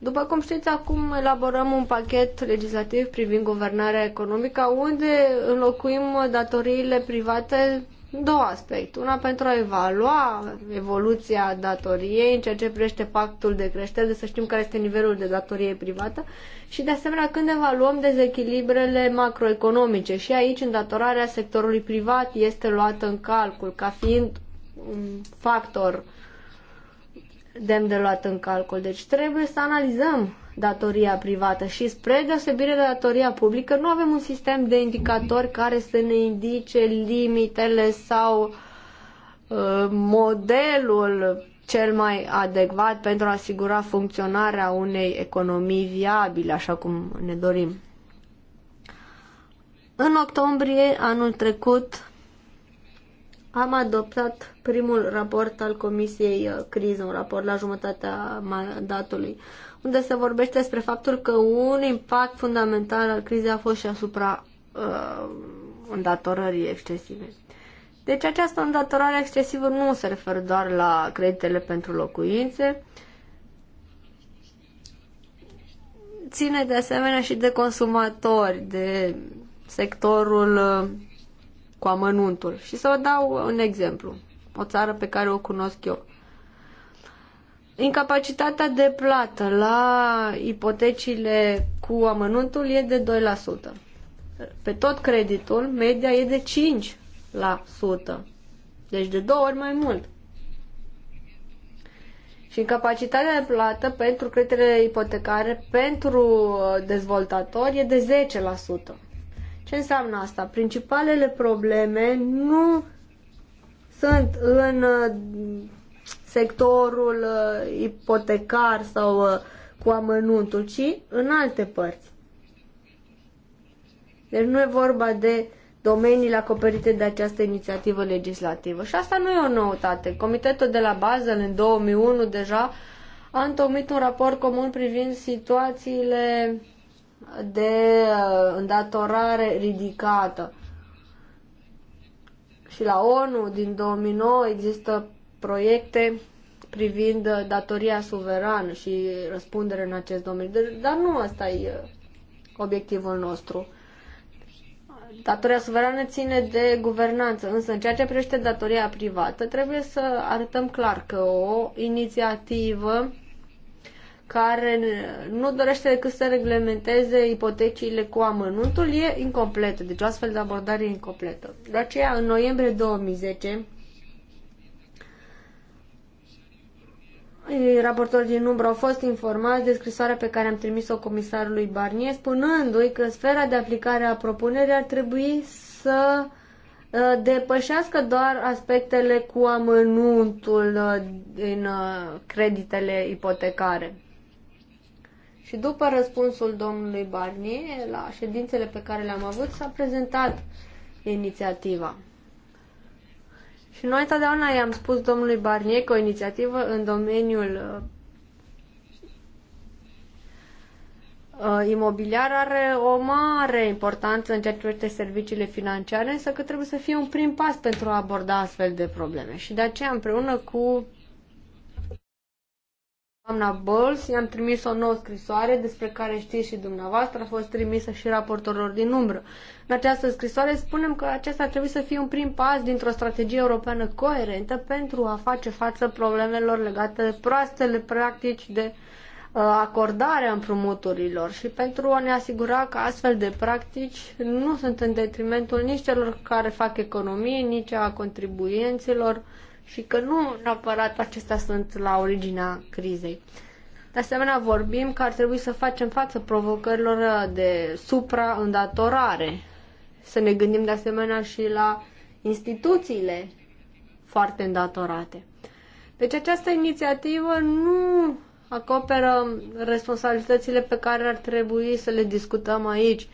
După cum știți, acum elaborăm un pachet legislativ privind guvernarea economică, unde înlocuim datoriile private în două aspecte. Una pentru a evalua evoluția datoriei în ceea ce privește pactul de creștere, de să știm care este nivelul de datorie privată și de asemenea când evaluăm dezechilibrele macroeconomice și aici îndatorarea sectorului privat este luată în calcul ca fiind un factor uh, demn de luat în calcul. Deci trebuie să analizăm datoria privată și spre deosebire de datoria publică nu avem un sistem de indicatori care să ne indice limitele sau uh, modelul cel mai adecvat pentru a asigura funcționarea unei economii viabile, așa cum ne dorim. În octombrie anul trecut, am adoptat primul raport al Comisiei uh, Criză, un raport la jumătatea mandatului, unde se vorbește despre faptul că un impact fundamental al crizei a fost și asupra uh, îndatorării excesive. Deci această îndatorare excesivă nu se referă doar la creditele pentru locuințe, ține de asemenea și de consumatori, de sectorul uh, cu amănuntul. Și să vă dau un exemplu, o țară pe care o cunosc eu. Incapacitatea de plată la ipotecile cu amănuntul e de 2%. Pe tot creditul, media e de 5%. Deci de două ori mai mult. Și incapacitatea de plată pentru creditele ipotecare pentru dezvoltatori e de ce înseamnă asta? Principalele probleme nu sunt în uh, sectorul uh, ipotecar sau uh, cu amănuntul, ci în alte părți. Deci nu e vorba de domeniile acoperite de această inițiativă legislativă. Și asta nu e o noutate. Comitetul de la bază în 2001 deja a întocmit un raport comun privind situațiile de uh, îndatorare ridicată. Și la ONU din 2009 există proiecte privind uh, datoria suverană și răspundere în acest domeniu. Deci, dar nu asta e uh, obiectivul nostru. Datoria suverană ține de guvernanță, însă în ceea ce privește datoria privată, trebuie să arătăm clar că o inițiativă care nu dorește decât să reglementeze ipotecile cu amănuntul e incompletă. Deci o astfel de abordare e incompletă. De aceea, în noiembrie 2010, raportorii din umbră au fost informați de scrisoarea pe care am trimis-o comisarului Barnier, spunându-i că sfera de aplicare a propunerii ar trebui să uh, depășească doar aspectele cu amănuntul uh, din uh, creditele ipotecare. Și după răspunsul domnului Barnier, la ședințele pe care le-am avut, s-a prezentat inițiativa. Și noi întotdeauna i-am spus domnului Barnier că o inițiativă în domeniul uh, imobiliar are o mare importanță în ceea ce privește serviciile financiare, însă că trebuie să fie un prim pas pentru a aborda astfel de probleme. Și de aceea, împreună cu doamna Bowles, i-am trimis o nouă scrisoare despre care știți și dumneavoastră, a fost trimisă și raportorilor din umbră. În această scrisoare spunem că acesta ar trebui să fie un prim pas dintr-o strategie europeană coerentă pentru a face față problemelor legate de proastele practici de uh, acordarea împrumuturilor și pentru a ne asigura că astfel de practici nu sunt în detrimentul nici celor care fac economie, nici a contribuienților, uh, și că nu neapărat acestea sunt la originea crizei. De asemenea, vorbim că ar trebui să facem față provocărilor de supra îndatorare. Să ne gândim de asemenea și la instituțiile foarte îndatorate. Deci această inițiativă nu acoperă responsabilitățile pe care ar trebui să le discutăm aici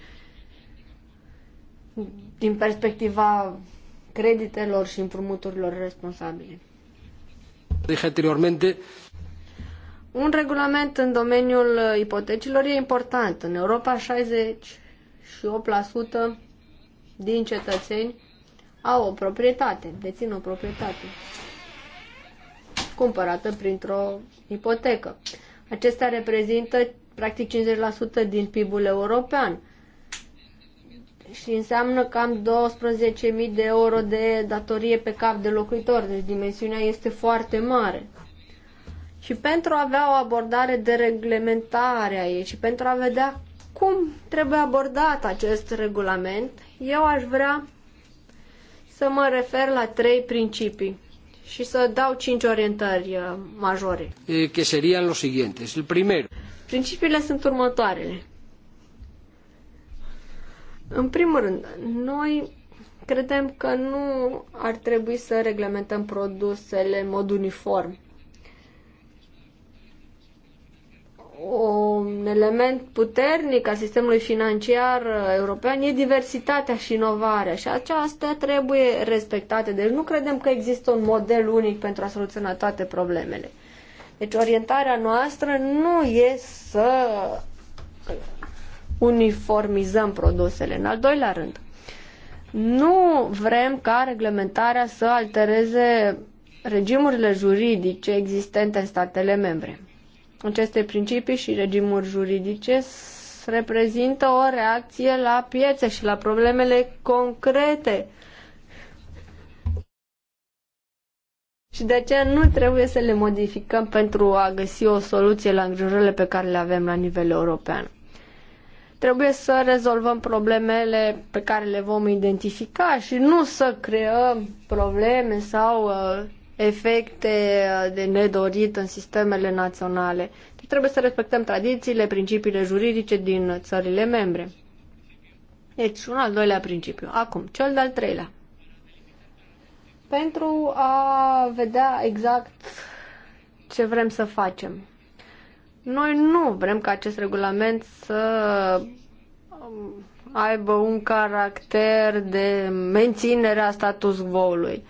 din perspectiva creditelor și împrumuturilor responsabile. Anteriormente. Un regulament în domeniul ipotecilor e important. În Europa 68% din cetățeni au o proprietate, dețin o proprietate cumpărată printr-o ipotecă. Acestea reprezintă practic 50% din PIB-ul european și înseamnă cam 12.000 de euro de datorie pe cap de locuitor, deci dimensiunea este foarte mare. Și pentru a avea o abordare de reglementare a ei și pentru a vedea cum trebuie abordat acest regulament, eu aș vrea să mă refer la trei principii și să dau cinci orientări uh, majore. Eh, que serían los siguientes. El primero. Principiile sunt următoarele. În primul rând, noi credem că nu ar trebui să reglementăm produsele în mod uniform. Un element puternic al sistemului financiar european e diversitatea și inovarea și aceasta trebuie respectate. Deci nu credem că există un model unic pentru a soluționa toate problemele. Deci orientarea noastră nu e să uniformizăm produsele. În al doilea rând, nu vrem ca reglementarea să altereze regimurile juridice existente în statele membre. Aceste principii și regimuri juridice reprezintă o reacție la piețe și la problemele concrete. Și de aceea nu trebuie să le modificăm pentru a găsi o soluție la îngrijorările pe care le avem la nivel european. Trebuie să rezolvăm problemele pe care le vom identifica și nu să creăm probleme sau uh, efecte uh, de nedorit în sistemele naționale. Deci trebuie să respectăm tradițiile, principiile juridice din țările membre. Deci, un al doilea principiu. Acum, cel de-al treilea. Pentru a vedea exact ce vrem să facem. Noi nu vrem ca acest regulament să um, aibă un caracter de menținere a status quo-ului.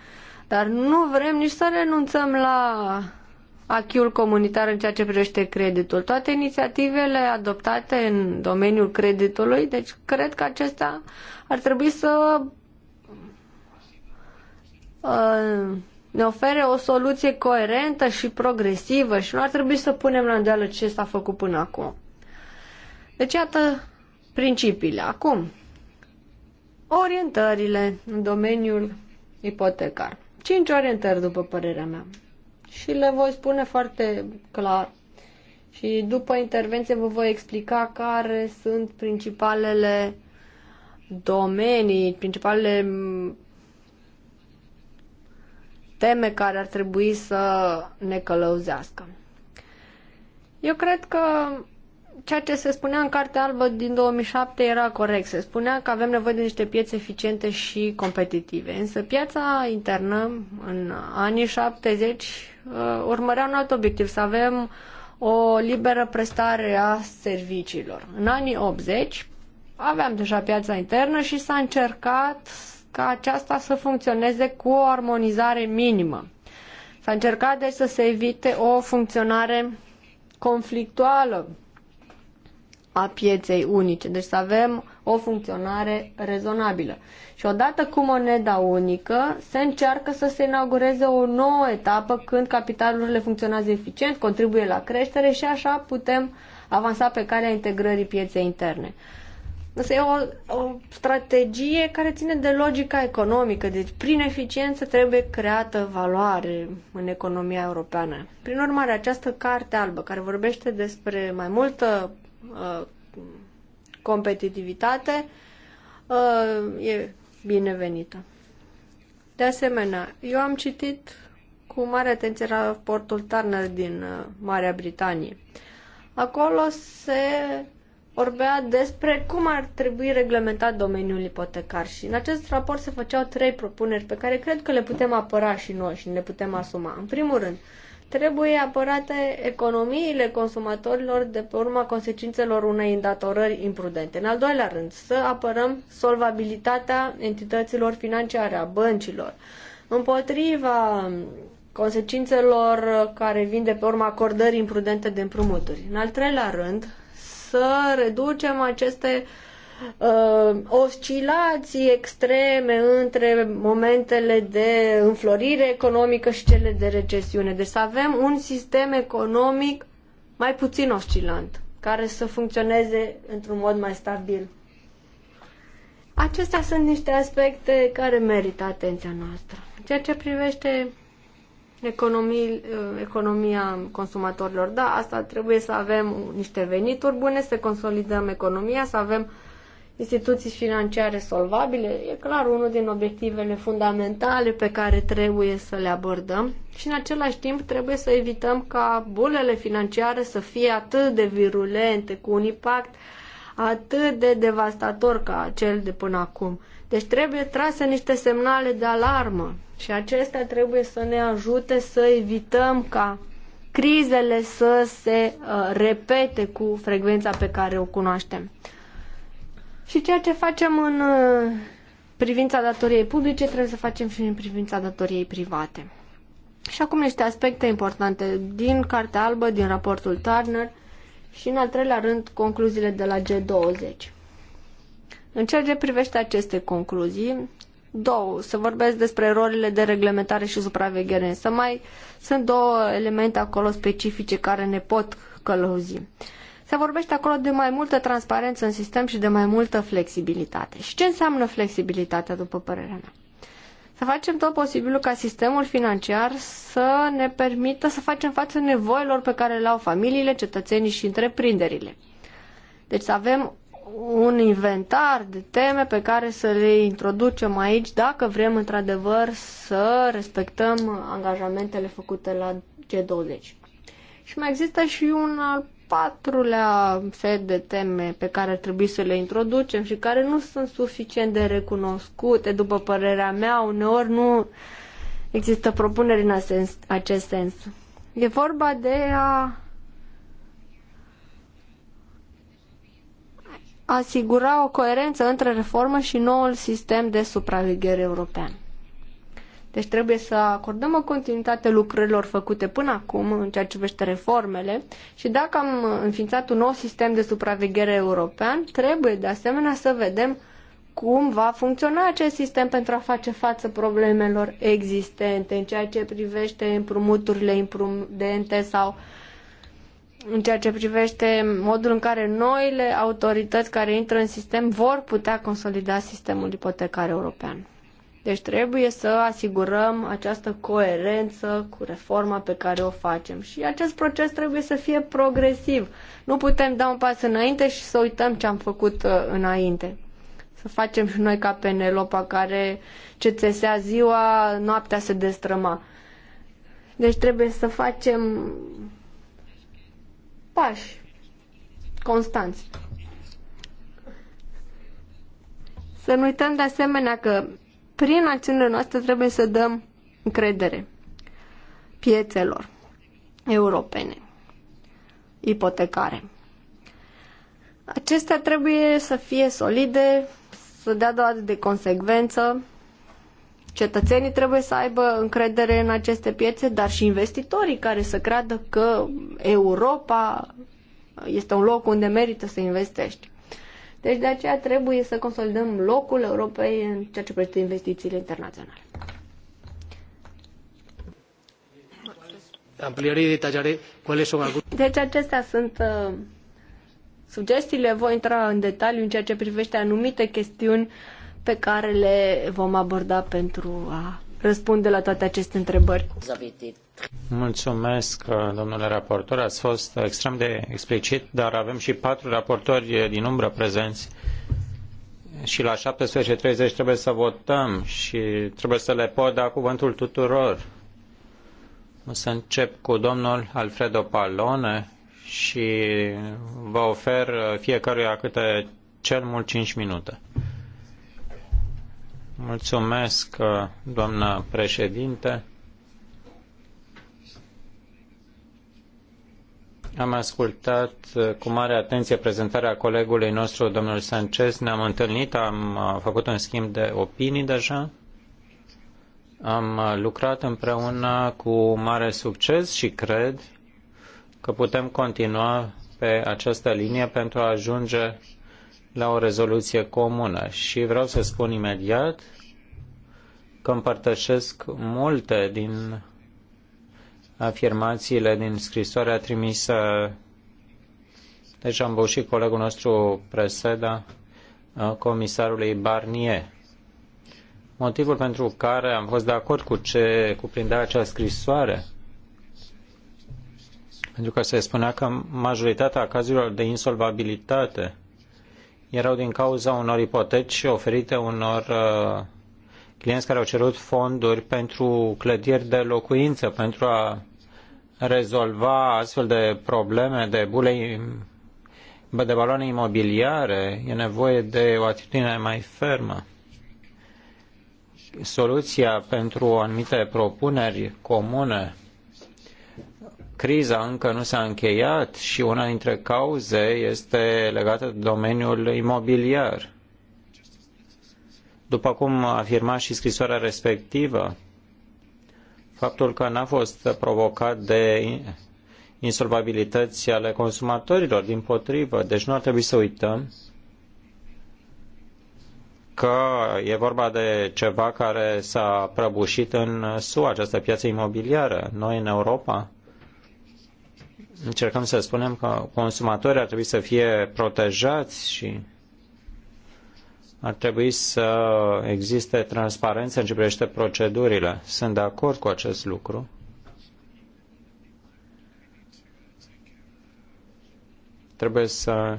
Dar nu vrem nici să renunțăm la achiul comunitar în ceea ce privește creditul. Toate inițiativele adoptate în domeniul creditului, deci cred că acestea ar trebui să uh, ne ofere o soluție coerentă și progresivă și nu ar trebui să punem la îndeală ce s-a făcut până acum. Deci, iată principiile. Acum, orientările în domeniul ipotecar. Cinci orientări, după părerea mea. Și le voi spune foarte clar. Și după intervenție vă voi explica care sunt principalele domenii, principalele teme care ar trebui să ne călăuzească. Eu cred că ceea ce se spunea în Cartea Albă din 2007 era corect. Se spunea că avem nevoie de niște piețe eficiente și competitive. Însă piața internă în anii 70 uh, urmărea un alt obiectiv, să avem o liberă prestare a serviciilor. În anii 80 aveam deja piața internă și s-a încercat ca aceasta să funcționeze cu o armonizare minimă. S-a încercat deci să se evite o funcționare conflictuală a pieței unice, deci să avem o funcționare rezonabilă. Și odată cu moneda unică se încearcă să se inaugureze o nouă etapă când capitalurile funcționează eficient, contribuie la creștere și așa putem avansa pe calea integrării pieței interne. Asta e o, o strategie care ține de logica economică, deci prin eficiență trebuie creată valoare în economia europeană. Prin urmare, această carte albă care vorbește despre mai multă uh, competitivitate uh, e binevenită. De asemenea, eu am citit cu mare atenție raportul Turner din uh, Marea Britanie. Acolo se vorbea despre cum ar trebui reglementat domeniul ipotecar și în acest raport se făceau trei propuneri pe care cred că le putem apăra și noi și ne putem asuma. În primul rând, trebuie apărate economiile consumatorilor de pe urma consecințelor unei îndatorări imprudente. În al doilea rând, să apărăm solvabilitatea entităților financiare, a băncilor, împotriva consecințelor care vin de pe urma acordării imprudente de împrumuturi. În al treilea rând, să reducem aceste uh, oscilații extreme între momentele de înflorire economică și cele de recesiune. Deci să avem un sistem economic mai puțin oscilant, care să funcționeze într-un mod mai stabil. Acestea sunt niște aspecte care merită atenția noastră. Ceea ce privește economii, uh, economia consumatorilor. Da, asta trebuie să avem niște venituri bune, să consolidăm economia, să avem instituții financiare solvabile. E clar unul din obiectivele fundamentale pe care trebuie să le abordăm și în același timp trebuie să evităm ca bulele financiare să fie atât de virulente, cu un impact atât de devastator ca cel de până acum. Deci trebuie trase niște semnale de alarmă și acestea trebuie să ne ajute să evităm ca crizele să se uh, repete cu frecvența pe care o cunoaștem. Și ceea ce facem în uh, privința datoriei publice trebuie să facem și în privința datoriei private. Și acum niște aspecte importante din Cartea Albă, din raportul Turner și, în al treilea rând, concluziile de la G20. În ceea ce privește aceste concluzii, două, să vorbesc despre erorile de reglementare și supraveghere, însă mai sunt două elemente acolo specifice care ne pot călăuzi. Se vorbește acolo de mai multă transparență în sistem și de mai multă flexibilitate. Și ce înseamnă flexibilitatea, după părerea mea? Să facem tot posibilul ca sistemul financiar să ne permită să facem față nevoilor pe care le au familiile, cetățenii și întreprinderile. Deci să avem un inventar de teme pe care să le introducem aici dacă vrem într-adevăr să respectăm angajamentele făcute la G20. Și mai există și un al patrulea set de teme pe care ar trebui să le introducem și care nu sunt suficient de recunoscute, după părerea mea, uneori nu există propuneri în acest sens. E vorba de a asigura o coerență între reformă și noul sistem de supraveghere european. Deci trebuie să acordăm o continuitate lucrurilor făcute până acum în ceea ce privește reformele și dacă am înființat un nou sistem de supraveghere european, trebuie de asemenea să vedem cum va funcționa acest sistem pentru a face față problemelor existente în ceea ce privește împrumuturile imprudente sau în ceea ce privește modul în care noile autorități care intră în sistem vor putea consolida sistemul ipotecar european. Deci trebuie să asigurăm această coerență cu reforma pe care o facem. Și acest proces trebuie să fie progresiv. Nu putem da un pas înainte și să uităm ce am făcut uh, înainte. Să facem și noi ca Penelopa care ce țesea ziua, noaptea se destrăma. Deci trebuie să facem pași constanți. Să nu uităm de asemenea că prin acțiunile noastre trebuie să dăm încredere piețelor europene ipotecare. Acestea trebuie să fie solide, să dea dovadă de consecvență Cetățenii trebuie să aibă încredere în aceste piețe, dar și investitorii care să creadă că Europa este un loc unde merită să investești. Deci de aceea trebuie să consolidăm locul Europei în ceea ce privește investițiile internaționale. Deci acestea sunt uh, sugestiile. Voi intra în detaliu în ceea ce privește anumite chestiuni pe care le vom aborda pentru a răspunde la toate aceste întrebări. Mulțumesc, domnule raportor. Ați fost extrem de explicit, dar avem și patru raportori din umbră prezenți și la 17.30 trebuie să votăm și trebuie să le pot da cuvântul tuturor. O să încep cu domnul Alfredo Palone și vă ofer fiecăruia câte cel mult 5 minute. Mulțumesc, doamnă președinte. Am ascultat cu mare atenție prezentarea colegului nostru, domnul Sanchez. Ne-am întâlnit, am făcut un schimb de opinii deja. Am lucrat împreună cu mare succes și cred că putem continua pe această linie pentru a ajunge la o rezoluție comună și vreau să spun imediat că împărtășesc multe din afirmațiile din scrisoarea trimisă deci am și colegul nostru Preseda, uh, comisarului Barnier. Motivul pentru care am fost de acord cu ce cuprindea acea scrisoare, pentru că se spunea că majoritatea cazurilor de insolvabilitate erau din cauza unor ipoteci oferite unor uh, clienți care au cerut fonduri pentru clădiri de locuință, pentru a rezolva astfel de probleme de bule de baloane imobiliare, e nevoie de o atitudine mai fermă. Soluția pentru anumite propuneri comune criza încă nu s-a încheiat și una dintre cauze este legată de domeniul imobiliar. După cum afirma și scrisoarea respectivă, faptul că n-a fost provocat de insolvabilități ale consumatorilor, din potrivă. Deci nu ar trebui să uităm că e vorba de ceva care s-a prăbușit în SUA, această piață imobiliară. Noi în Europa încercăm să spunem că consumatorii ar trebui să fie protejați și ar trebui să existe transparență în ce privește procedurile. Sunt de acord cu acest lucru. Trebuie să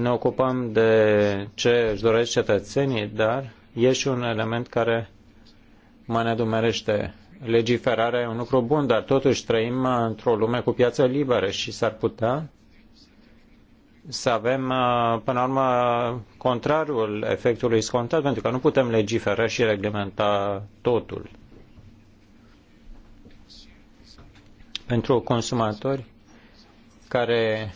ne ocupăm de ce își doresc cetățenii, dar e și un element care mă nedumerește legiferarea e un lucru bun, dar totuși trăim într-o lume cu piață liberă și s-ar putea să avem, uh, până la urmă, contrarul efectului scontat, pentru că nu putem legifera și reglementa totul. Pentru consumatori care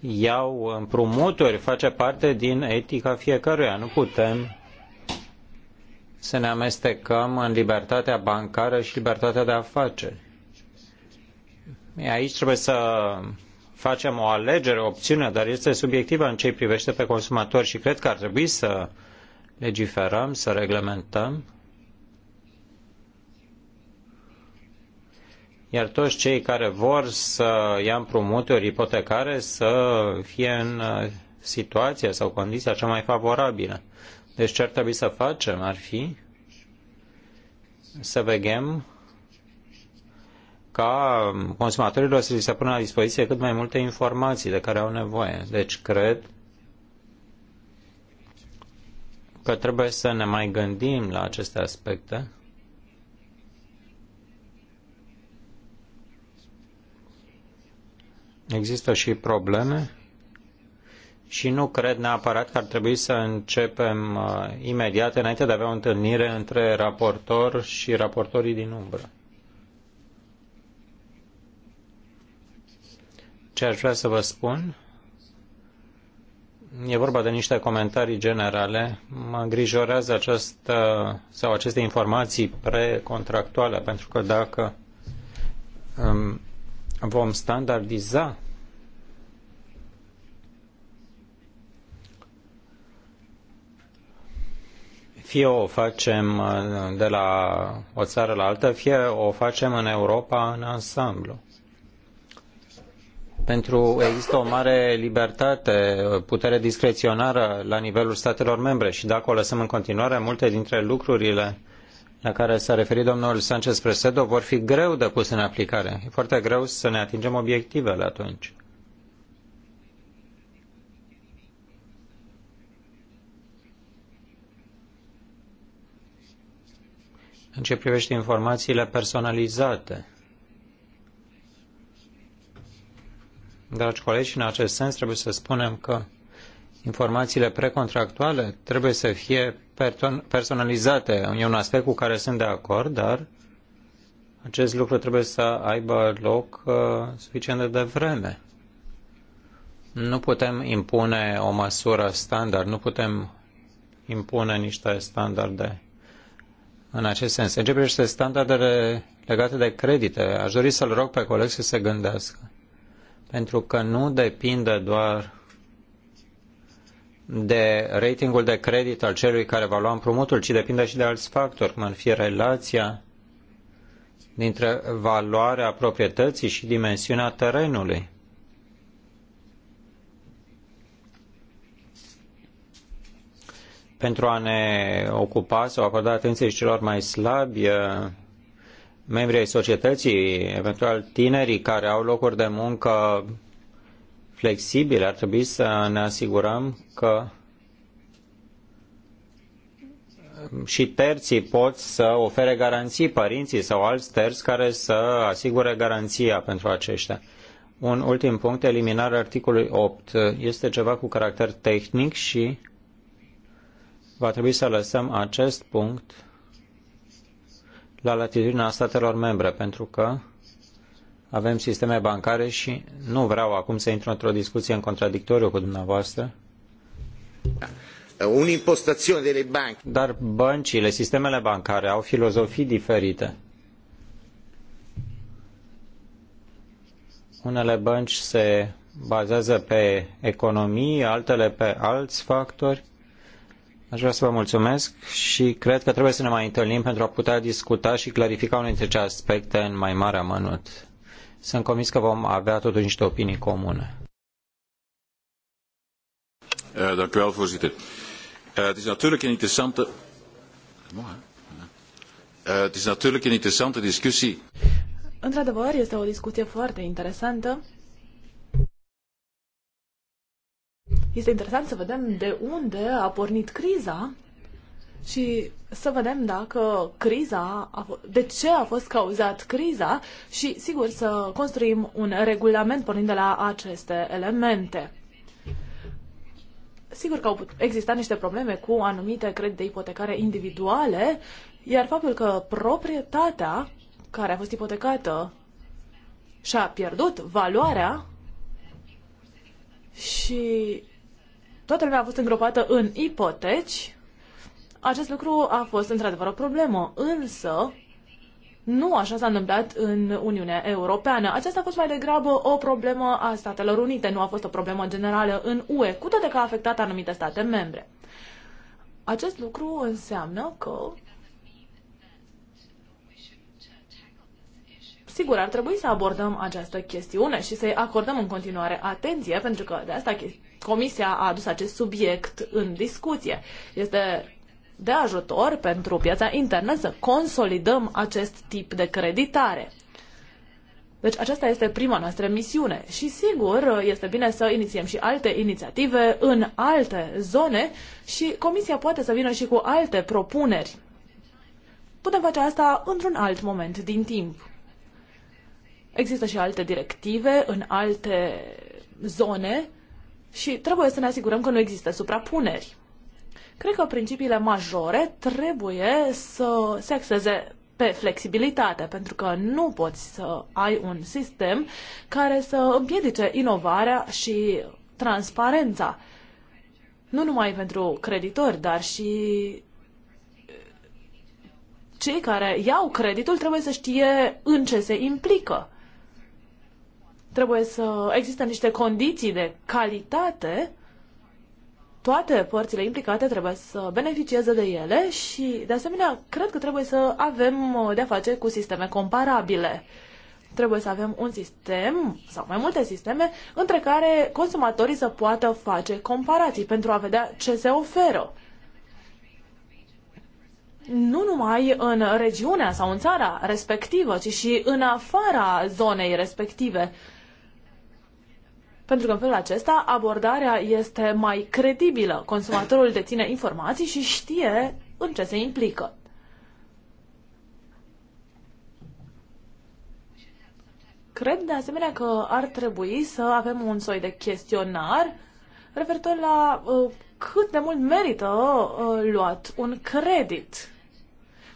iau împrumuturi, face parte din etica fiecăruia. Nu putem să ne amestecăm în libertatea bancară și libertatea de afaceri. Aici trebuie să facem o alegere, o opțiune, dar este subiectivă în ce privește pe consumatori și cred că ar trebui să legiferăm, să reglementăm. Iar toți cei care vor să ia împrumuturi ipotecare să fie în uh, situația sau condiția cea mai favorabilă deci ce ar trebui să facem ar fi să vegem ca consumatorilor să li se pună la dispoziție cât mai multe informații de care au nevoie. Deci cred că trebuie să ne mai gândim la aceste aspecte. Există și probleme și nu cred neapărat că ar trebui să începem uh, imediat înainte de a avea o întâlnire între raportor și raportorii din umbră. Ce aș vrea să vă spun? E vorba de niște comentarii generale. Mă îngrijorează această, uh, sau aceste informații precontractuale, pentru că dacă um, vom standardiza Fie o facem uh, de la o țară la altă, fie o facem în Europa în ansamblu. Pentru există o mare libertate, putere discreționară la nivelul statelor membre și dacă o lăsăm în continuare, multe dintre lucrurile la care s-a referit domnul Sanchez Presedo vor fi greu de pus în aplicare. E foarte greu să ne atingem obiectivele atunci. în ce privește informațiile personalizate. Dragi colegi, în acest sens trebuie să spunem că informațiile precontractuale trebuie să fie personalizate. E un aspect cu care sunt de acord, dar acest lucru trebuie să aibă loc uh, suficient de devreme. Nu putem impune o măsură standard, nu putem impune niște standarde în acest sens. În ce privește standardele legate de credite, aș dori să-l rog pe coleg să se gândească. Pentru că nu depinde doar de ratingul de credit al celui care va lua împrumutul, ci depinde și de alți factori, cum ar fi relația dintre valoarea proprietății și dimensiunea terenului. pentru a ne ocupa sau acorda atenție și celor mai slabi, eh, membrii ai societății, eventual tinerii care au locuri de muncă flexibile, ar trebui să ne asigurăm că și terții pot să ofere garanții, părinții sau alți terți care să asigure garanția pentru aceștia. Un ultim punct, eliminarea articolului 8. Este ceva cu caracter tehnic și va trebui să lăsăm acest punct la latitudinea statelor membre, pentru că avem sisteme bancare și nu vreau acum să intru într-o discuție în contradictoriu cu dumneavoastră. Un'impostazione delle banche. Dar băncile, sistemele bancare au filozofii diferite. Unele bănci se bazează pe economii, altele pe alți factori Aș vrea să vă mulțumesc și cred că trebuie să ne mai întâlnim pentru a putea discuta și clarifica unul dintre aceste aspecte în mai mare amănunt. Sunt convins că vom avea totuși niște opinii comune. Eh, dank u wel, voorzitter. Uh, het is natuurlijk een interessante... Uh, het is natuurlijk een interessante discussie. Într-adevăr, este o discuție foarte interesantă Este interesant să vedem de unde a pornit criza și să vedem dacă criza, de ce a fost cauzat criza și, sigur, să construim un regulament pornind de la aceste elemente. Sigur că au existat niște probleme cu anumite credite ipotecare individuale, iar faptul că proprietatea care a fost ipotecată și-a pierdut valoarea și toată lumea a fost îngropată în ipoteci, acest lucru a fost într-adevăr o problemă, însă nu așa s-a întâmplat în Uniunea Europeană. Aceasta a fost mai degrabă o problemă a Statelor Unite, nu a fost o problemă generală în UE, cu toate că a afectat anumite state membre. Acest lucru înseamnă că Sigur, ar trebui să abordăm această chestiune și să-i acordăm în continuare atenție, pentru că de asta Comisia a adus acest subiect în discuție. Este de ajutor pentru piața internă să consolidăm acest tip de creditare. Deci aceasta este prima noastră misiune și sigur este bine să inițiem și alte inițiative în alte zone și Comisia poate să vină și cu alte propuneri. Putem face asta într-un alt moment din timp. Există și alte directive în alte zone și trebuie să ne asigurăm că nu există suprapuneri. Cred că principiile majore trebuie să se axeze pe flexibilitate, pentru că nu poți să ai un sistem care să împiedice inovarea și transparența. Nu numai pentru creditori, dar și cei care iau creditul trebuie să știe în ce se implică. Trebuie să existe niște condiții de calitate. Toate părțile implicate trebuie să beneficieze de ele și, de asemenea, cred că trebuie să avem uh, de-a face cu sisteme comparabile trebuie să avem un sistem sau mai multe sisteme între care consumatorii să poată face comparații pentru a vedea ce se oferă. Nu numai în regiunea sau în țara respectivă, ci și în afara zonei respective, pentru că în felul acesta abordarea este mai credibilă. Consumatorul deține informații și știe în ce se implică. Cred de asemenea că ar trebui să avem un soi de chestionar referitor la uh, cât de mult merită uh, luat un credit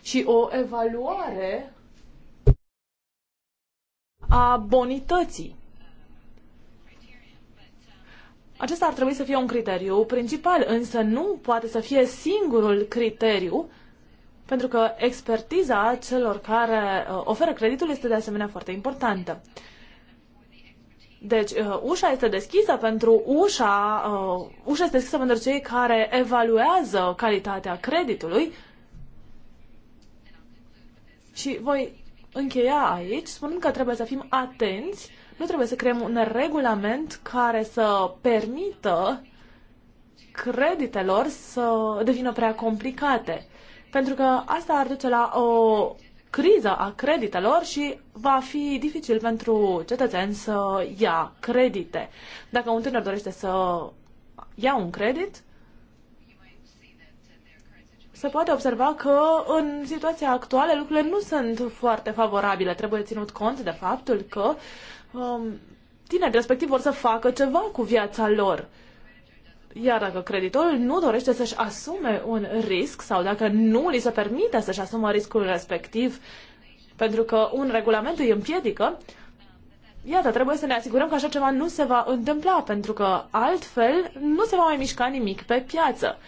și o evaluare a bonității acesta ar trebui să fie un criteriu principal, însă nu poate să fie singurul criteriu, pentru că expertiza celor care uh, oferă creditul este de asemenea foarte importantă. Deci, uh, ușa este deschisă pentru ușa, uh, ușa este deschisă pentru cei care evaluează calitatea creditului. Și voi încheia aici spunând că trebuie să fim atenți nu trebuie să creăm un regulament care să permită creditelor să devină prea complicate. Pentru că asta ar duce la o criză a creditelor și va fi dificil pentru cetățeni să ia credite. Dacă un tânăr dorește să ia un credit, se poate observa că în situația actuală lucrurile nu sunt foarte favorabile. Trebuie ținut cont de faptul că Um, tineri respectiv vor să facă ceva cu viața lor. Iar dacă creditorul nu dorește să-și asume un risc sau dacă nu li se permite să-și asume riscul respectiv, pentru că un regulament îi împiedică, iată, trebuie să ne asigurăm că așa ceva nu se va întâmpla, pentru că altfel nu se va mai mișca nimic pe piață.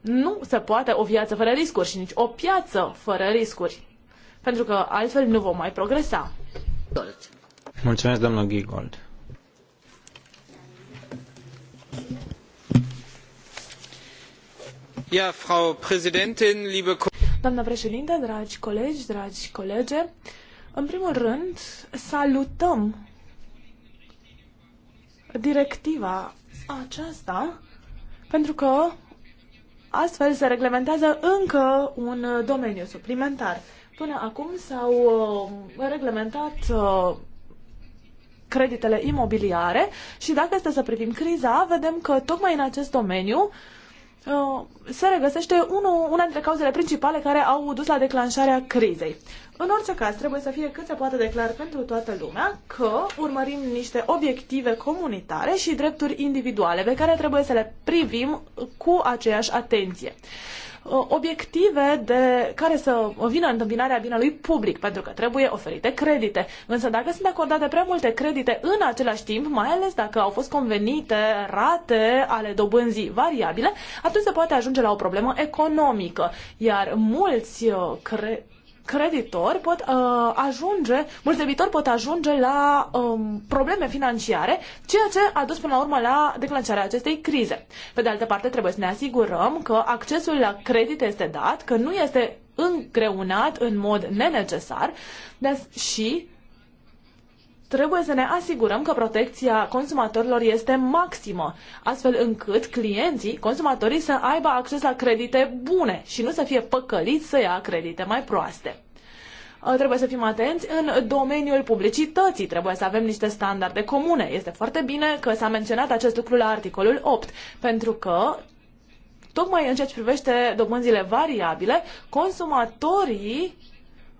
Nu se poate o viață fără riscuri și nici o piață fără riscuri, pentru că altfel nu vom mai progresa. Mulțumesc, domnul Gigold. Ja, Frau Präsidentin, liebe Doamnă președinte, dragi colegi, dragi colege, în primul rând salutăm directiva aceasta pentru că astfel se reglementează încă un domeniu suplimentar. Până acum s-au uh, reglementat uh, creditele imobiliare și dacă este să privim criza, vedem că tocmai în acest domeniu uh, se regăsește unul, una dintre cauzele principale care au dus la declanșarea crizei. În orice caz, trebuie să fie cât se poate de clar pentru toată lumea că urmărim niște obiective comunitare și drepturi individuale pe care trebuie să le privim cu aceeași atenție. Uh, obiective de care să vină întâmpinarea binelui public, pentru că trebuie oferite credite. Însă dacă sunt acordate prea multe credite în același timp, mai ales dacă au fost convenite rate ale dobânzii variabile, atunci se poate ajunge la o problemă economică. Iar mulți uh, cre- creditori pot uh, ajunge, mulți debitori pot ajunge la um, probleme financiare, ceea ce a dus până la urmă la declanșarea acestei crize. Pe de altă parte, trebuie să ne asigurăm că accesul la credit este dat, că nu este îngreunat în mod nenecesar și trebuie să ne asigurăm că protecția consumatorilor este maximă, astfel încât clienții, consumatorii să aibă acces la credite bune și nu să fie păcăliți să ia credite mai proaste. Uh, trebuie să fim atenți în domeniul publicității, trebuie să avem niște standarde comune. Este foarte bine că s-a menționat acest lucru la articolul 8, pentru că tocmai în ceea ce privește dobânzile variabile, consumatorii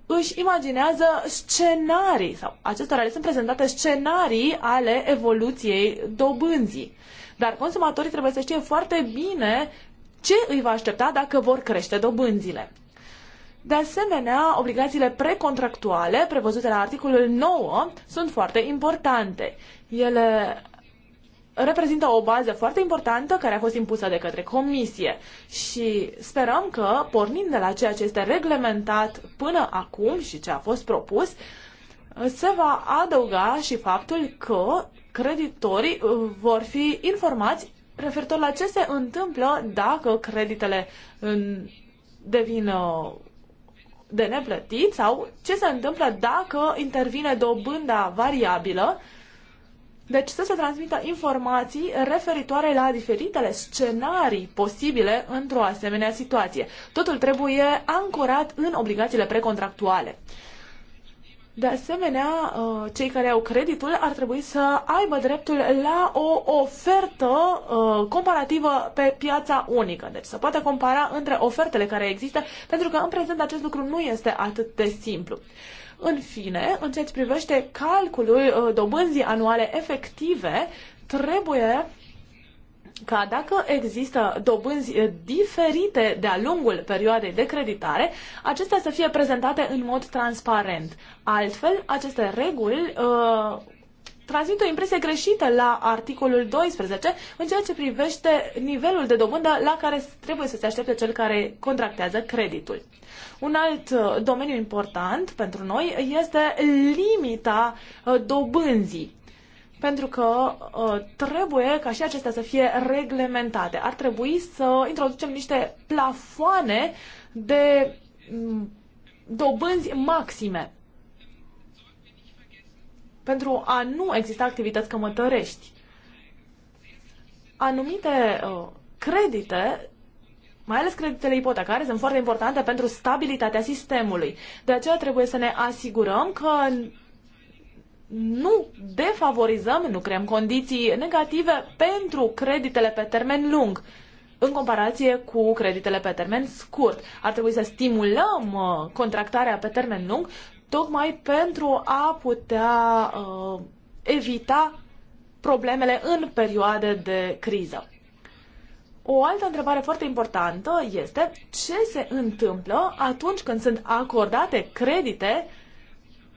își imaginează scenarii sau acestora le sunt prezentate scenarii ale evoluției dobânzii. Dar consumatorii trebuie să știe foarte bine ce îi va aștepta dacă vor crește dobânzile. De asemenea, obligațiile precontractuale prevăzute la articolul 9 sunt foarte importante. Ele reprezintă o bază foarte importantă care a fost impusă de către Comisie și sperăm că, pornind de la ceea ce este reglementat până acum și ce a fost propus, se va adăuga și faptul că creditorii uh, vor fi informați referitor la ce se întâmplă dacă creditele devin uh, de neplătit sau ce se întâmplă dacă intervine dobânda variabilă deci să se transmită informații referitoare la diferitele scenarii posibile într-o asemenea situație. Totul trebuie ancorat în obligațiile precontractuale. De asemenea, uh, cei care au creditul ar trebui să aibă dreptul la o ofertă uh, comparativă pe piața unică. Deci să poată compara între ofertele care există, pentru că în prezent acest lucru nu este atât de simplu. În fine, în ceea ce privește calculul uh, dobânzii anuale efective, trebuie ca dacă există dobânzi uh, diferite de-a lungul perioadei de creditare, acestea să fie prezentate în mod transparent. Altfel, aceste reguli uh, transmit o impresie greșită la articolul 12 în ceea ce privește nivelul de dobândă la care trebuie să se aștepte cel care contractează creditul. Un alt uh, domeniu important pentru noi este limita uh, dobânzii pentru că uh, trebuie ca și acestea să fie reglementate. Ar trebui să introducem niște plafoane de mm, dobânzi maxime pentru a nu exista activități cămătărești. Anumite uh, credite mai ales creditele ipotecare, sunt foarte importante pentru stabilitatea sistemului. De aceea trebuie să ne asigurăm că nu defavorizăm, nu creăm condiții negative pentru creditele pe termen lung în comparație cu creditele pe termen scurt. Ar trebui să stimulăm uh, contractarea pe termen lung tocmai pentru a putea uh, evita problemele în perioade de criză. O altă întrebare foarte importantă este ce se întâmplă atunci când sunt acordate credite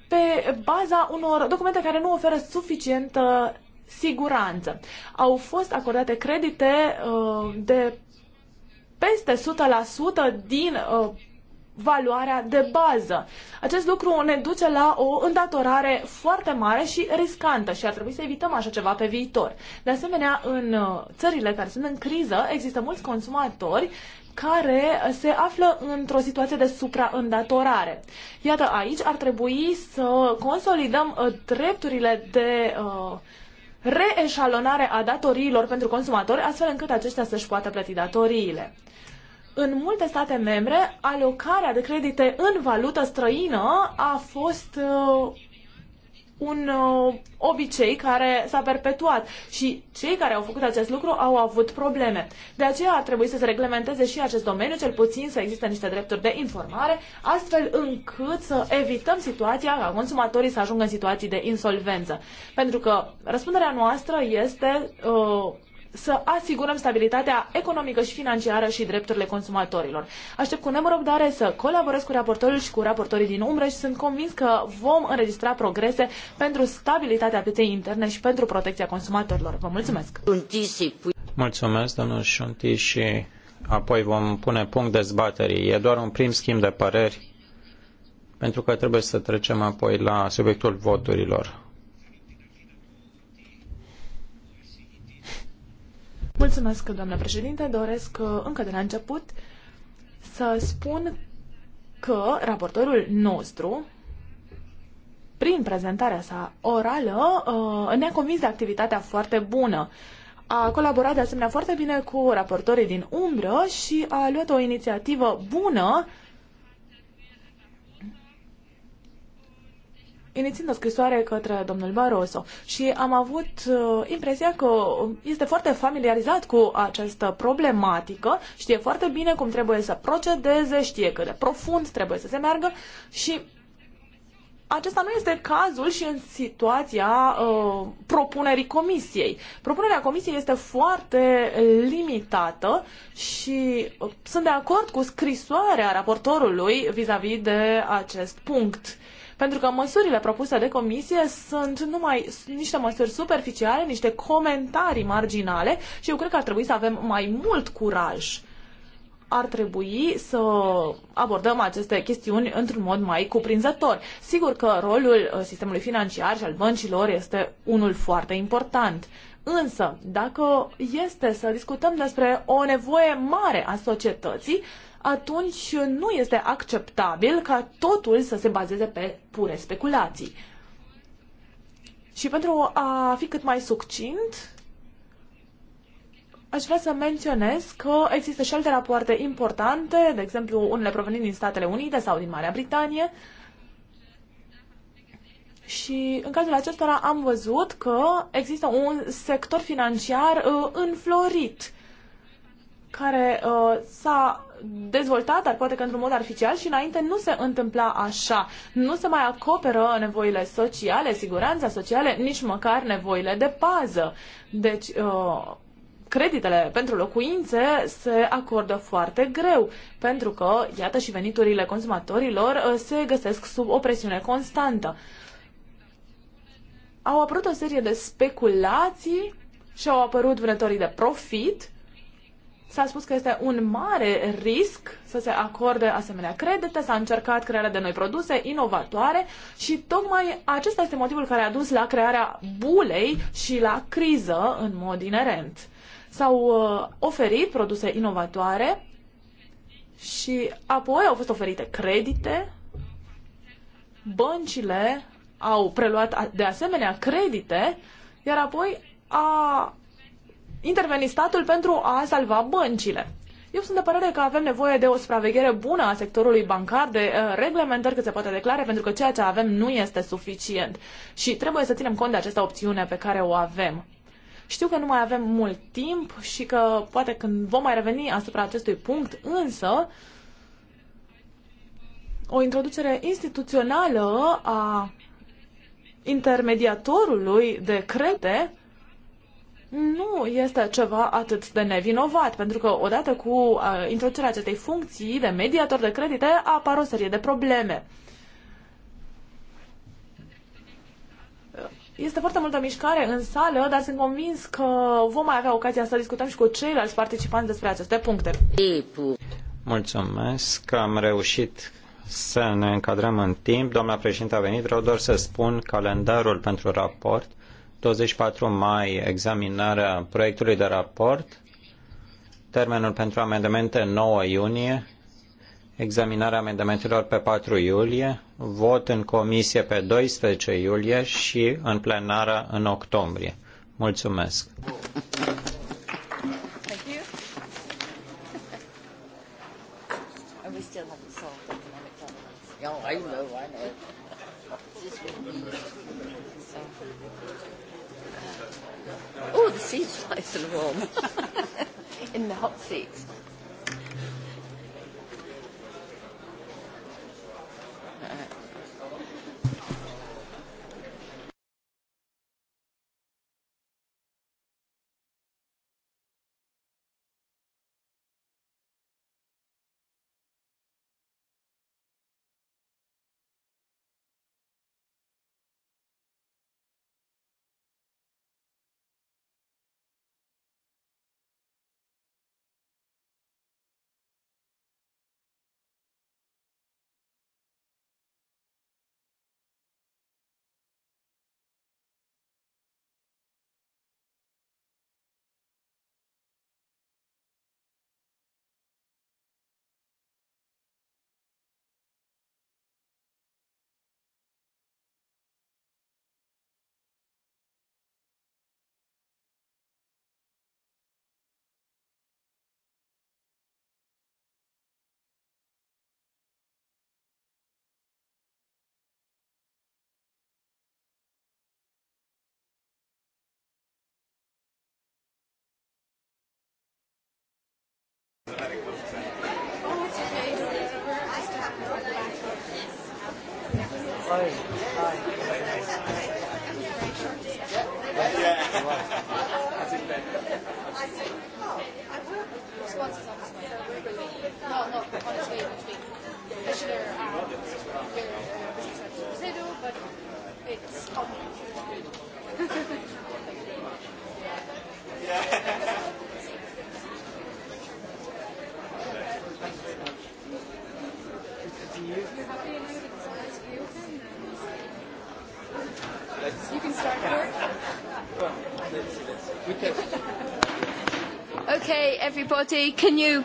pe baza unor documente care nu oferă suficientă siguranță. Au fost acordate credite uh, de peste 100% din uh, valoarea de bază. Acest lucru ne duce la o îndatorare foarte mare și riscantă și ar trebui să evităm așa ceva pe viitor. De asemenea, în uh, țările care sunt în criză, există mulți consumatori care se află într-o situație de supraîndatorare. Iată, aici ar trebui să consolidăm uh, drepturile de uh, reeșalonare a datoriilor pentru consumatori, astfel încât aceștia să-și poată plăti datoriile în multe state membre, alocarea de credite în valută străină a fost uh, un uh, obicei care s-a perpetuat și cei care au făcut acest lucru au avut probleme. De aceea ar trebui să se reglementeze și acest domeniu, cel puțin să existe niște drepturi de informare, astfel încât să evităm situația ca consumatorii să ajungă în situații de insolvență. Pentru că răspunderea noastră este uh, să asigurăm stabilitatea economică și financiară și drepturile consumatorilor. Aștept cu nemărăbdare să colaborez cu raportorul și cu raportorii din umbră și sunt convins că vom înregistra progrese pentru stabilitatea pieței interne și pentru protecția consumatorilor. Vă mulțumesc! Mulțumesc, domnul Șunti, și apoi vom pune punct dezbaterii. E doar un prim schimb de păreri, pentru că trebuie să trecem apoi la subiectul voturilor. Mulțumesc, doamnă președinte. Doresc uh, încă de la început să spun că raportorul nostru, prin prezentarea sa orală, uh, ne-a convins de activitatea foarte bună. A colaborat de asemenea foarte bine cu raportorii din umbră și a luat o inițiativă bună inițiind o scrisoare către domnul Barroso și am avut uh, impresia că este foarte familiarizat cu această problematică, știe foarte bine cum trebuie să procedeze, știe cât de profund trebuie să se meargă și acesta nu este cazul și în situația uh, propunerii comisiei. Propunerea comisiei este foarte limitată și uh, sunt de acord cu scrisoarea raportorului vis-a-vis -vis de acest punct pentru că măsurile propuse de comisie sunt numai niște măsuri superficiale, niște comentarii marginale și eu cred că ar trebui să avem mai mult curaj ar trebui să abordăm aceste chestiuni într-un mod mai cuprinzător. Sigur că rolul uh, sistemului financiar și al băncilor este unul foarte important. Însă, dacă este să discutăm despre o nevoie mare a societății, atunci nu este acceptabil ca totul să se bazeze pe pure speculații. Și pentru a fi cât mai succint, aș vrea să menționez că există și alte rapoarte importante, de exemplu unele provenind din Statele Unite sau din Marea Britanie. Și în cazul acestora am văzut că există un sector financiar uh, înflorit care uh, s-a dezvoltat, dar poate că într-un mod artificial și înainte nu se întâmpla așa. Nu se mai acoperă nevoile sociale, siguranța sociale, nici măcar nevoile de pază. Deci, uh, creditele pentru locuințe se acordă foarte greu, pentru că, iată, și veniturile consumatorilor uh, se găsesc sub o presiune constantă. Au apărut o serie de speculații și au apărut vânătorii de profit S-a spus că este un mare risc să se acorde asemenea credite, s-a încercat crearea de noi produse inovatoare și tocmai acesta este motivul care a dus la crearea bulei și la criză în mod inerent. S-au uh, oferit produse inovatoare și apoi au fost oferite credite, băncile au preluat de asemenea credite, iar apoi a interveni statul pentru a salva băncile. Eu sunt de părere că avem nevoie de o supraveghere bună a sectorului bancar, de uh, reglementări cât se poate declare, pentru că ceea ce avem nu este suficient și trebuie să ținem cont de această opțiune pe care o avem. Știu că nu mai avem mult timp și că poate când vom mai reveni asupra acestui punct, însă o introducere instituțională a intermediatorului de credite nu este ceva atât de nevinovat, pentru că odată cu uh, introducerea acestei funcții de mediator de credite apar o serie de probleme. Este foarte multă mișcare în sală, dar sunt convins că vom mai avea ocazia să discutăm și cu ceilalți participanți despre aceste puncte. Mulțumesc că am reușit să ne încadrăm în timp. Doamna președinte a venit, vreau doar să spun calendarul pentru raport 24 mai examinarea proiectului de raport, termenul pentru amendamente 9 iunie, examinarea amendamentelor pe 4 iulie, vot în comisie pe 12 iulie și în plenară în octombrie. Mulțumesc! (laughs) I know, I know oh, the seats are nice and warm. (laughs) (laughs) In the hot seats. Bye. everybody, can you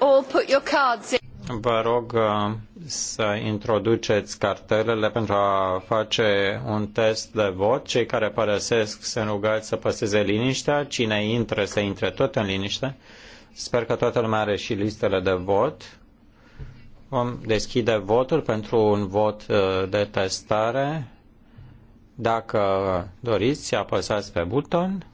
all put your cards in? Vă rog uh, să introduceți cartelele pentru a face un test de vot. Cei care părăsesc să rugați să păseze liniștea. Cine intră, să intre tot în liniște. Sper că toată lumea are și listele de vot. Vom deschide votul pentru un vot uh, de testare. Dacă doriți, apăsați pe buton.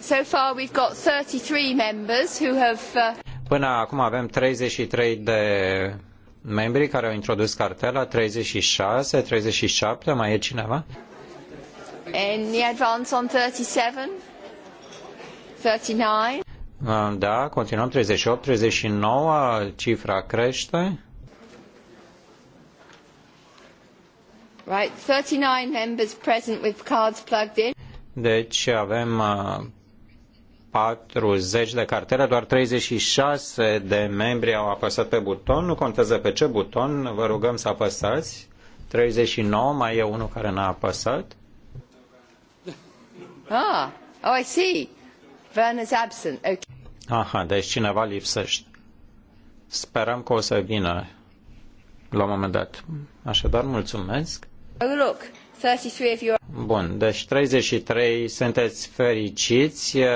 So far we've got 33 members who have uh... Până acum avem 33 de membri care au introdus cartela, 36, 37, mai e cineva? Any advance on 37? 39? Uh, da, continuăm 38, 39, cifra crește. Right, 39 members present with cards plugged in. Deci avem uh, 40 de cartere, doar 36 de membri au apăsat pe buton. Nu contează pe ce buton, vă rugăm să apăsați. 39, mai e unul care n-a apăsat. Ah, oh, I see. Vern is absent. Okay. Aha, deci cineva lipsește. Sperăm că o să vină la un moment dat. Așadar, mulțumesc. Oh, look, 33 of you Bun, deci 33 sunteți fericiți, uh,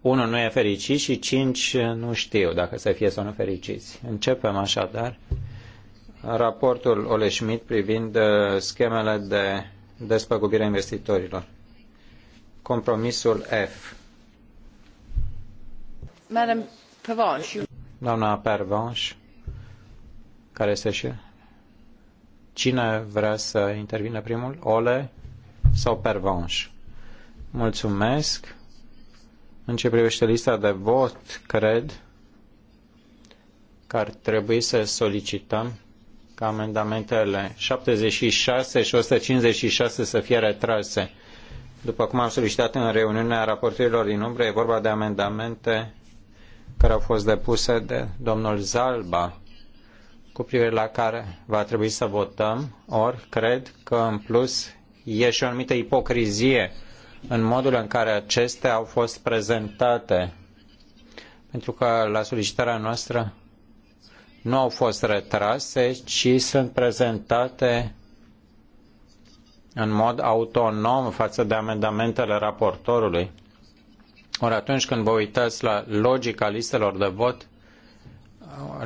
unul nu e fericit și cinci uh, nu știu dacă să fie sau nu fericiți. Începem așadar raportul Ole Schmidt privind uh, schemele de despăgubire a investitorilor. Compromisul F. Madam Pervanche. Doamna Pervanche, care este și Cine vrea să intervine primul? Ole sau Pervanș? Mulțumesc. În ce privește lista de vot, cred că ar trebui să solicităm ca amendamentele 76 și 156 să fie retrase. După cum am solicitat în reuniunea raportorilor din umbră, e vorba de amendamente care au fost depuse de domnul Zalba cu privire la care va trebui să votăm, ori cred că în plus e și o anumită ipocrizie în modul în care acestea au fost prezentate, pentru că la solicitarea noastră nu au fost retrase, ci sunt prezentate în mod autonom față de amendamentele raportorului. Ori atunci când vă uitați la logica listelor de vot,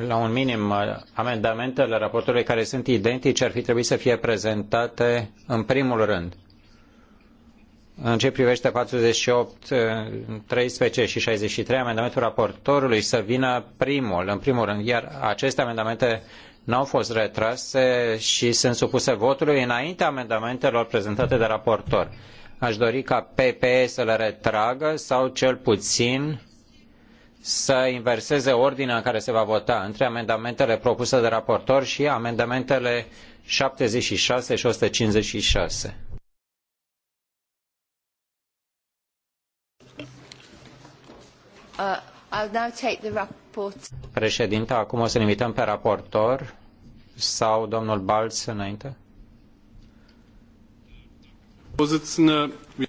la un minim, amendamentele raportului care sunt identice ar fi trebuit să fie prezentate în primul rând. În ce privește 48, 13 și 63, eh, amendamentul raportorului să vină primul, în primul rând, iar aceste amendamente n-au fost retrase și sunt supuse votului înainte amendamentelor prezentate de raportor. Aș dori ca PPE să le retragă sau cel puțin să inverseze ordinea în care se va vota între amendamentele propuse de raportor și amendamentele 76 și 156. Uh, I'll now take the report. Președinte, acum o să-l invităm pe raportor sau domnul Balz înainte.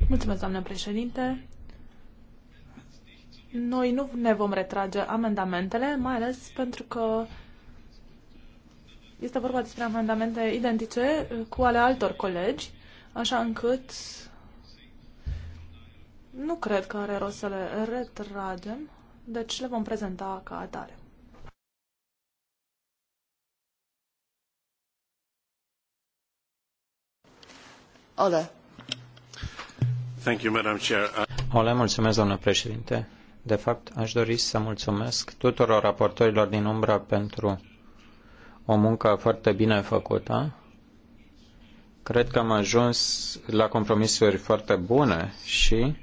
Mulțumesc, doamnă președinte. Noi nu ne vom retrage amendamentele, mai ales pentru că este vorba despre amendamente identice uh, cu ale altor colegi, așa încât nu cred că are rost să le retragem, deci le vom prezenta ca atare. Ole. Thank you, Madam Chair. Ole, mulțumesc, doamnă președinte. De fapt, aș dori să mulțumesc tuturor raportorilor din umbra pentru o muncă foarte bine făcută. Cred că am ajuns la compromisuri foarte bune și,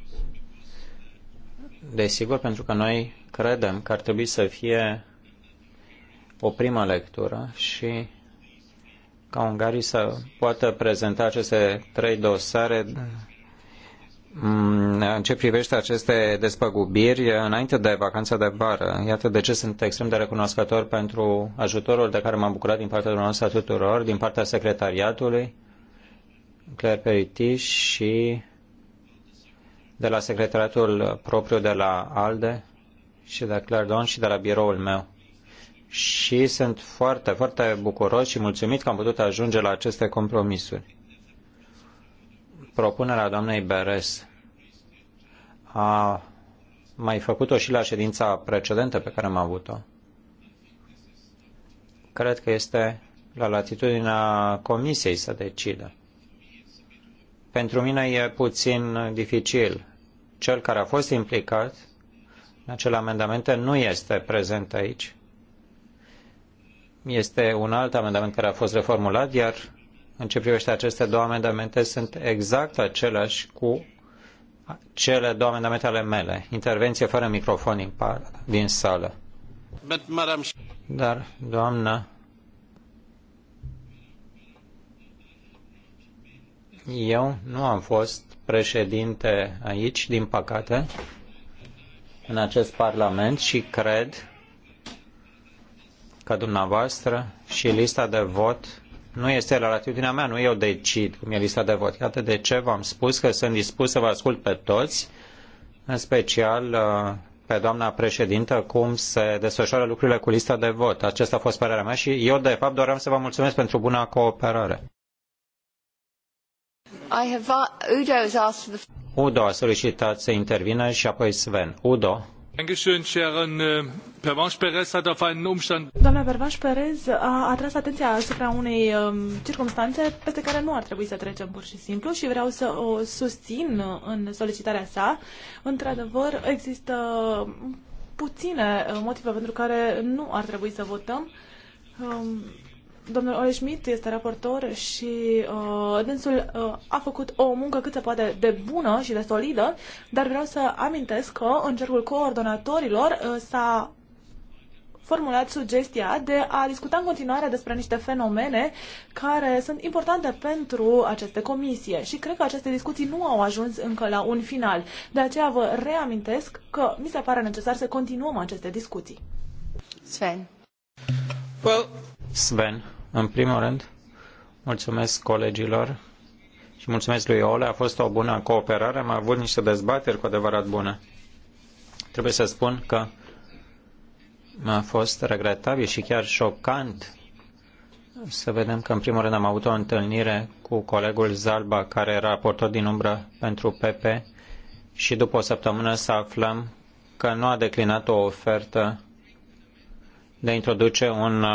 desigur, pentru că noi credem că ar trebui să fie o primă lectură și ca ungarii să poată prezenta aceste trei dosare Mm, în ce privește aceste despăgubiri înainte de vacanța de vară. Iată de ce sunt extrem de recunoscător pentru ajutorul de care m-am bucurat din partea dumneavoastră tuturor, din partea secretariatului, Claire Peritiș și de la secretariatul propriu de la ALDE și de la Claire Don și de la biroul meu. Și sunt foarte, foarte bucuros și mulțumit că am putut ajunge la aceste compromisuri propunerea doamnei Beres a mai făcut-o și la ședința precedentă pe care am avut-o. Cred că este la latitudinea comisiei să decidă. Pentru mine e puțin dificil. Cel care a fost implicat în acele amendamente nu este prezent aici. Este un alt amendament care a fost reformulat, iar în ce privește aceste două amendamente sunt exact aceleași cu cele două amendamente ale mele. Intervenție fără microfon din, par, din sală. Dar, doamnă, eu nu am fost președinte aici, din păcate, în acest Parlament și cred că dumneavoastră și lista de vot nu este la latitudinea mea, nu eu decid cum e lista de vot. Iată de ce v-am spus că sunt dispus să vă ascult pe toți, în special uh, pe doamna președintă cum se desfășoară lucrurile cu lista de vot. Aceasta a fost părerea mea și eu, de fapt, doream să vă mulțumesc pentru buna cooperare. Udo a solicitat să intervină și apoi Sven. Udo. Äh, Doamna Pervanș Perez a atras atenția asupra unei um, circumstanțe peste care nu ar trebui să trecem pur și simplu și vreau să o susțin în solicitarea sa. Într-adevăr, există puține motive pentru care nu ar trebui să votăm. Um, Domnul Ole Schmidt este raportor și uh, dânsul uh, a făcut o muncă cât se poate de bună și de solidă, dar vreau să amintesc că în cercul coordonatorilor uh, s-a formulat sugestia de a discuta în continuare despre niște fenomene care sunt importante pentru aceste comisie și cred că aceste discuții nu au ajuns încă la un final. De aceea vă reamintesc că mi se pare necesar să continuăm aceste discuții. Sven. Well, Sven. În primul rând, mulțumesc colegilor și mulțumesc lui Ole. A fost o bună cooperare, am avut niște dezbateri cu adevărat bune. Trebuie să spun că a fost regretabil și chiar șocant să vedem că în primul rând am avut o întâlnire cu colegul Zalba, care era raportor din umbră pentru PP și după o săptămână să aflăm că nu a declinat o ofertă de a introduce un uh,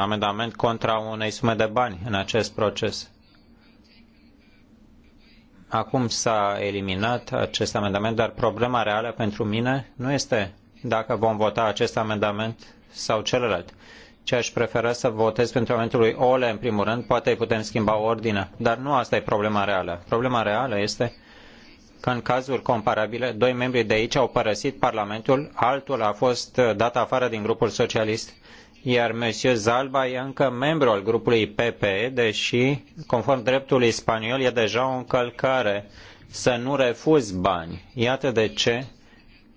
amendament contra unei sume de bani în acest proces. Acum s-a eliminat acest amendament, dar problema reală pentru mine nu este dacă vom vota acest amendament sau celălalt. Ce aș prefera să votez pentru amendamentul lui Ole, în primul rând, poate putem schimba ordinea, dar nu asta e problema reală. Problema reală este că în cazuri comparabile, doi membri de aici au părăsit Parlamentul, altul a fost uh, dat afară din grupul socialist, iar Monsieur Zalba e încă membru al grupului PPE, deși, conform dreptului spaniol, e deja o încălcare să nu refuzi bani. Iată de ce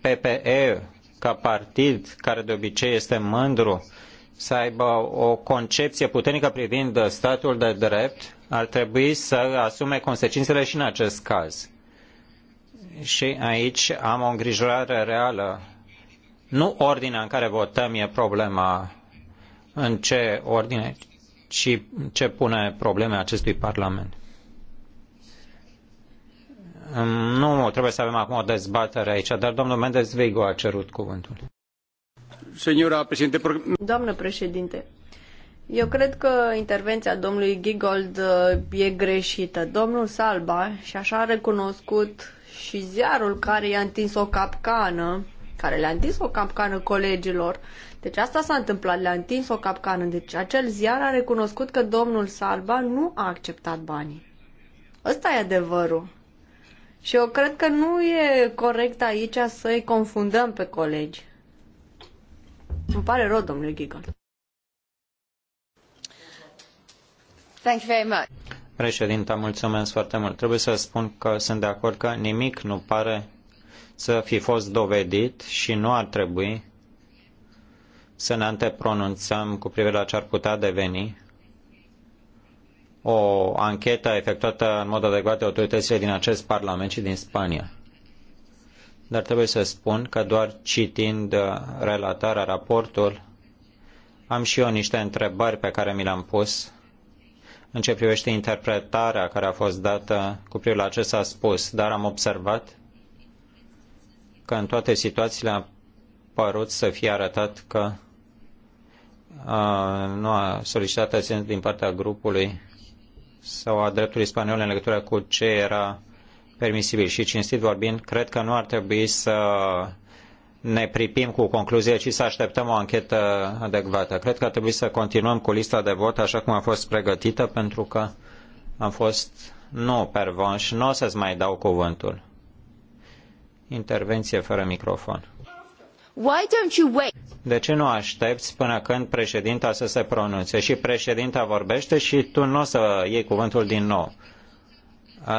PPE, ca partid care de obicei este mândru să aibă o concepție puternică privind statul de drept, ar trebui să asume consecințele și în acest caz. Și aici am o îngrijorare reală. Nu ordinea în care votăm e problema în ce ordine, ci ce pune probleme acestui Parlament. Nu trebuie să avem acum o dezbatere aici, dar domnul Mendes Vigo a cerut cuvântul. Președinte... Doamnă președinte, eu cred că intervenția domnului Gigold uh, e greșită. Domnul Salba, și așa a recunoscut și ziarul care i-a întins o capcană, care le-a întins o capcană colegilor. Deci asta s-a întâmplat, le-a întins o capcană. Deci acel ziar a recunoscut că domnul Salba nu a acceptat banii. Ăsta e adevărul. Și eu cred că nu e corect aici să-i confundăm pe colegi. Îmi pare rău, domnule Giggle. Thank you very much. Președinta, mulțumesc foarte mult. Trebuie să spun că sunt de acord că nimic nu pare să fi fost dovedit și nu ar trebui să ne antepronunțăm cu privire la ce ar putea deveni o anchetă efectuată în mod adecvat de autoritățile din acest Parlament și din Spania. Dar trebuie să spun că doar citind relatarea, raportul, am și eu niște întrebări pe care mi le-am pus în ce privește interpretarea care a fost dată cu privire la ce s-a spus, dar am observat că în toate situațiile a părut să fie arătat că a, nu a solicitat atenție din partea grupului sau a dreptului spaniol în legătură cu ce era permisibil și cinstit vorbind, cred că nu ar trebui să ne pripim cu concluzie, ci să așteptăm o anchetă adecvată. Cred că ar trebui să continuăm cu lista de vot așa cum a fost pregătită, pentru că am fost... Nu, și nu o să-ți mai dau cuvântul. Intervenție fără microfon. Why don't you wait? De ce nu aștepți până când președinta să se pronunțe? Și președinta vorbește și tu nu o să iei cuvântul din nou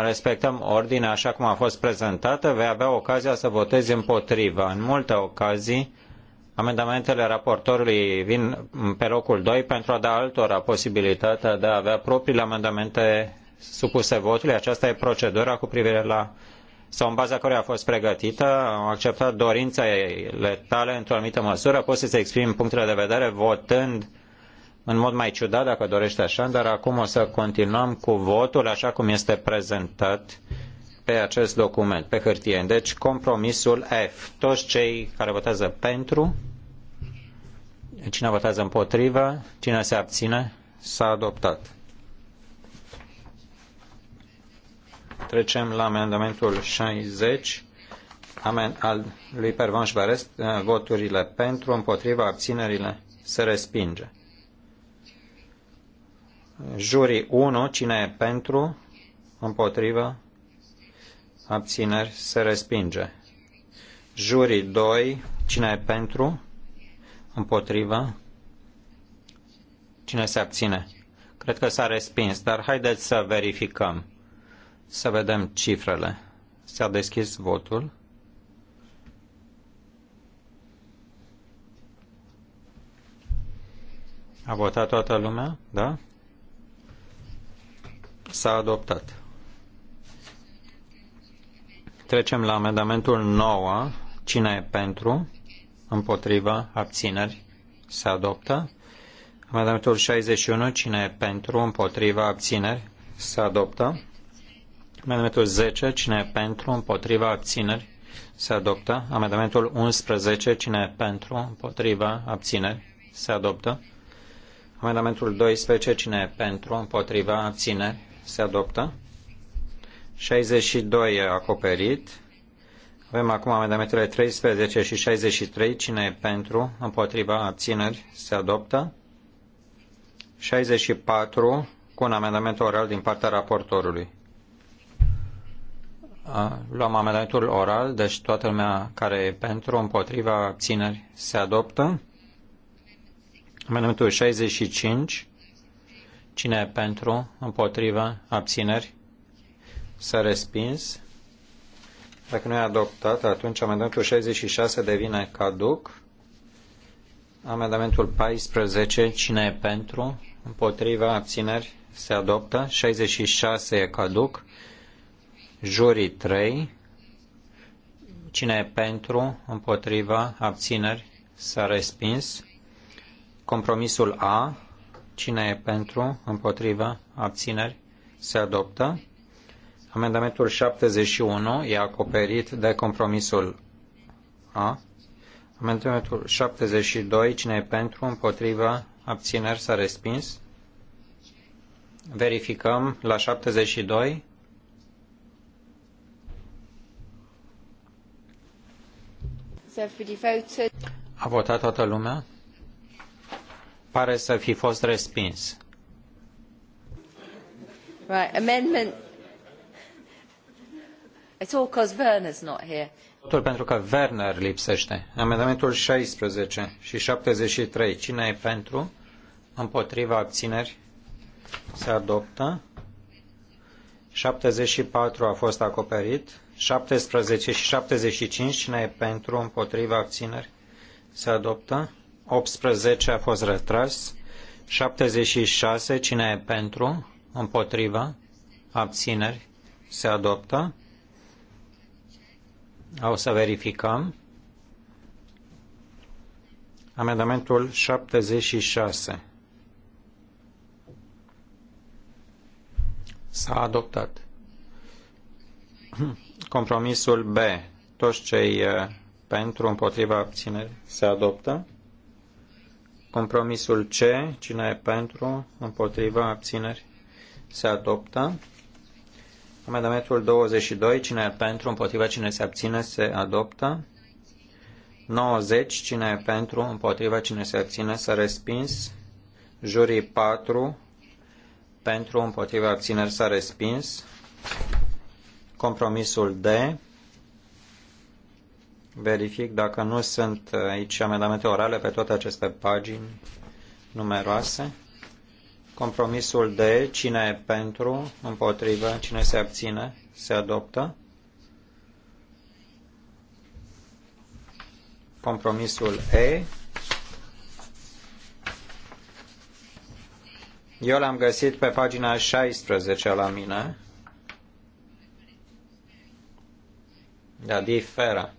respectăm ordinea așa cum a fost prezentată, vei avea ocazia să votezi împotriva. În multe ocazii, amendamentele raportorului vin pe locul doi pentru a da altora posibilitatea de a avea propriile amendamente supuse votului. Aceasta e procedura cu privire la sau în baza căruia a fost pregătită, au acceptat dorințele tale într-o anumită măsură, poți să-ți exprimi punctele de vedere votând uh, în mod mai ciudat, dacă dorește așa, dar acum o să continuăm cu votul așa cum este prezentat pe acest document, pe hârtie. Deci, compromisul F. Toți cei care votează pentru, cine votează împotrivă, cine se abține, s-a adoptat. Trecem la amendamentul 60 amen, al lui Pervanș Barest. Eh, voturile pentru, împotriva, abținerile se respinge. Jurii 1, cine e pentru, împotrivă, abțineri, se respinge. Jurii 2, cine e pentru, împotrivă, cine se abține. Cred că s-a respins, dar haideți să verificăm, să vedem cifrele. S-a deschis votul. A votat toată lumea? Da? S-a adoptat. Trecem la amendamentul 9. Cine e pentru? Împotriva? Abțineri? Se adoptă. Amendamentul 61. Cine e pentru? Împotriva? Abțineri? Se adoptă. Amendamentul 10. Cine e pentru? Împotriva? Abțineri? Se adoptă. Amendamentul 11. Cine e pentru? Împotriva? Abțineri? Se adoptă. Amendamentul 12. Cine e pentru? Împotriva? Abțineri? se adoptă. 62 acoperit. Avem acum amendamentele 13 și 63. Cine e pentru? Împotriva? Abțineri? Se adoptă. 64 cu un amendament oral din partea raportorului. Luăm amendamentul oral, deci toată lumea care e pentru, împotriva, abțineri, se adoptă. Amendamentul 65 Cine e pentru? Împotrivă? Abțineri? S-a respins. Dacă nu e adoptat, atunci amendamentul 66 devine caduc. Amendamentul 14, cine e pentru? Împotriva abțineri se adoptă. 66 e caduc. Jurii 3. Cine e pentru? Împotriva abțineri s-a respins. Compromisul A. Cine e pentru? Împotriva? Abțineri? Se adoptă. Amendamentul 71 e acoperit de compromisul A. Amendamentul 72, cine e pentru, împotriva, abțineri, s-a respins. Verificăm la 72. A votat toată lumea? pare să fi fost respins. Right, amendment. It's all because Werner's not here. Totul pentru că Werner lipsește. Amendamentul 16 și 73. Cine e pentru? Împotriva abțineri? Se adoptă. 74 a fost acoperit. 17 și 75. Cine e pentru? Împotriva abțineri? Se adoptă. 18 a fost retras. 76. Cine e pentru? Împotrivă? Abțineri? Se adoptă. O să verificăm. Amendamentul 76. S-a adoptat. Compromisul B. Toți cei eh, pentru, împotriva, abțineri se adoptă. Compromisul C, cine e pentru, împotrivă, abțineri, se adoptă. Amendamentul 22, cine e pentru, împotriva, cine se abține, se adoptă. 90, cine e pentru, împotriva, cine se abține, s-a respins. Jurii 4, pentru, împotriva, abțineri, s-a respins. Compromisul D, verific dacă nu sunt aici amendamente orale pe toate aceste pagini numeroase. Compromisul de cine e pentru, împotrivă, cine se abține, se adoptă. Compromisul E. Eu l-am găsit pe pagina 16 la mine. Da, diferă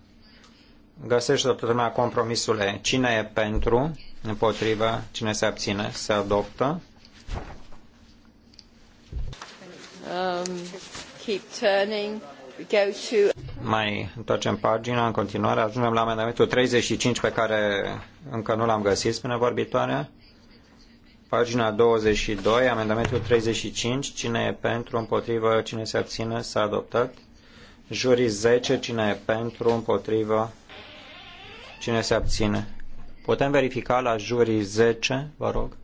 găsește toată lumea compromisurile. Cine e pentru, împotrivă, cine se abține, se adoptă. Um, keep turning. go to... Mai întoarcem pagina în continuare, ajungem la amendamentul 35 pe care încă nu l-am găsit, spune vorbitoarea. Pagina 22, amendamentul 35, cine e pentru, împotrivă, cine se abține, s-a adoptat. Jurii 10, cine e pentru, împotrivă, Cine se abține? Putem verifica la jurii 10, vă rog?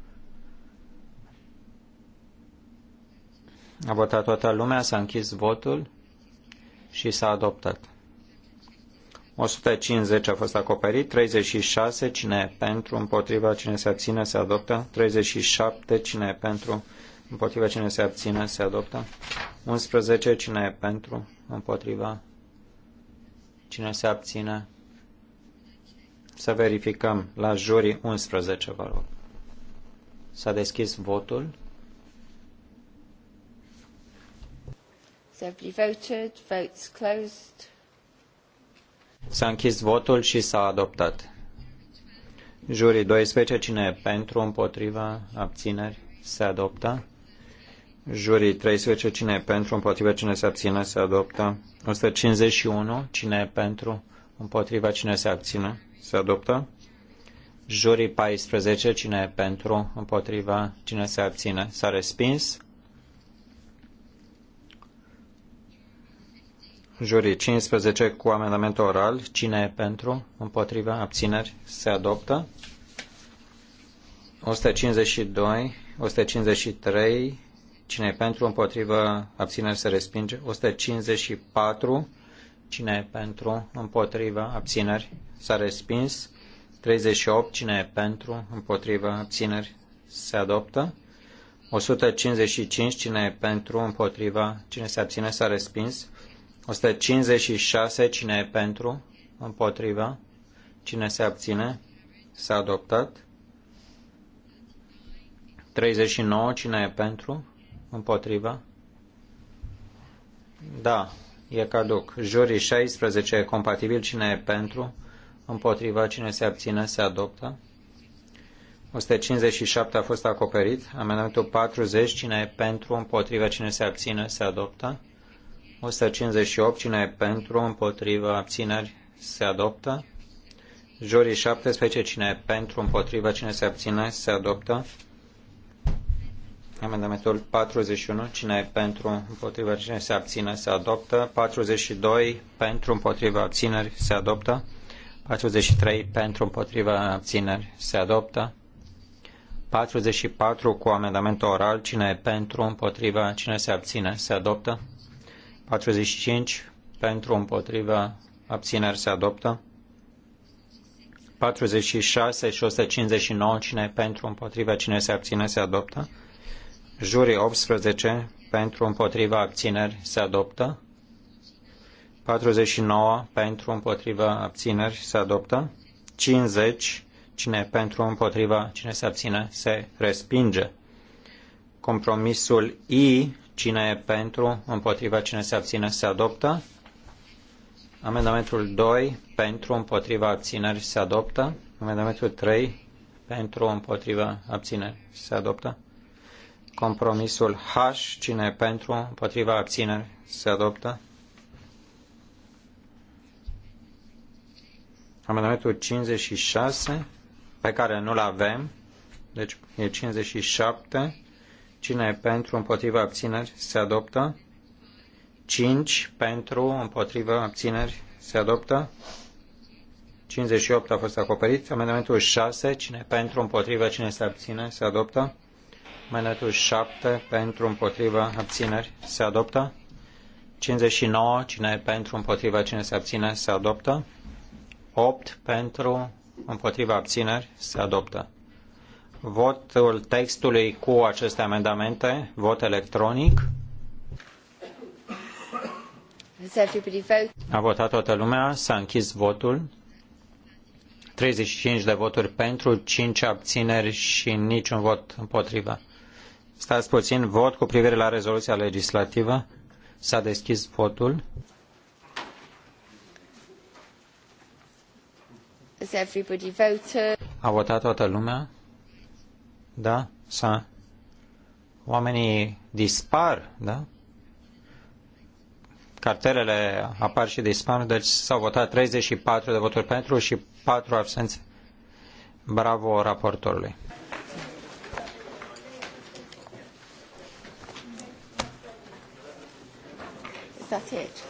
A votat toată lumea, s-a închis votul și s-a adoptat. 150 a fost acoperit, 36 cine e pentru, împotriva cine se abține se adoptă, 37 cine e pentru, împotriva cine se abține se adoptă, 11 cine e pentru, împotriva cine se abține să verificăm la jurii 11, vă rog. S-a deschis votul. S-a închis votul și s-a adoptat. Jurii 12, cine e pentru, împotriva, abțineri, se adoptă. Jurii 13, cine e pentru, împotriva, cine se abține, se adoptă. 151, cine e pentru, Împotriva cine se abține? Se adoptă. Jurii 14. Cine e pentru? Împotriva cine se abține? S-a respins. Jurii 15 cu amendament oral. Cine e pentru? Împotriva abțineri? Se adoptă. 152, 153, cine e pentru, Împotriva abțineri se respinge, 154, Cine pentru? Împotrivă. Abțineri. S-a respins. 38. Cine pentru? Împotrivă. Abțineri. Se adoptă. 155. Cine e pentru? Împotriva. Cine se abține? S-a respins. 156. Cine e pentru? Împotriva. Cine se abține? S-a adoptat. 39. Cine e pentru? Împotriva. Da, e caduc. Jurii 16 e compatibil. Cine e pentru? Împotriva. Cine se abține? Se adoptă. 157 a fost acoperit. Amendamentul 40. Cine e pentru? Împotriva. Cine se abține? Se adoptă. 158. Cine e pentru? Împotriva. Abțineri? Se adoptă. Jurii 17. Cine e pentru? Împotriva. Cine se abține? Se adoptă. Amendamentul 41, cine e pentru, împotriva cine se abține, se adoptă. 42, pentru, împotriva abțineri, se adoptă. 43, pentru, împotriva abțineri, se adoptă. 44, cu amendament oral, cine e pentru, împotriva, cine se abține, se adoptă. 45, pentru, împotriva, abțineri, se adoptă. 46 și 159, cine e pentru, împotriva, cine se abține, se adoptă. Jurii 18 pentru împotriva abțineri se adoptă. 49 pentru împotriva abțineri se adoptă. 50 cine pentru împotriva cine se abține se respinge. Compromisul I cine e pentru împotriva cine se abține se adoptă. Amendamentul 2 pentru împotriva abțineri se adoptă. Amendamentul 3 pentru împotriva abțineri se adoptă. Compromisul H, cine e pentru, împotriva abțineri, se adoptă. Amendamentul 56, pe care nu-l avem, deci e 57. Cine e pentru, împotriva abțineri, se adoptă. 5 pentru, împotriva abțineri, se adoptă. 58 a fost acoperit. Amendamentul 6, cine e pentru, împotriva, cine se abține, se adoptă. Amendamentul 7 pentru împotriva abțineri se adoptă. 59 cine e pentru împotriva cine se abține se adoptă. 8 pentru împotriva abțineri se adoptă. Votul textului cu aceste amendamente, vot electronic. A votat toată lumea, s-a închis votul. 35 de voturi pentru, 5 abțineri și niciun vot împotriva. Stați puțin, vot cu privire la rezoluția legislativă. S-a deschis votul. A votat toată lumea? Da? S-a... Oamenii dispar, da? Cartelele apar și dispar, deci s-au votat 34 de voturi pentru și 4 absențe. Bravo raportorului! that it?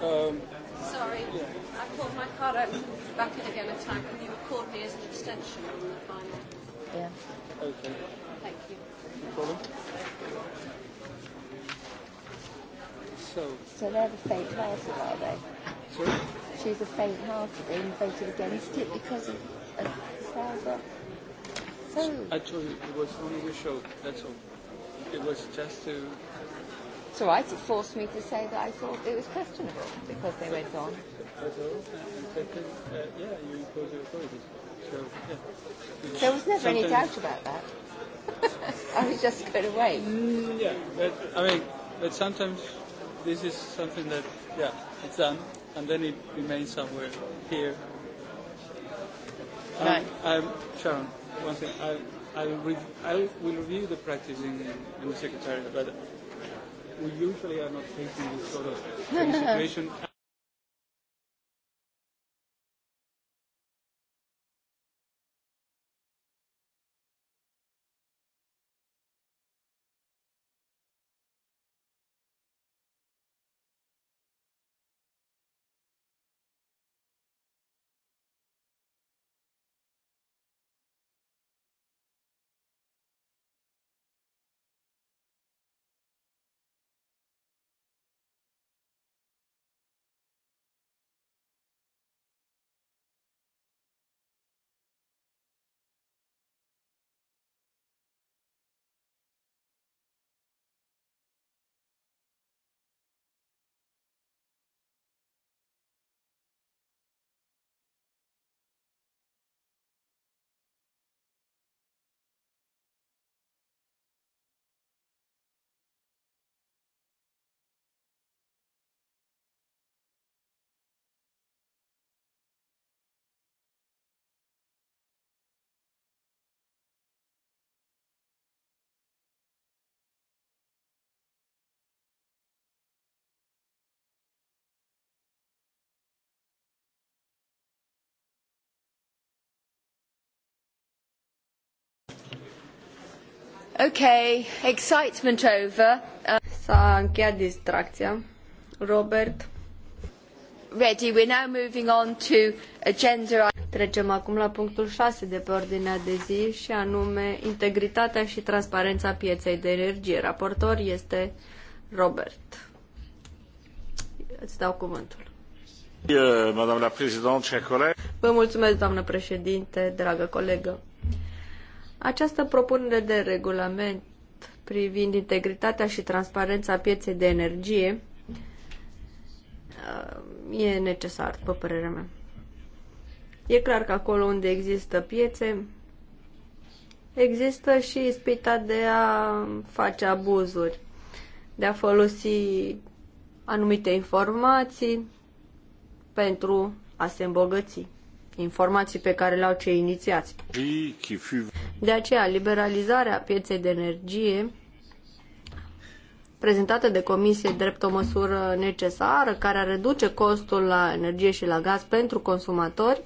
Um, Sorry, yeah. I pulled my card out back in again a time, and you record me as an extension on the final. Yeah. Okay. Thank you. No problem. So, they're the faint-hearted, are they? Sorry? She's a faint-hearted and voted against it because of, of Salva. So. Actually, it was only a show. That's all. It was just to. It's all right. It forced me to say that I thought it was questionable because they went on. That's all. yeah, you your So, There was never Sometimes... any doubt about that. (laughs) I was just going to wait. Mm, yeah, but I mean, but sometimes this is something that, yeah, it's done, and then it remains somewhere here. Um, right. I'm, Sharon, one thing. I, I'll, re- I will review the practice in, in the Secretariat, but we usually are not facing this sort of (laughs) situation. Ok, excitement over. Uh, S-a încheiat distracția. Robert. Ready, we're now moving on to agenda. Trecem acum la punctul 6 de pe ordinea de zi și anume integritatea și transparența pieței de energie. Raportor este Robert. Îți dau cuvântul. Vă mulțumesc, doamnă președinte, dragă colegă. Această propunere de regulament privind integritatea și transparența pieței de energie uh, e necesar, după părerea mea. E clar că acolo unde există piețe, există și ispita de a face abuzuri, de a folosi anumite informații pentru a se îmbogăți informații pe care le au cei inițiați. De aceea, liberalizarea pieței de energie prezentată de comisie drept o măsură necesară care ar reduce costul la energie și la gaz pentru consumatori,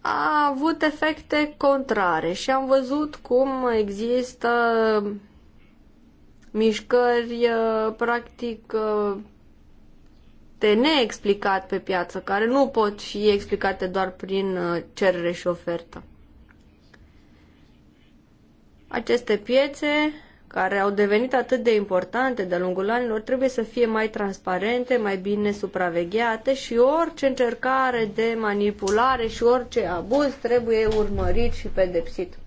a avut efecte contrare și am văzut cum există mișcări practic de neexplicat pe piață, care nu pot fi explicate doar prin uh, cerere și ofertă. Aceste piețe, care au devenit atât de importante de-a lungul anilor, trebuie să fie mai transparente, mai bine supravegheate și orice încercare de manipulare și orice abuz trebuie urmărit și pedepsit.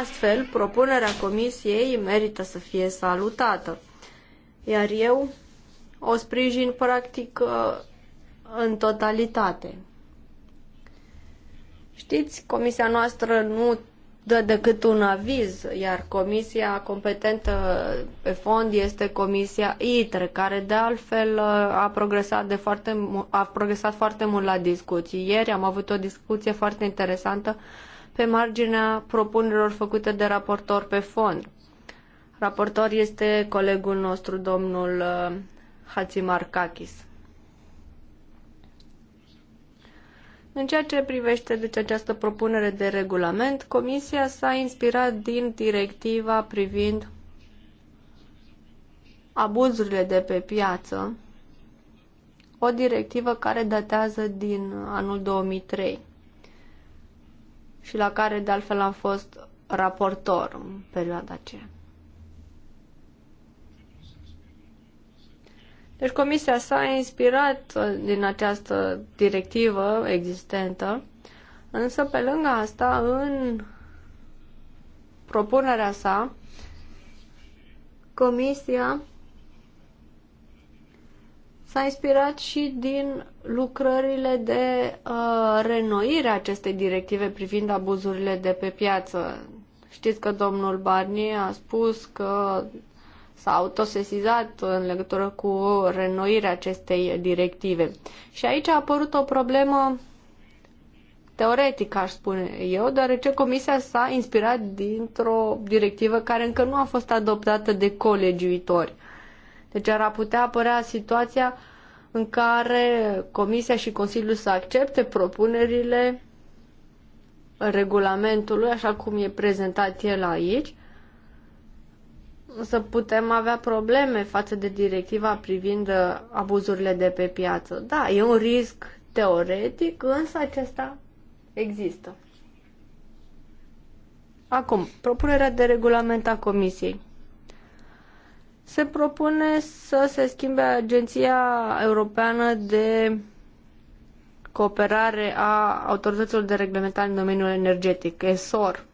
Astfel, propunerea comisiei merită să fie salutată. Iar eu o sprijin practic uh, în totalitate. Știți, comisia noastră nu dă decât un aviz, iar comisia competentă pe fond este comisia ITRE, care de altfel uh, a progresat, de foarte, a progresat foarte mult la discuții. Ieri am avut o discuție foarte interesantă pe marginea propunerilor făcute de raportor pe fond. Raportor este colegul nostru, domnul uh, Hatzimarkakis. În ceea ce privește deci această propunere de regulament, Comisia s-a inspirat din directiva privind abuzurile de pe piață, o directivă care datează din anul 2003 și la care de altfel am fost raportor în perioada aceea. Deci comisia s-a inspirat uh, din această directivă existentă, însă pe lângă asta, în propunerea sa, comisia s-a inspirat și din lucrările de uh, renoire a acestei directive privind abuzurile de pe piață. Știți că domnul Barnier a spus că s-a autosesizat în legătură cu renoirea acestei directive. Și aici a apărut o problemă teoretică, aș spune eu, deoarece Comisia s-a inspirat dintr-o directivă care încă nu a fost adoptată de colegiuitori. Deci ar putea apărea situația în care Comisia și Consiliul să accepte propunerile regulamentului, așa cum e prezentat el aici, să putem avea probleme față de directiva privind uh, abuzurile de pe piață. Da, e un risc teoretic, însă acesta există. Acum, propunerea de regulament a Comisiei. Se propune să se schimbe Agenția Europeană de Cooperare a Autorităților de Reglementare în domeniul energetic, ESOR.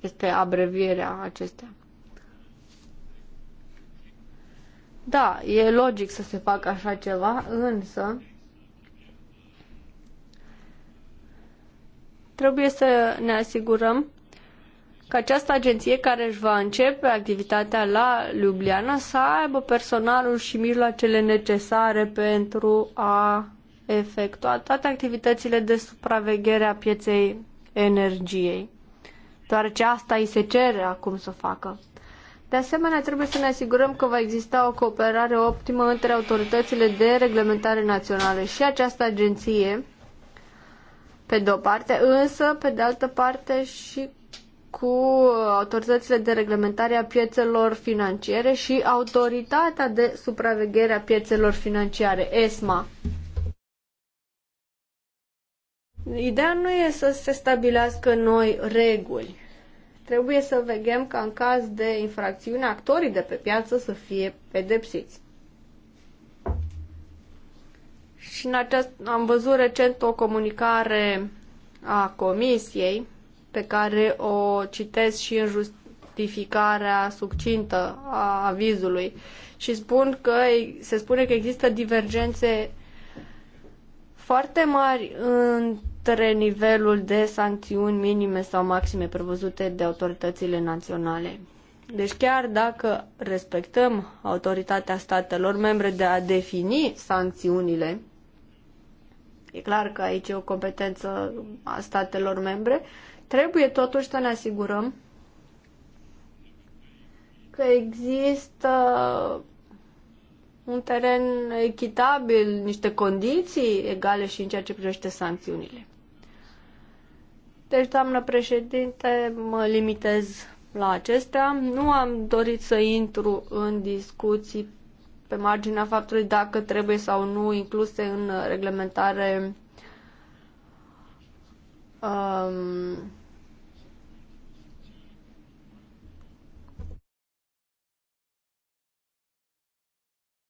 Este abrevierea acestea. Da, e logic să se facă așa ceva, însă trebuie să ne asigurăm că această agenție care își va începe activitatea la Ljubljana să aibă personalul și mijloacele necesare pentru a efectua toate activitățile de supraveghere a pieței energiei, deoarece asta îi se cere acum să facă. De asemenea, trebuie să ne asigurăm că va exista o cooperare optimă între autoritățile de reglementare naționale și această agenție, pe de o parte, însă, pe de altă parte, și cu autoritățile de reglementare a piețelor financiare și autoritatea de supraveghere a piețelor financiare, ESMA. Ideea nu e să se stabilească noi reguli, Trebuie să vegem ca în caz de infracțiune actorii de pe piață să fie pedepsiți. Și în acest, am văzut recent o comunicare a comisiei pe care o citesc și în justificarea succintă a avizului și spun că se spune că există divergențe foarte mari în între nivelul de sancțiuni minime sau maxime prevăzute de autoritățile naționale. Deci chiar dacă respectăm autoritatea statelor membre de a defini sancțiunile, e clar că aici e o competență a statelor membre, trebuie totuși să ne asigurăm că există un teren echitabil, niște condiții egale și în ceea ce privește sancțiunile. Deci, doamnă președinte, mă limitez la acestea. Nu am dorit să intru în discuții pe marginea faptului dacă trebuie sau nu incluse în reglementare um,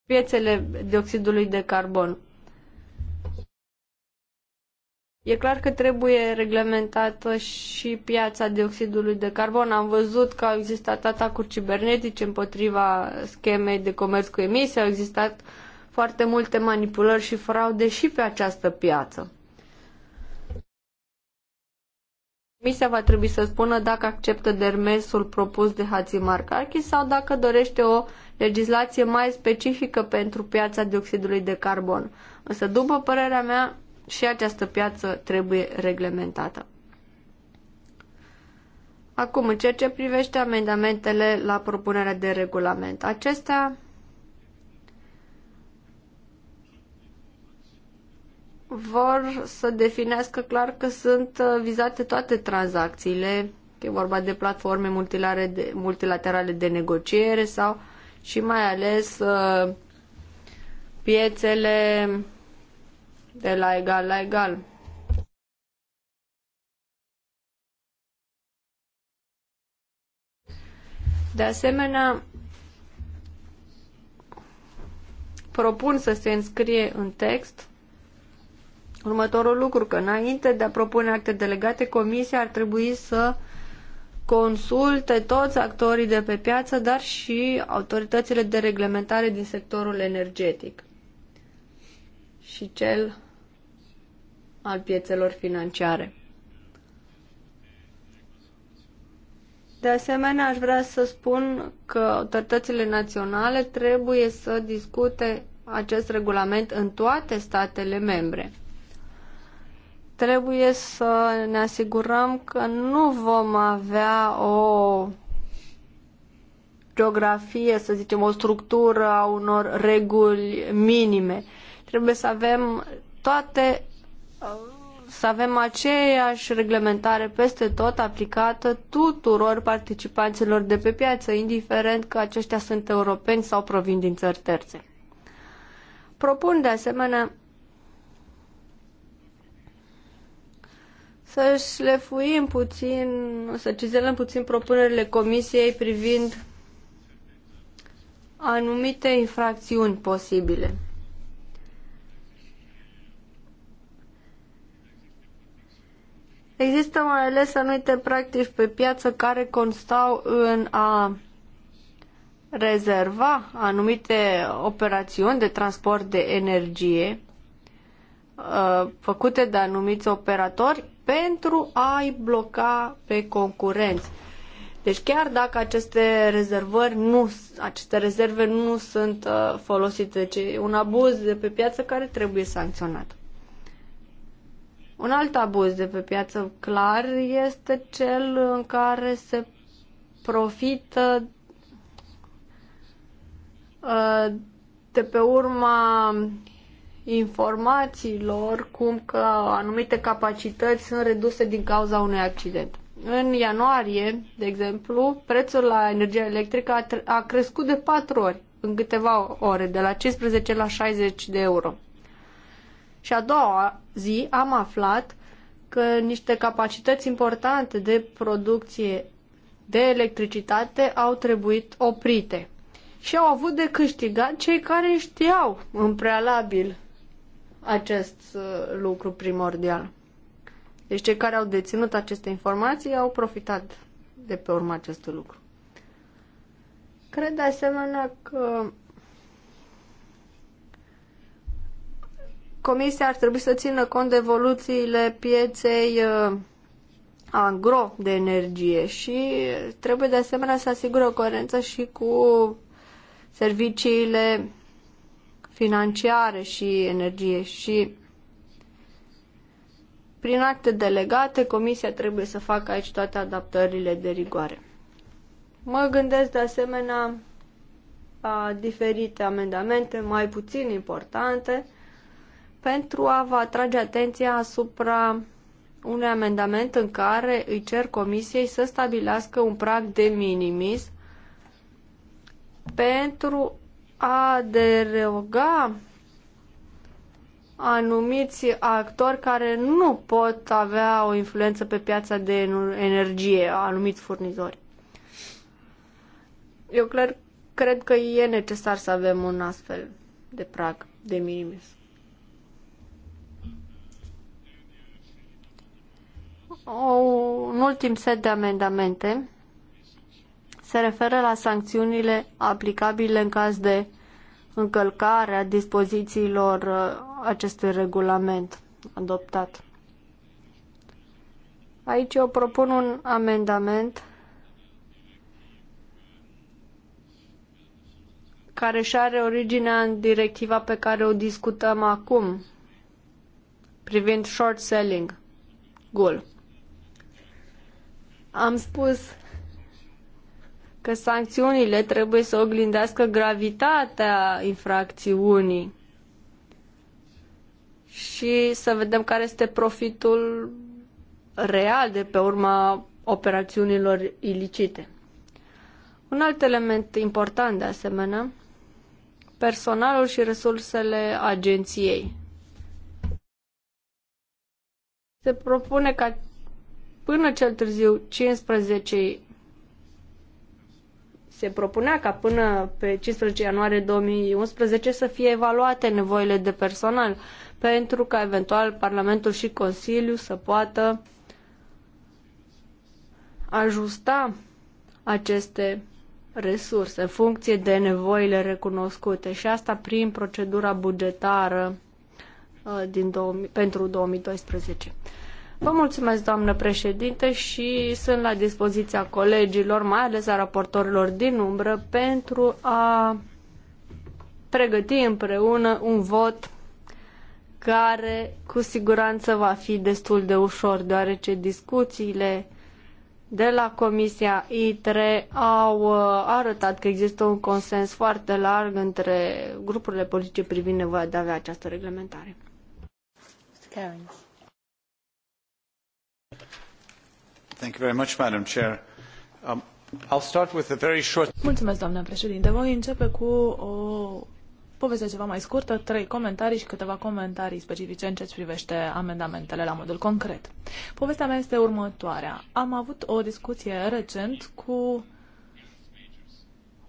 piețele dioxidului de carbon. E clar că trebuie reglementată și piața dioxidului de carbon. Am văzut că au existat atacuri cibernetice împotriva schemei de comerț cu emisii, au existat foarte multe manipulări și fraude și pe această piață. Comisia va trebui să spună dacă acceptă dermesul propus de Hatzimarkakis sau dacă dorește o legislație mai specifică pentru piața dioxidului de carbon. Însă, după părerea mea, și această piață trebuie reglementată. Acum, în ceea ce privește amendamentele la propunerea de regulament, acestea vor să definească clar că sunt uh, vizate toate tranzacțiile, că e vorba de platforme multilaterale de negociere sau și mai ales uh, piețele de la egal la egal. De asemenea, propun să se înscrie în text următorul lucru, că înainte de a propune acte delegate, comisia ar trebui să consulte toți actorii de pe piață, dar și autoritățile de reglementare din sectorul energetic și cel al piețelor financiare. De asemenea, aș vrea să spun că autoritățile naționale trebuie să discute acest regulament în toate statele membre. Trebuie să ne asigurăm că nu vom avea o geografie, să zicem, o structură a unor reguli minime. Trebuie să avem toate să avem aceeași reglementare peste tot aplicată tuturor participanților de pe piață, indiferent că aceștia sunt europeni sau provin din țări terțe. Propun de asemenea să șlefuim puțin, să cizelăm puțin propunerile comisiei privind anumite infracțiuni posibile. Există mai ales anumite practici pe piață care constau în a rezerva anumite operațiuni de transport de energie uh, făcute de anumiți operatori pentru a-i bloca pe concurenți. Deci chiar dacă aceste rezervări nu, aceste rezerve nu sunt uh, folosite, ci un abuz de pe piață care trebuie sancționat. Un alt abuz de pe piață clar este cel în care se profită uh, de pe urma informațiilor cum că anumite capacități sunt reduse din cauza unui accident. În ianuarie, de exemplu, prețul la energia electrică a, a crescut de 4 ori în câteva ore, de la 15 la 60 de euro. Și a doua zi am aflat că niște capacități importante de producție de electricitate au trebuit oprite și au avut de câștigat cei care știau în prealabil acest uh, lucru primordial. Deci cei care au deținut aceste informații au profitat de pe urma acestui lucru. Cred de asemenea că Comisia ar trebui să țină cont de evoluțiile pieței uh, angro de energie și trebuie de asemenea să asigure o coerență și cu serviciile financiare și energie și prin acte delegate, Comisia trebuie să facă aici toate adaptările de rigoare. Mă gândesc de asemenea la diferite amendamente mai puțin importante, pentru a vă atrage atenția asupra unui amendament în care îi cer comisiei să stabilească un prag de minimis pentru a deroga anumiți actori care nu pot avea o influență pe piața de energie, anumiți furnizori. Eu clar cred că e necesar să avem un astfel de prag de minimis. O, un ultim set de amendamente se referă la sancțiunile aplicabile în caz de încălcare a dispozițiilor uh, acestui regulament adoptat. Aici eu propun un amendament care și are originea în directiva pe care o discutăm acum privind short selling, gol. Am spus că sancțiunile trebuie să oglindească gravitatea infracțiunii și să vedem care este profitul real de pe urma operațiunilor ilicite. Un alt element important de asemenea, personalul și resursele agenției. Se propune ca până cel târziu 15 se propunea ca până pe 15 ianuarie 2011 să fie evaluate nevoile de personal pentru ca eventual Parlamentul și Consiliul să poată ajusta aceste resurse în funcție de nevoile recunoscute și asta prin procedura bugetară uh, din 2000, pentru 2012. Vă mulțumesc, doamnă președinte, și sunt la dispoziția colegilor, mai ales a raportorilor din umbră, pentru a pregăti împreună un vot care cu siguranță va fi destul de ușor, deoarece discuțiile de la Comisia ITRE au uh, arătat că există un consens foarte larg între grupurile politice privind nevoia de a avea această reglementare. Mr. Thank you very much, Madam Chair. Um, I'll start with a very short... Mulțumesc, doamnă președinte. Voi începe cu o poveste ceva mai scurtă, trei comentarii și câteva comentarii specifice în ce privește amendamentele la modul concret. Povestea mea este următoarea. Am avut o discuție recent cu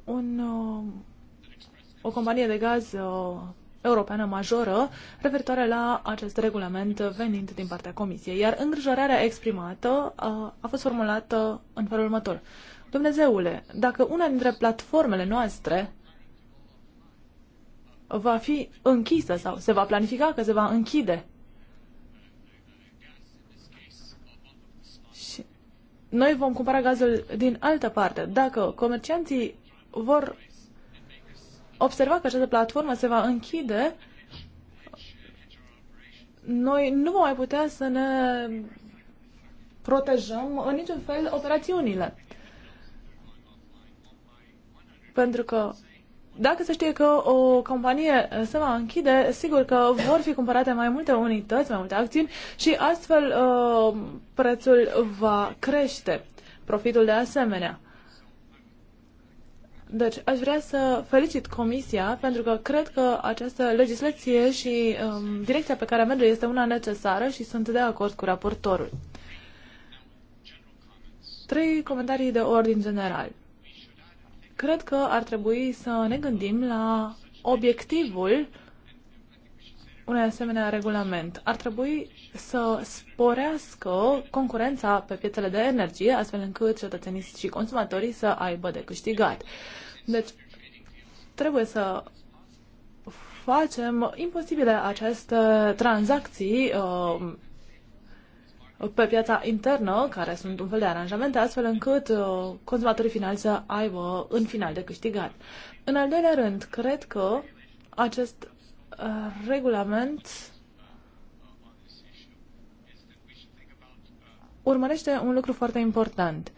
un, uh, o companie de gaz uh, europeană majoră referitoare la acest regulament venind din partea Comisiei. Iar îngrijorarea exprimată uh, a fost formulată în felul următor. Dumnezeule, dacă una dintre platformele noastre va fi închisă sau se va planifica că se va închide. Și noi vom cumpăra gazul din altă parte. Dacă comercianții vor observa că această platformă se va închide, noi nu vom mai putea să ne protejăm în niciun fel operațiunile. Pentru că dacă se știe că o companie se va închide, sigur că vor fi cumpărate mai multe unități, mai multe acțiuni și astfel uh, prețul va crește, profitul de asemenea. Deci aș vrea să felicit Comisia pentru că cred că această legislație și um, direcția pe care merge este una necesară și sunt de acord cu raportorul. Trei comentarii de ordin general. Cred că ar trebui să ne gândim la obiectivul un asemenea regulament. Ar trebui să sporească concurența pe piețele de energie, astfel încât cetățenii și consumatorii să aibă de câștigat. Deci, trebuie să facem imposibile aceste tranzacții uh, pe piața internă, care sunt un fel de aranjamente, astfel încât uh, consumatorii finali să aibă în final de câștigat. În al doilea rând, cred că acest regulament urmărește un lucru foarte important.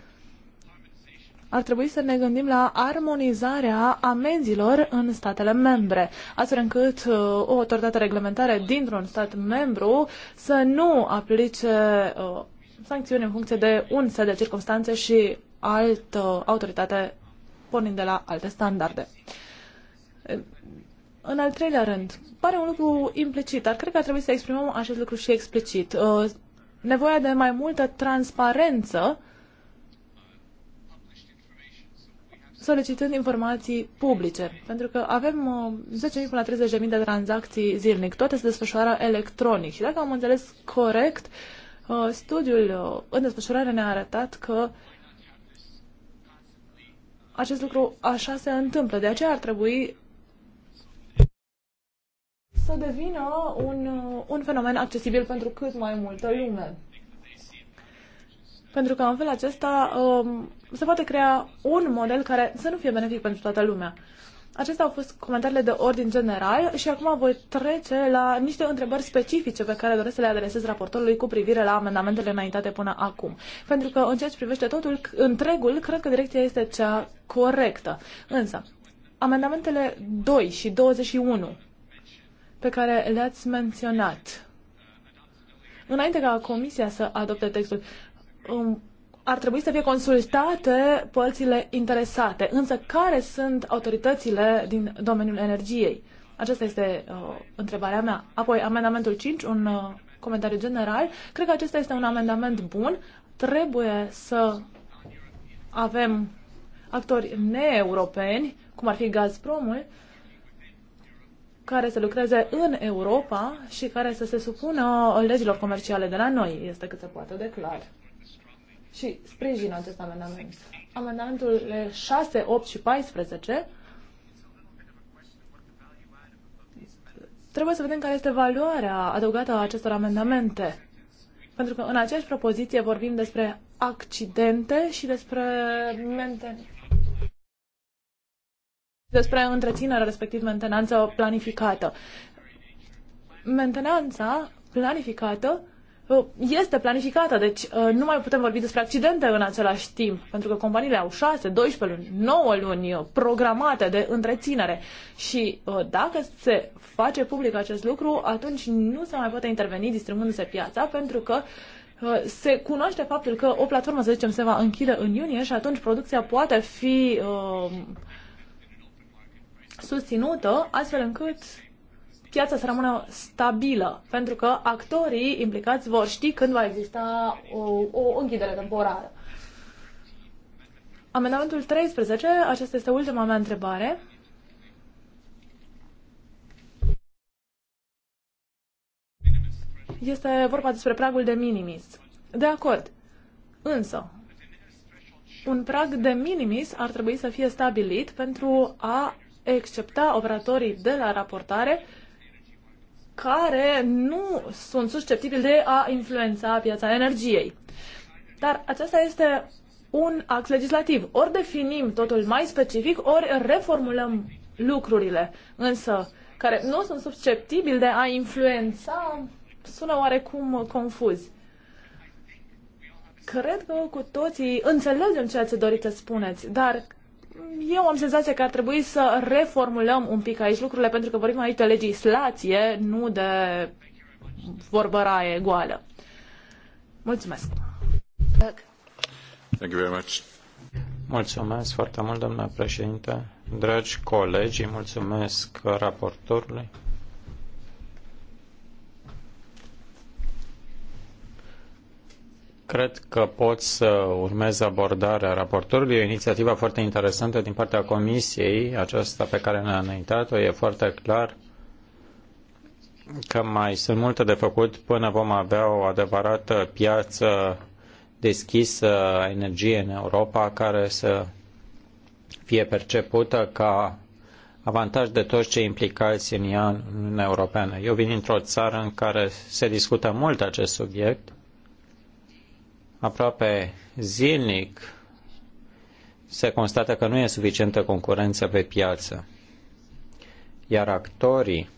Ar trebui să ne gândim la armonizarea amenzilor în statele membre, astfel încât uh, o autoritate reglementare dintr-un stat membru să nu aplice uh, sancțiuni în funcție de un set de circunstanțe și altă autoritate pornind de la alte standarde. În al treilea rând, pare un lucru implicit, dar cred că ar trebui să exprimăm acest lucru și explicit. Uh, nevoia de mai multă transparență solicitând informații publice, pentru că avem 10.000 uh, până la 30.000 de tranzacții zilnic, toate se desfășoară electronic și dacă am înțeles corect, uh, studiul în desfășurare ne-a arătat că acest lucru așa se întâmplă. De aceea ar trebui să devină un, un fenomen accesibil pentru cât mai multă lume. Pentru că în felul acesta um, se poate crea un model care să nu fie benefic pentru toată lumea. Acestea au fost comentariile de ordin general și acum voi trece la niște întrebări specifice pe care doresc să le adresez raportorului cu privire la amendamentele înaintate până acum. Pentru că în ceea ce privește totul, întregul, cred că direcția este cea corectă. Însă, amendamentele 2 și 21 pe care le-ați menționat. Înainte ca Comisia să adopte textul, um, ar trebui să fie consultate părțile interesate. Însă, care sunt autoritățile din domeniul energiei? Aceasta este uh, întrebarea mea. Apoi, amendamentul 5, un uh, comentariu general. Cred că acesta este un amendament bun. Trebuie să avem actori neeuropeni, cum ar fi Gazpromul, uh, care să lucreze în Europa și care să se supună legilor comerciale de la noi. Este cât se poate de clar. Și sprijin acest amendament. Amendamentul 6, 8 și 14 trebuie să vedem care este valoarea adăugată a acestor amendamente. Pentru că în aceeași propoziție vorbim despre accidente și despre maintenance despre întreținere, respectiv mentenanță planificată. Mentenanța planificată uh, este planificată, deci uh, nu mai putem vorbi despre accidente în același timp, pentru că companiile au 6, 12 luni, 9 luni uh, programate de întreținere și dacă se face public acest lucru, atunci nu se mai poate interveni distrugându-se piața, pentru că se cunoaște faptul că o platformă, să zicem, se va închide în iunie și atunci producția poate fi uh, susținută, astfel încât piața să rămână stabilă, pentru că actorii implicați vor ști când va exista o, o închidere temporară. Amendamentul 13, aceasta este ultima mea întrebare. Este vorba despre pragul de minimis. De acord. Însă, un prag de minimis ar trebui să fie stabilit pentru a excepta operatorii de la raportare care nu sunt susceptibili de a influența piața energiei. Dar aceasta este un act legislativ. Ori definim totul mai specific, ori reformulăm lucrurile, însă care nu sunt susceptibili de a influența, sună oarecum confuz. Cred că cu toții înțelegem ceea ce doriți să spuneți, dar eu am senzația că ar trebui să reformulăm un pic aici lucrurile, pentru că vorbim aici de legislație, nu de vorbăraie goală. Mulțumesc! Thank you very much. Mulțumesc foarte mult, domnule președinte. Dragi colegi, mulțumesc raportorului. Cred că pot să urmez abordarea raportorului. E o inițiativă foarte interesantă din partea Comisiei, aceasta pe care ne-a înaintat-o. E foarte clar că mai sunt multe de făcut până vom avea o adevărată piață deschisă a energiei în Europa care să fie percepută ca avantaj de toți cei implicați în ea în Uniunea Europeană. Eu vin într-o țară în care se discută mult acest subiect aproape zilnic se constată că nu e suficientă concurență pe piață, iar actorii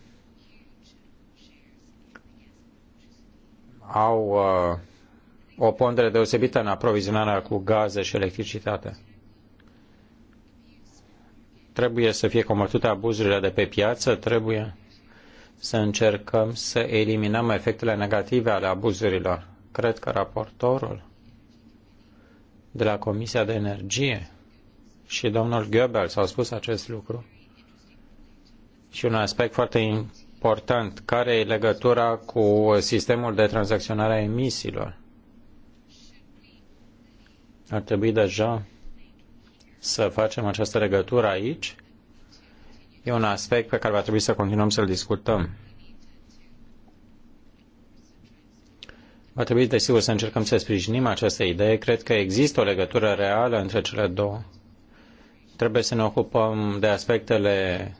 au uh, o pondere deosebită în aprovizionarea cu gaze și electricitate. Trebuie să fie combătute abuzurile de pe piață, trebuie să încercăm să eliminăm efectele negative ale abuzurilor. Cred că raportorul de la Comisia de Energie și domnul Goebbels au spus acest lucru. Și un aspect foarte important, care e legătura cu sistemul de tranzacționare a emisiilor? Ar trebui deja să facem această legătură aici. E un aspect pe care va trebui să continuăm să-l discutăm. Va trebui, desigur, să încercăm să sprijinim această idee. Cred că există o legătură reală între cele două. Trebuie să ne ocupăm de aspectele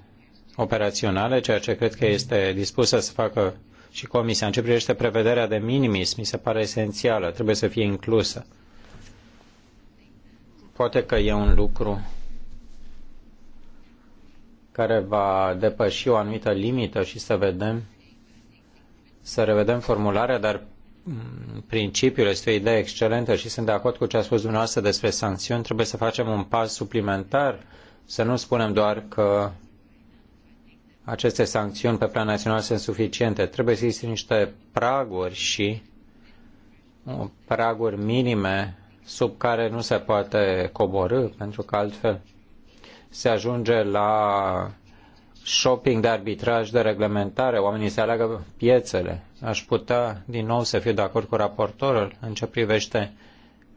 operaționale, ceea ce cred că este dispusă să facă și Comisia. În ce privește prevederea de minimis, mi se pare esențială, trebuie să fie inclusă. Poate că e un lucru care va depăși o anumită limită și să vedem, să revedem formularea, dar Mm, principiul, este o idee excelentă și sunt de acord cu ce a spus dumneavoastră despre sancțiuni. Trebuie să facem un pas suplimentar, să nu spunem doar că aceste sancțiuni pe plan național sunt suficiente. Trebuie să existe niște praguri și uh, praguri minime sub care nu se poate coborâ, pentru că altfel se ajunge la shopping de arbitraj, de reglementare, oamenii se aleagă piețele aș putea din nou să fiu de acord cu raportorul în ce privește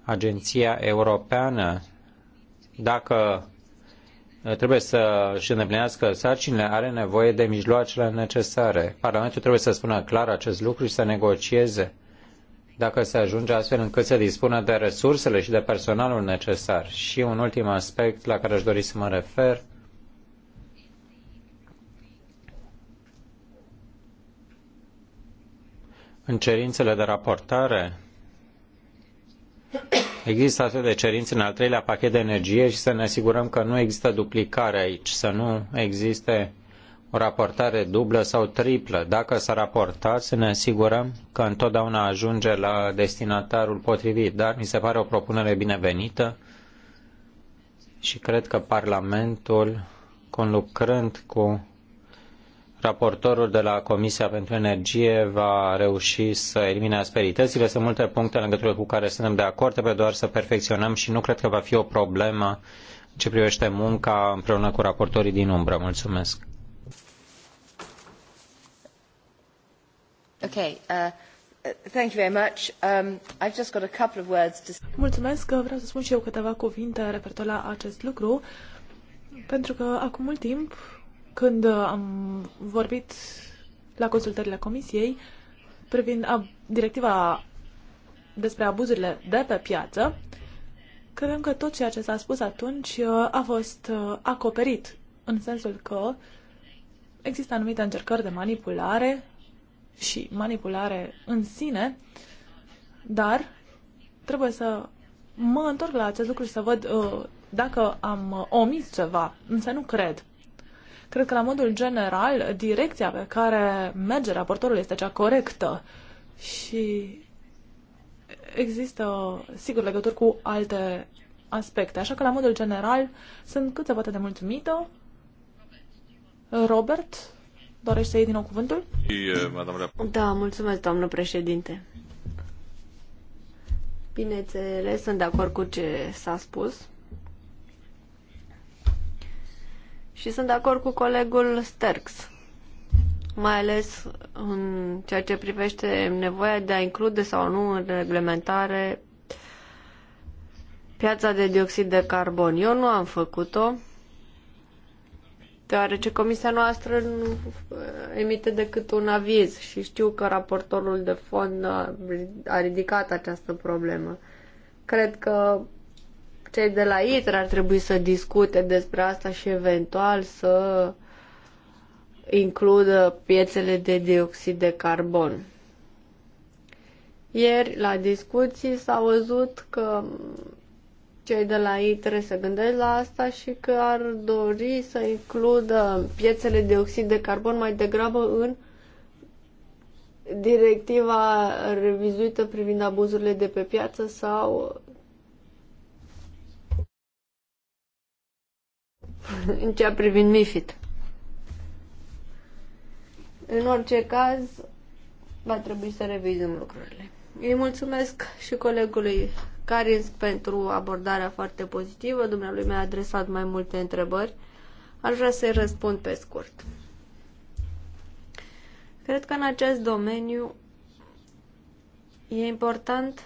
Agenția Europeană. Dacă uh, trebuie să își îndeplinească sarcinile, are nevoie de mijloacele necesare. Parlamentul trebuie să spună clar acest lucru și să negocieze dacă se ajunge astfel încât să dispună de resursele și de personalul necesar. Și un ultim aspect la care aș dori să mă refer În cerințele de raportare există atât de cerințe în al treilea pachet de energie și să ne asigurăm că nu există duplicare aici, să nu existe o raportare dublă sau triplă. Dacă s-a raportat, să ne asigurăm că întotdeauna ajunge la destinatarul potrivit. Dar mi se pare o propunere binevenită și cred că Parlamentul, conlucrând cu raportorul de la Comisia pentru Energie va reuși să elimine asperitățile. Sunt multe puncte în legătură cu care suntem de acord, trebuie doar să perfecționăm și nu cred că va fi o problemă în ce privește munca împreună cu raportorii din umbră. Mulțumesc. uh... Mulțumesc vreau să spun și eu câteva cuvinte referitor la acest lucru, pentru că acum mult timp când am vorbit la consultările comisiei privind ab- directiva despre abuzurile de pe piață, credem că tot ceea ce s-a spus atunci uh, a fost uh, acoperit, în sensul că există anumite încercări de manipulare și manipulare în sine, dar trebuie să mă întorc la acest lucru și să văd uh, dacă am uh, omis ceva, însă nu cred. Cred că, la modul general, direcția pe care merge raportorul este cea corectă și există, sigur, legături cu alte aspecte. Așa că, la modul general, sunt cât se poate de mulțumită. Robert, dorește să iei din nou cuvântul? Uh, da, mulțumesc, doamnă președinte. Bineînțeles, sunt de acord cu ce s-a spus. Și sunt de acord cu colegul Sterks, mai ales în ceea ce privește nevoia de a include sau nu în reglementare piața de dioxid de carbon. Eu nu am făcut-o, deoarece comisia noastră nu uh, emite decât un aviz și știu că raportorul de fond a ridicat această problemă. Cred că cei de la ITRE ar trebui să discute despre asta și eventual să includă piețele de dioxid de carbon. Ieri, la discuții, s-a văzut că cei de la ITRE se gândesc la asta și că ar dori să includă piețele de oxid de carbon mai degrabă în directiva revizuită privind abuzurile de pe piață sau în ceea privind MIFID. În orice caz, va trebui să revizuim lucrurile. Îi mulțumesc și colegului Carins pentru abordarea foarte pozitivă. Dumnealui mi-a adresat mai multe întrebări. Aș vrea să-i răspund pe scurt. Cred că în acest domeniu e important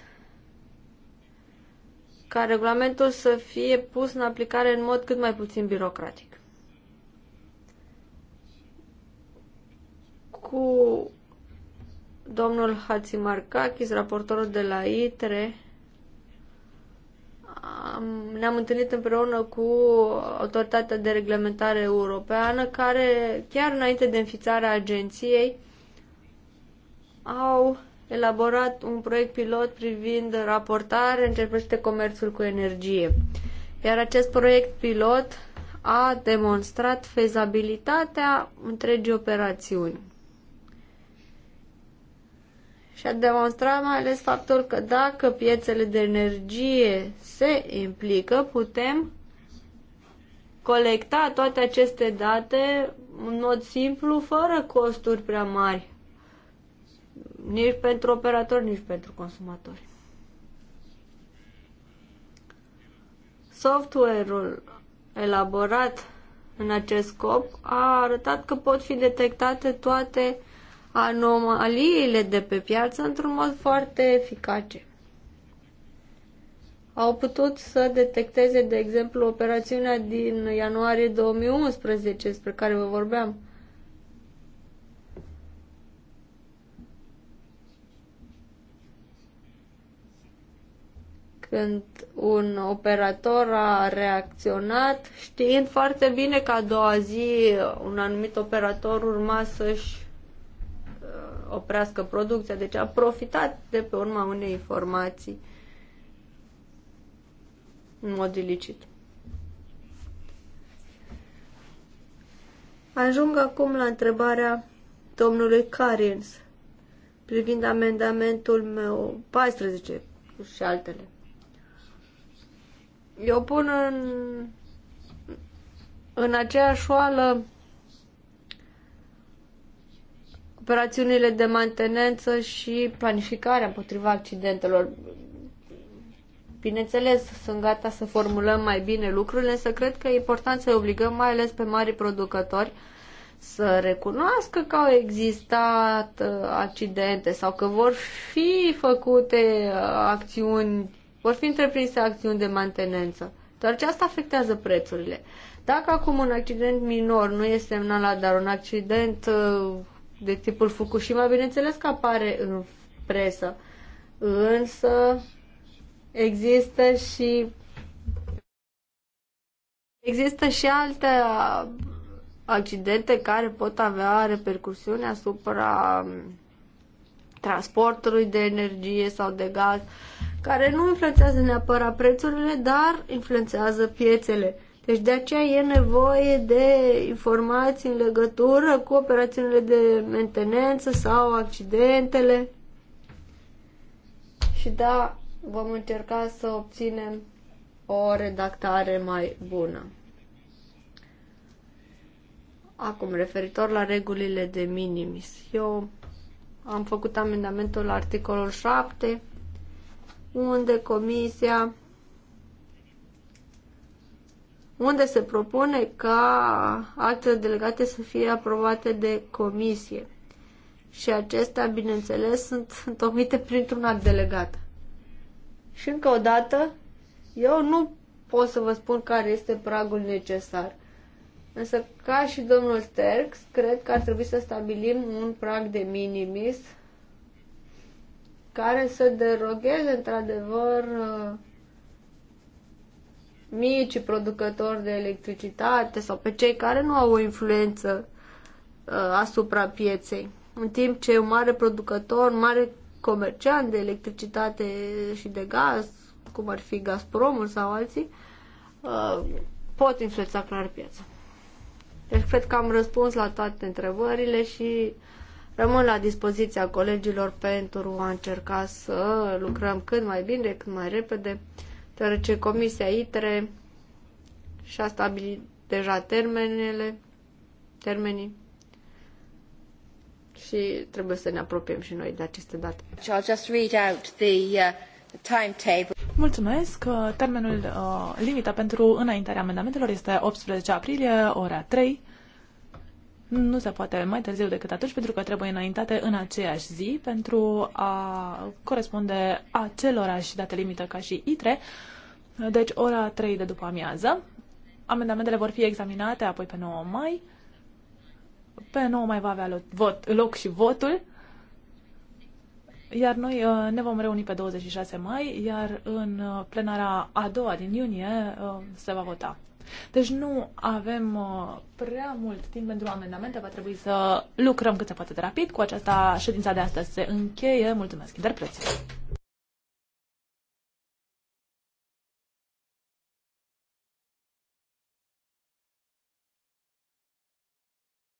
ca regulamentul să fie pus în aplicare în mod cât mai puțin birocratic. Cu domnul Hatzimarkakis, raportorul de la ITRE, ne-am întâlnit împreună cu Autoritatea de Reglementare Europeană, care chiar înainte de înființarea agenției au elaborat un proiect pilot privind raportare în ce privește comerțul cu energie. Iar acest proiect pilot a demonstrat fezabilitatea întregii operațiuni. Și a demonstrat mai ales faptul că dacă piețele de energie se implică, putem colecta toate aceste date în mod simplu, fără costuri prea mari nici pentru operatori, nici pentru consumatori. Software-ul elaborat în acest scop a arătat că pot fi detectate toate anomaliile de pe piață într-un mod foarte eficace. Au putut să detecteze, de exemplu, operațiunea din ianuarie 2011 despre care vă vorbeam, când un operator a reacționat știind foarte bine că a doua zi un anumit operator urma să-și uh, oprească producția. Deci a profitat de pe urma unei informații în mod ilicit. Ajung acum la întrebarea domnului Carins privind amendamentul meu 14 și altele eu pun în, în aceeași oală operațiunile de mantenență și planificarea împotriva accidentelor. Bineînțeles, sunt gata să formulăm mai bine lucrurile, însă cred că e important să obligăm mai ales pe mari producători să recunoască că au existat uh, accidente sau că vor fi făcute uh, acțiuni vor fi întreprinse acțiuni de mantenență, doar ce asta afectează prețurile. Dacă acum un accident minor nu este semnalat, dar un accident uh, de tipul Fukushima, bineînțeles că apare în presă, însă există și există și alte uh, accidente care pot avea repercusiuni asupra um, transportului de energie sau de gaz. Uh, care nu influențează neapărat prețurile, dar influențează piețele. Deci de aceea e nevoie de informații în legătură cu operațiunile de mentenență sau accidentele. Și da, vom încerca să obținem o redactare mai bună. Acum, referitor la regulile de minimis. Eu am făcut amendamentul la articolul 7 unde comisia unde se propune ca actele delegate să fie aprobate de comisie. Și acestea, bineînțeles, sunt (laughs) întocmite printr-un act delegat. Și încă o dată, eu nu pot să vă spun care este pragul necesar. Însă, ca și domnul Sterks, cred că ar trebui să stabilim un prag de minimis care să derogheze într-adevăr uh, mici producători de electricitate sau pe cei care nu au o influență uh, asupra pieței. În timp ce un mare producător, un mare comerciant de electricitate și de gaz, cum ar fi Gazpromul sau alții, uh, pot influența clar piața. Deci cred că am răspuns la toate întrebările și Rămân la dispoziția colegilor pentru a încerca să lucrăm cât mai bine, cât mai repede, deoarece Comisia ITRE și-a stabilit deja termenele, termenii și trebuie să ne apropiem și noi de aceste date. I'll just read out the, uh, Mulțumesc. Termenul uh, limită pentru înaintarea amendamentelor este 18 aprilie, ora 3 nu se poate mai târziu decât atunci, pentru că trebuie înaintate în aceeași zi pentru a corespunde acelorași date limită ca și ITRE, deci ora 3 de după amiază. Amendamentele vor fi examinate apoi pe 9 mai. Pe 9 mai va avea vot, loc și votul. Iar noi uh, ne vom reuni pe 26 mai, iar în uh, plenara a doua din iunie uh, se va vota. Deci nu avem uh, prea mult timp pentru amendamente, va trebui să lucrăm cât se poate de rapid. Cu aceasta ședința de astăzi se încheie. Mulțumesc interpreții!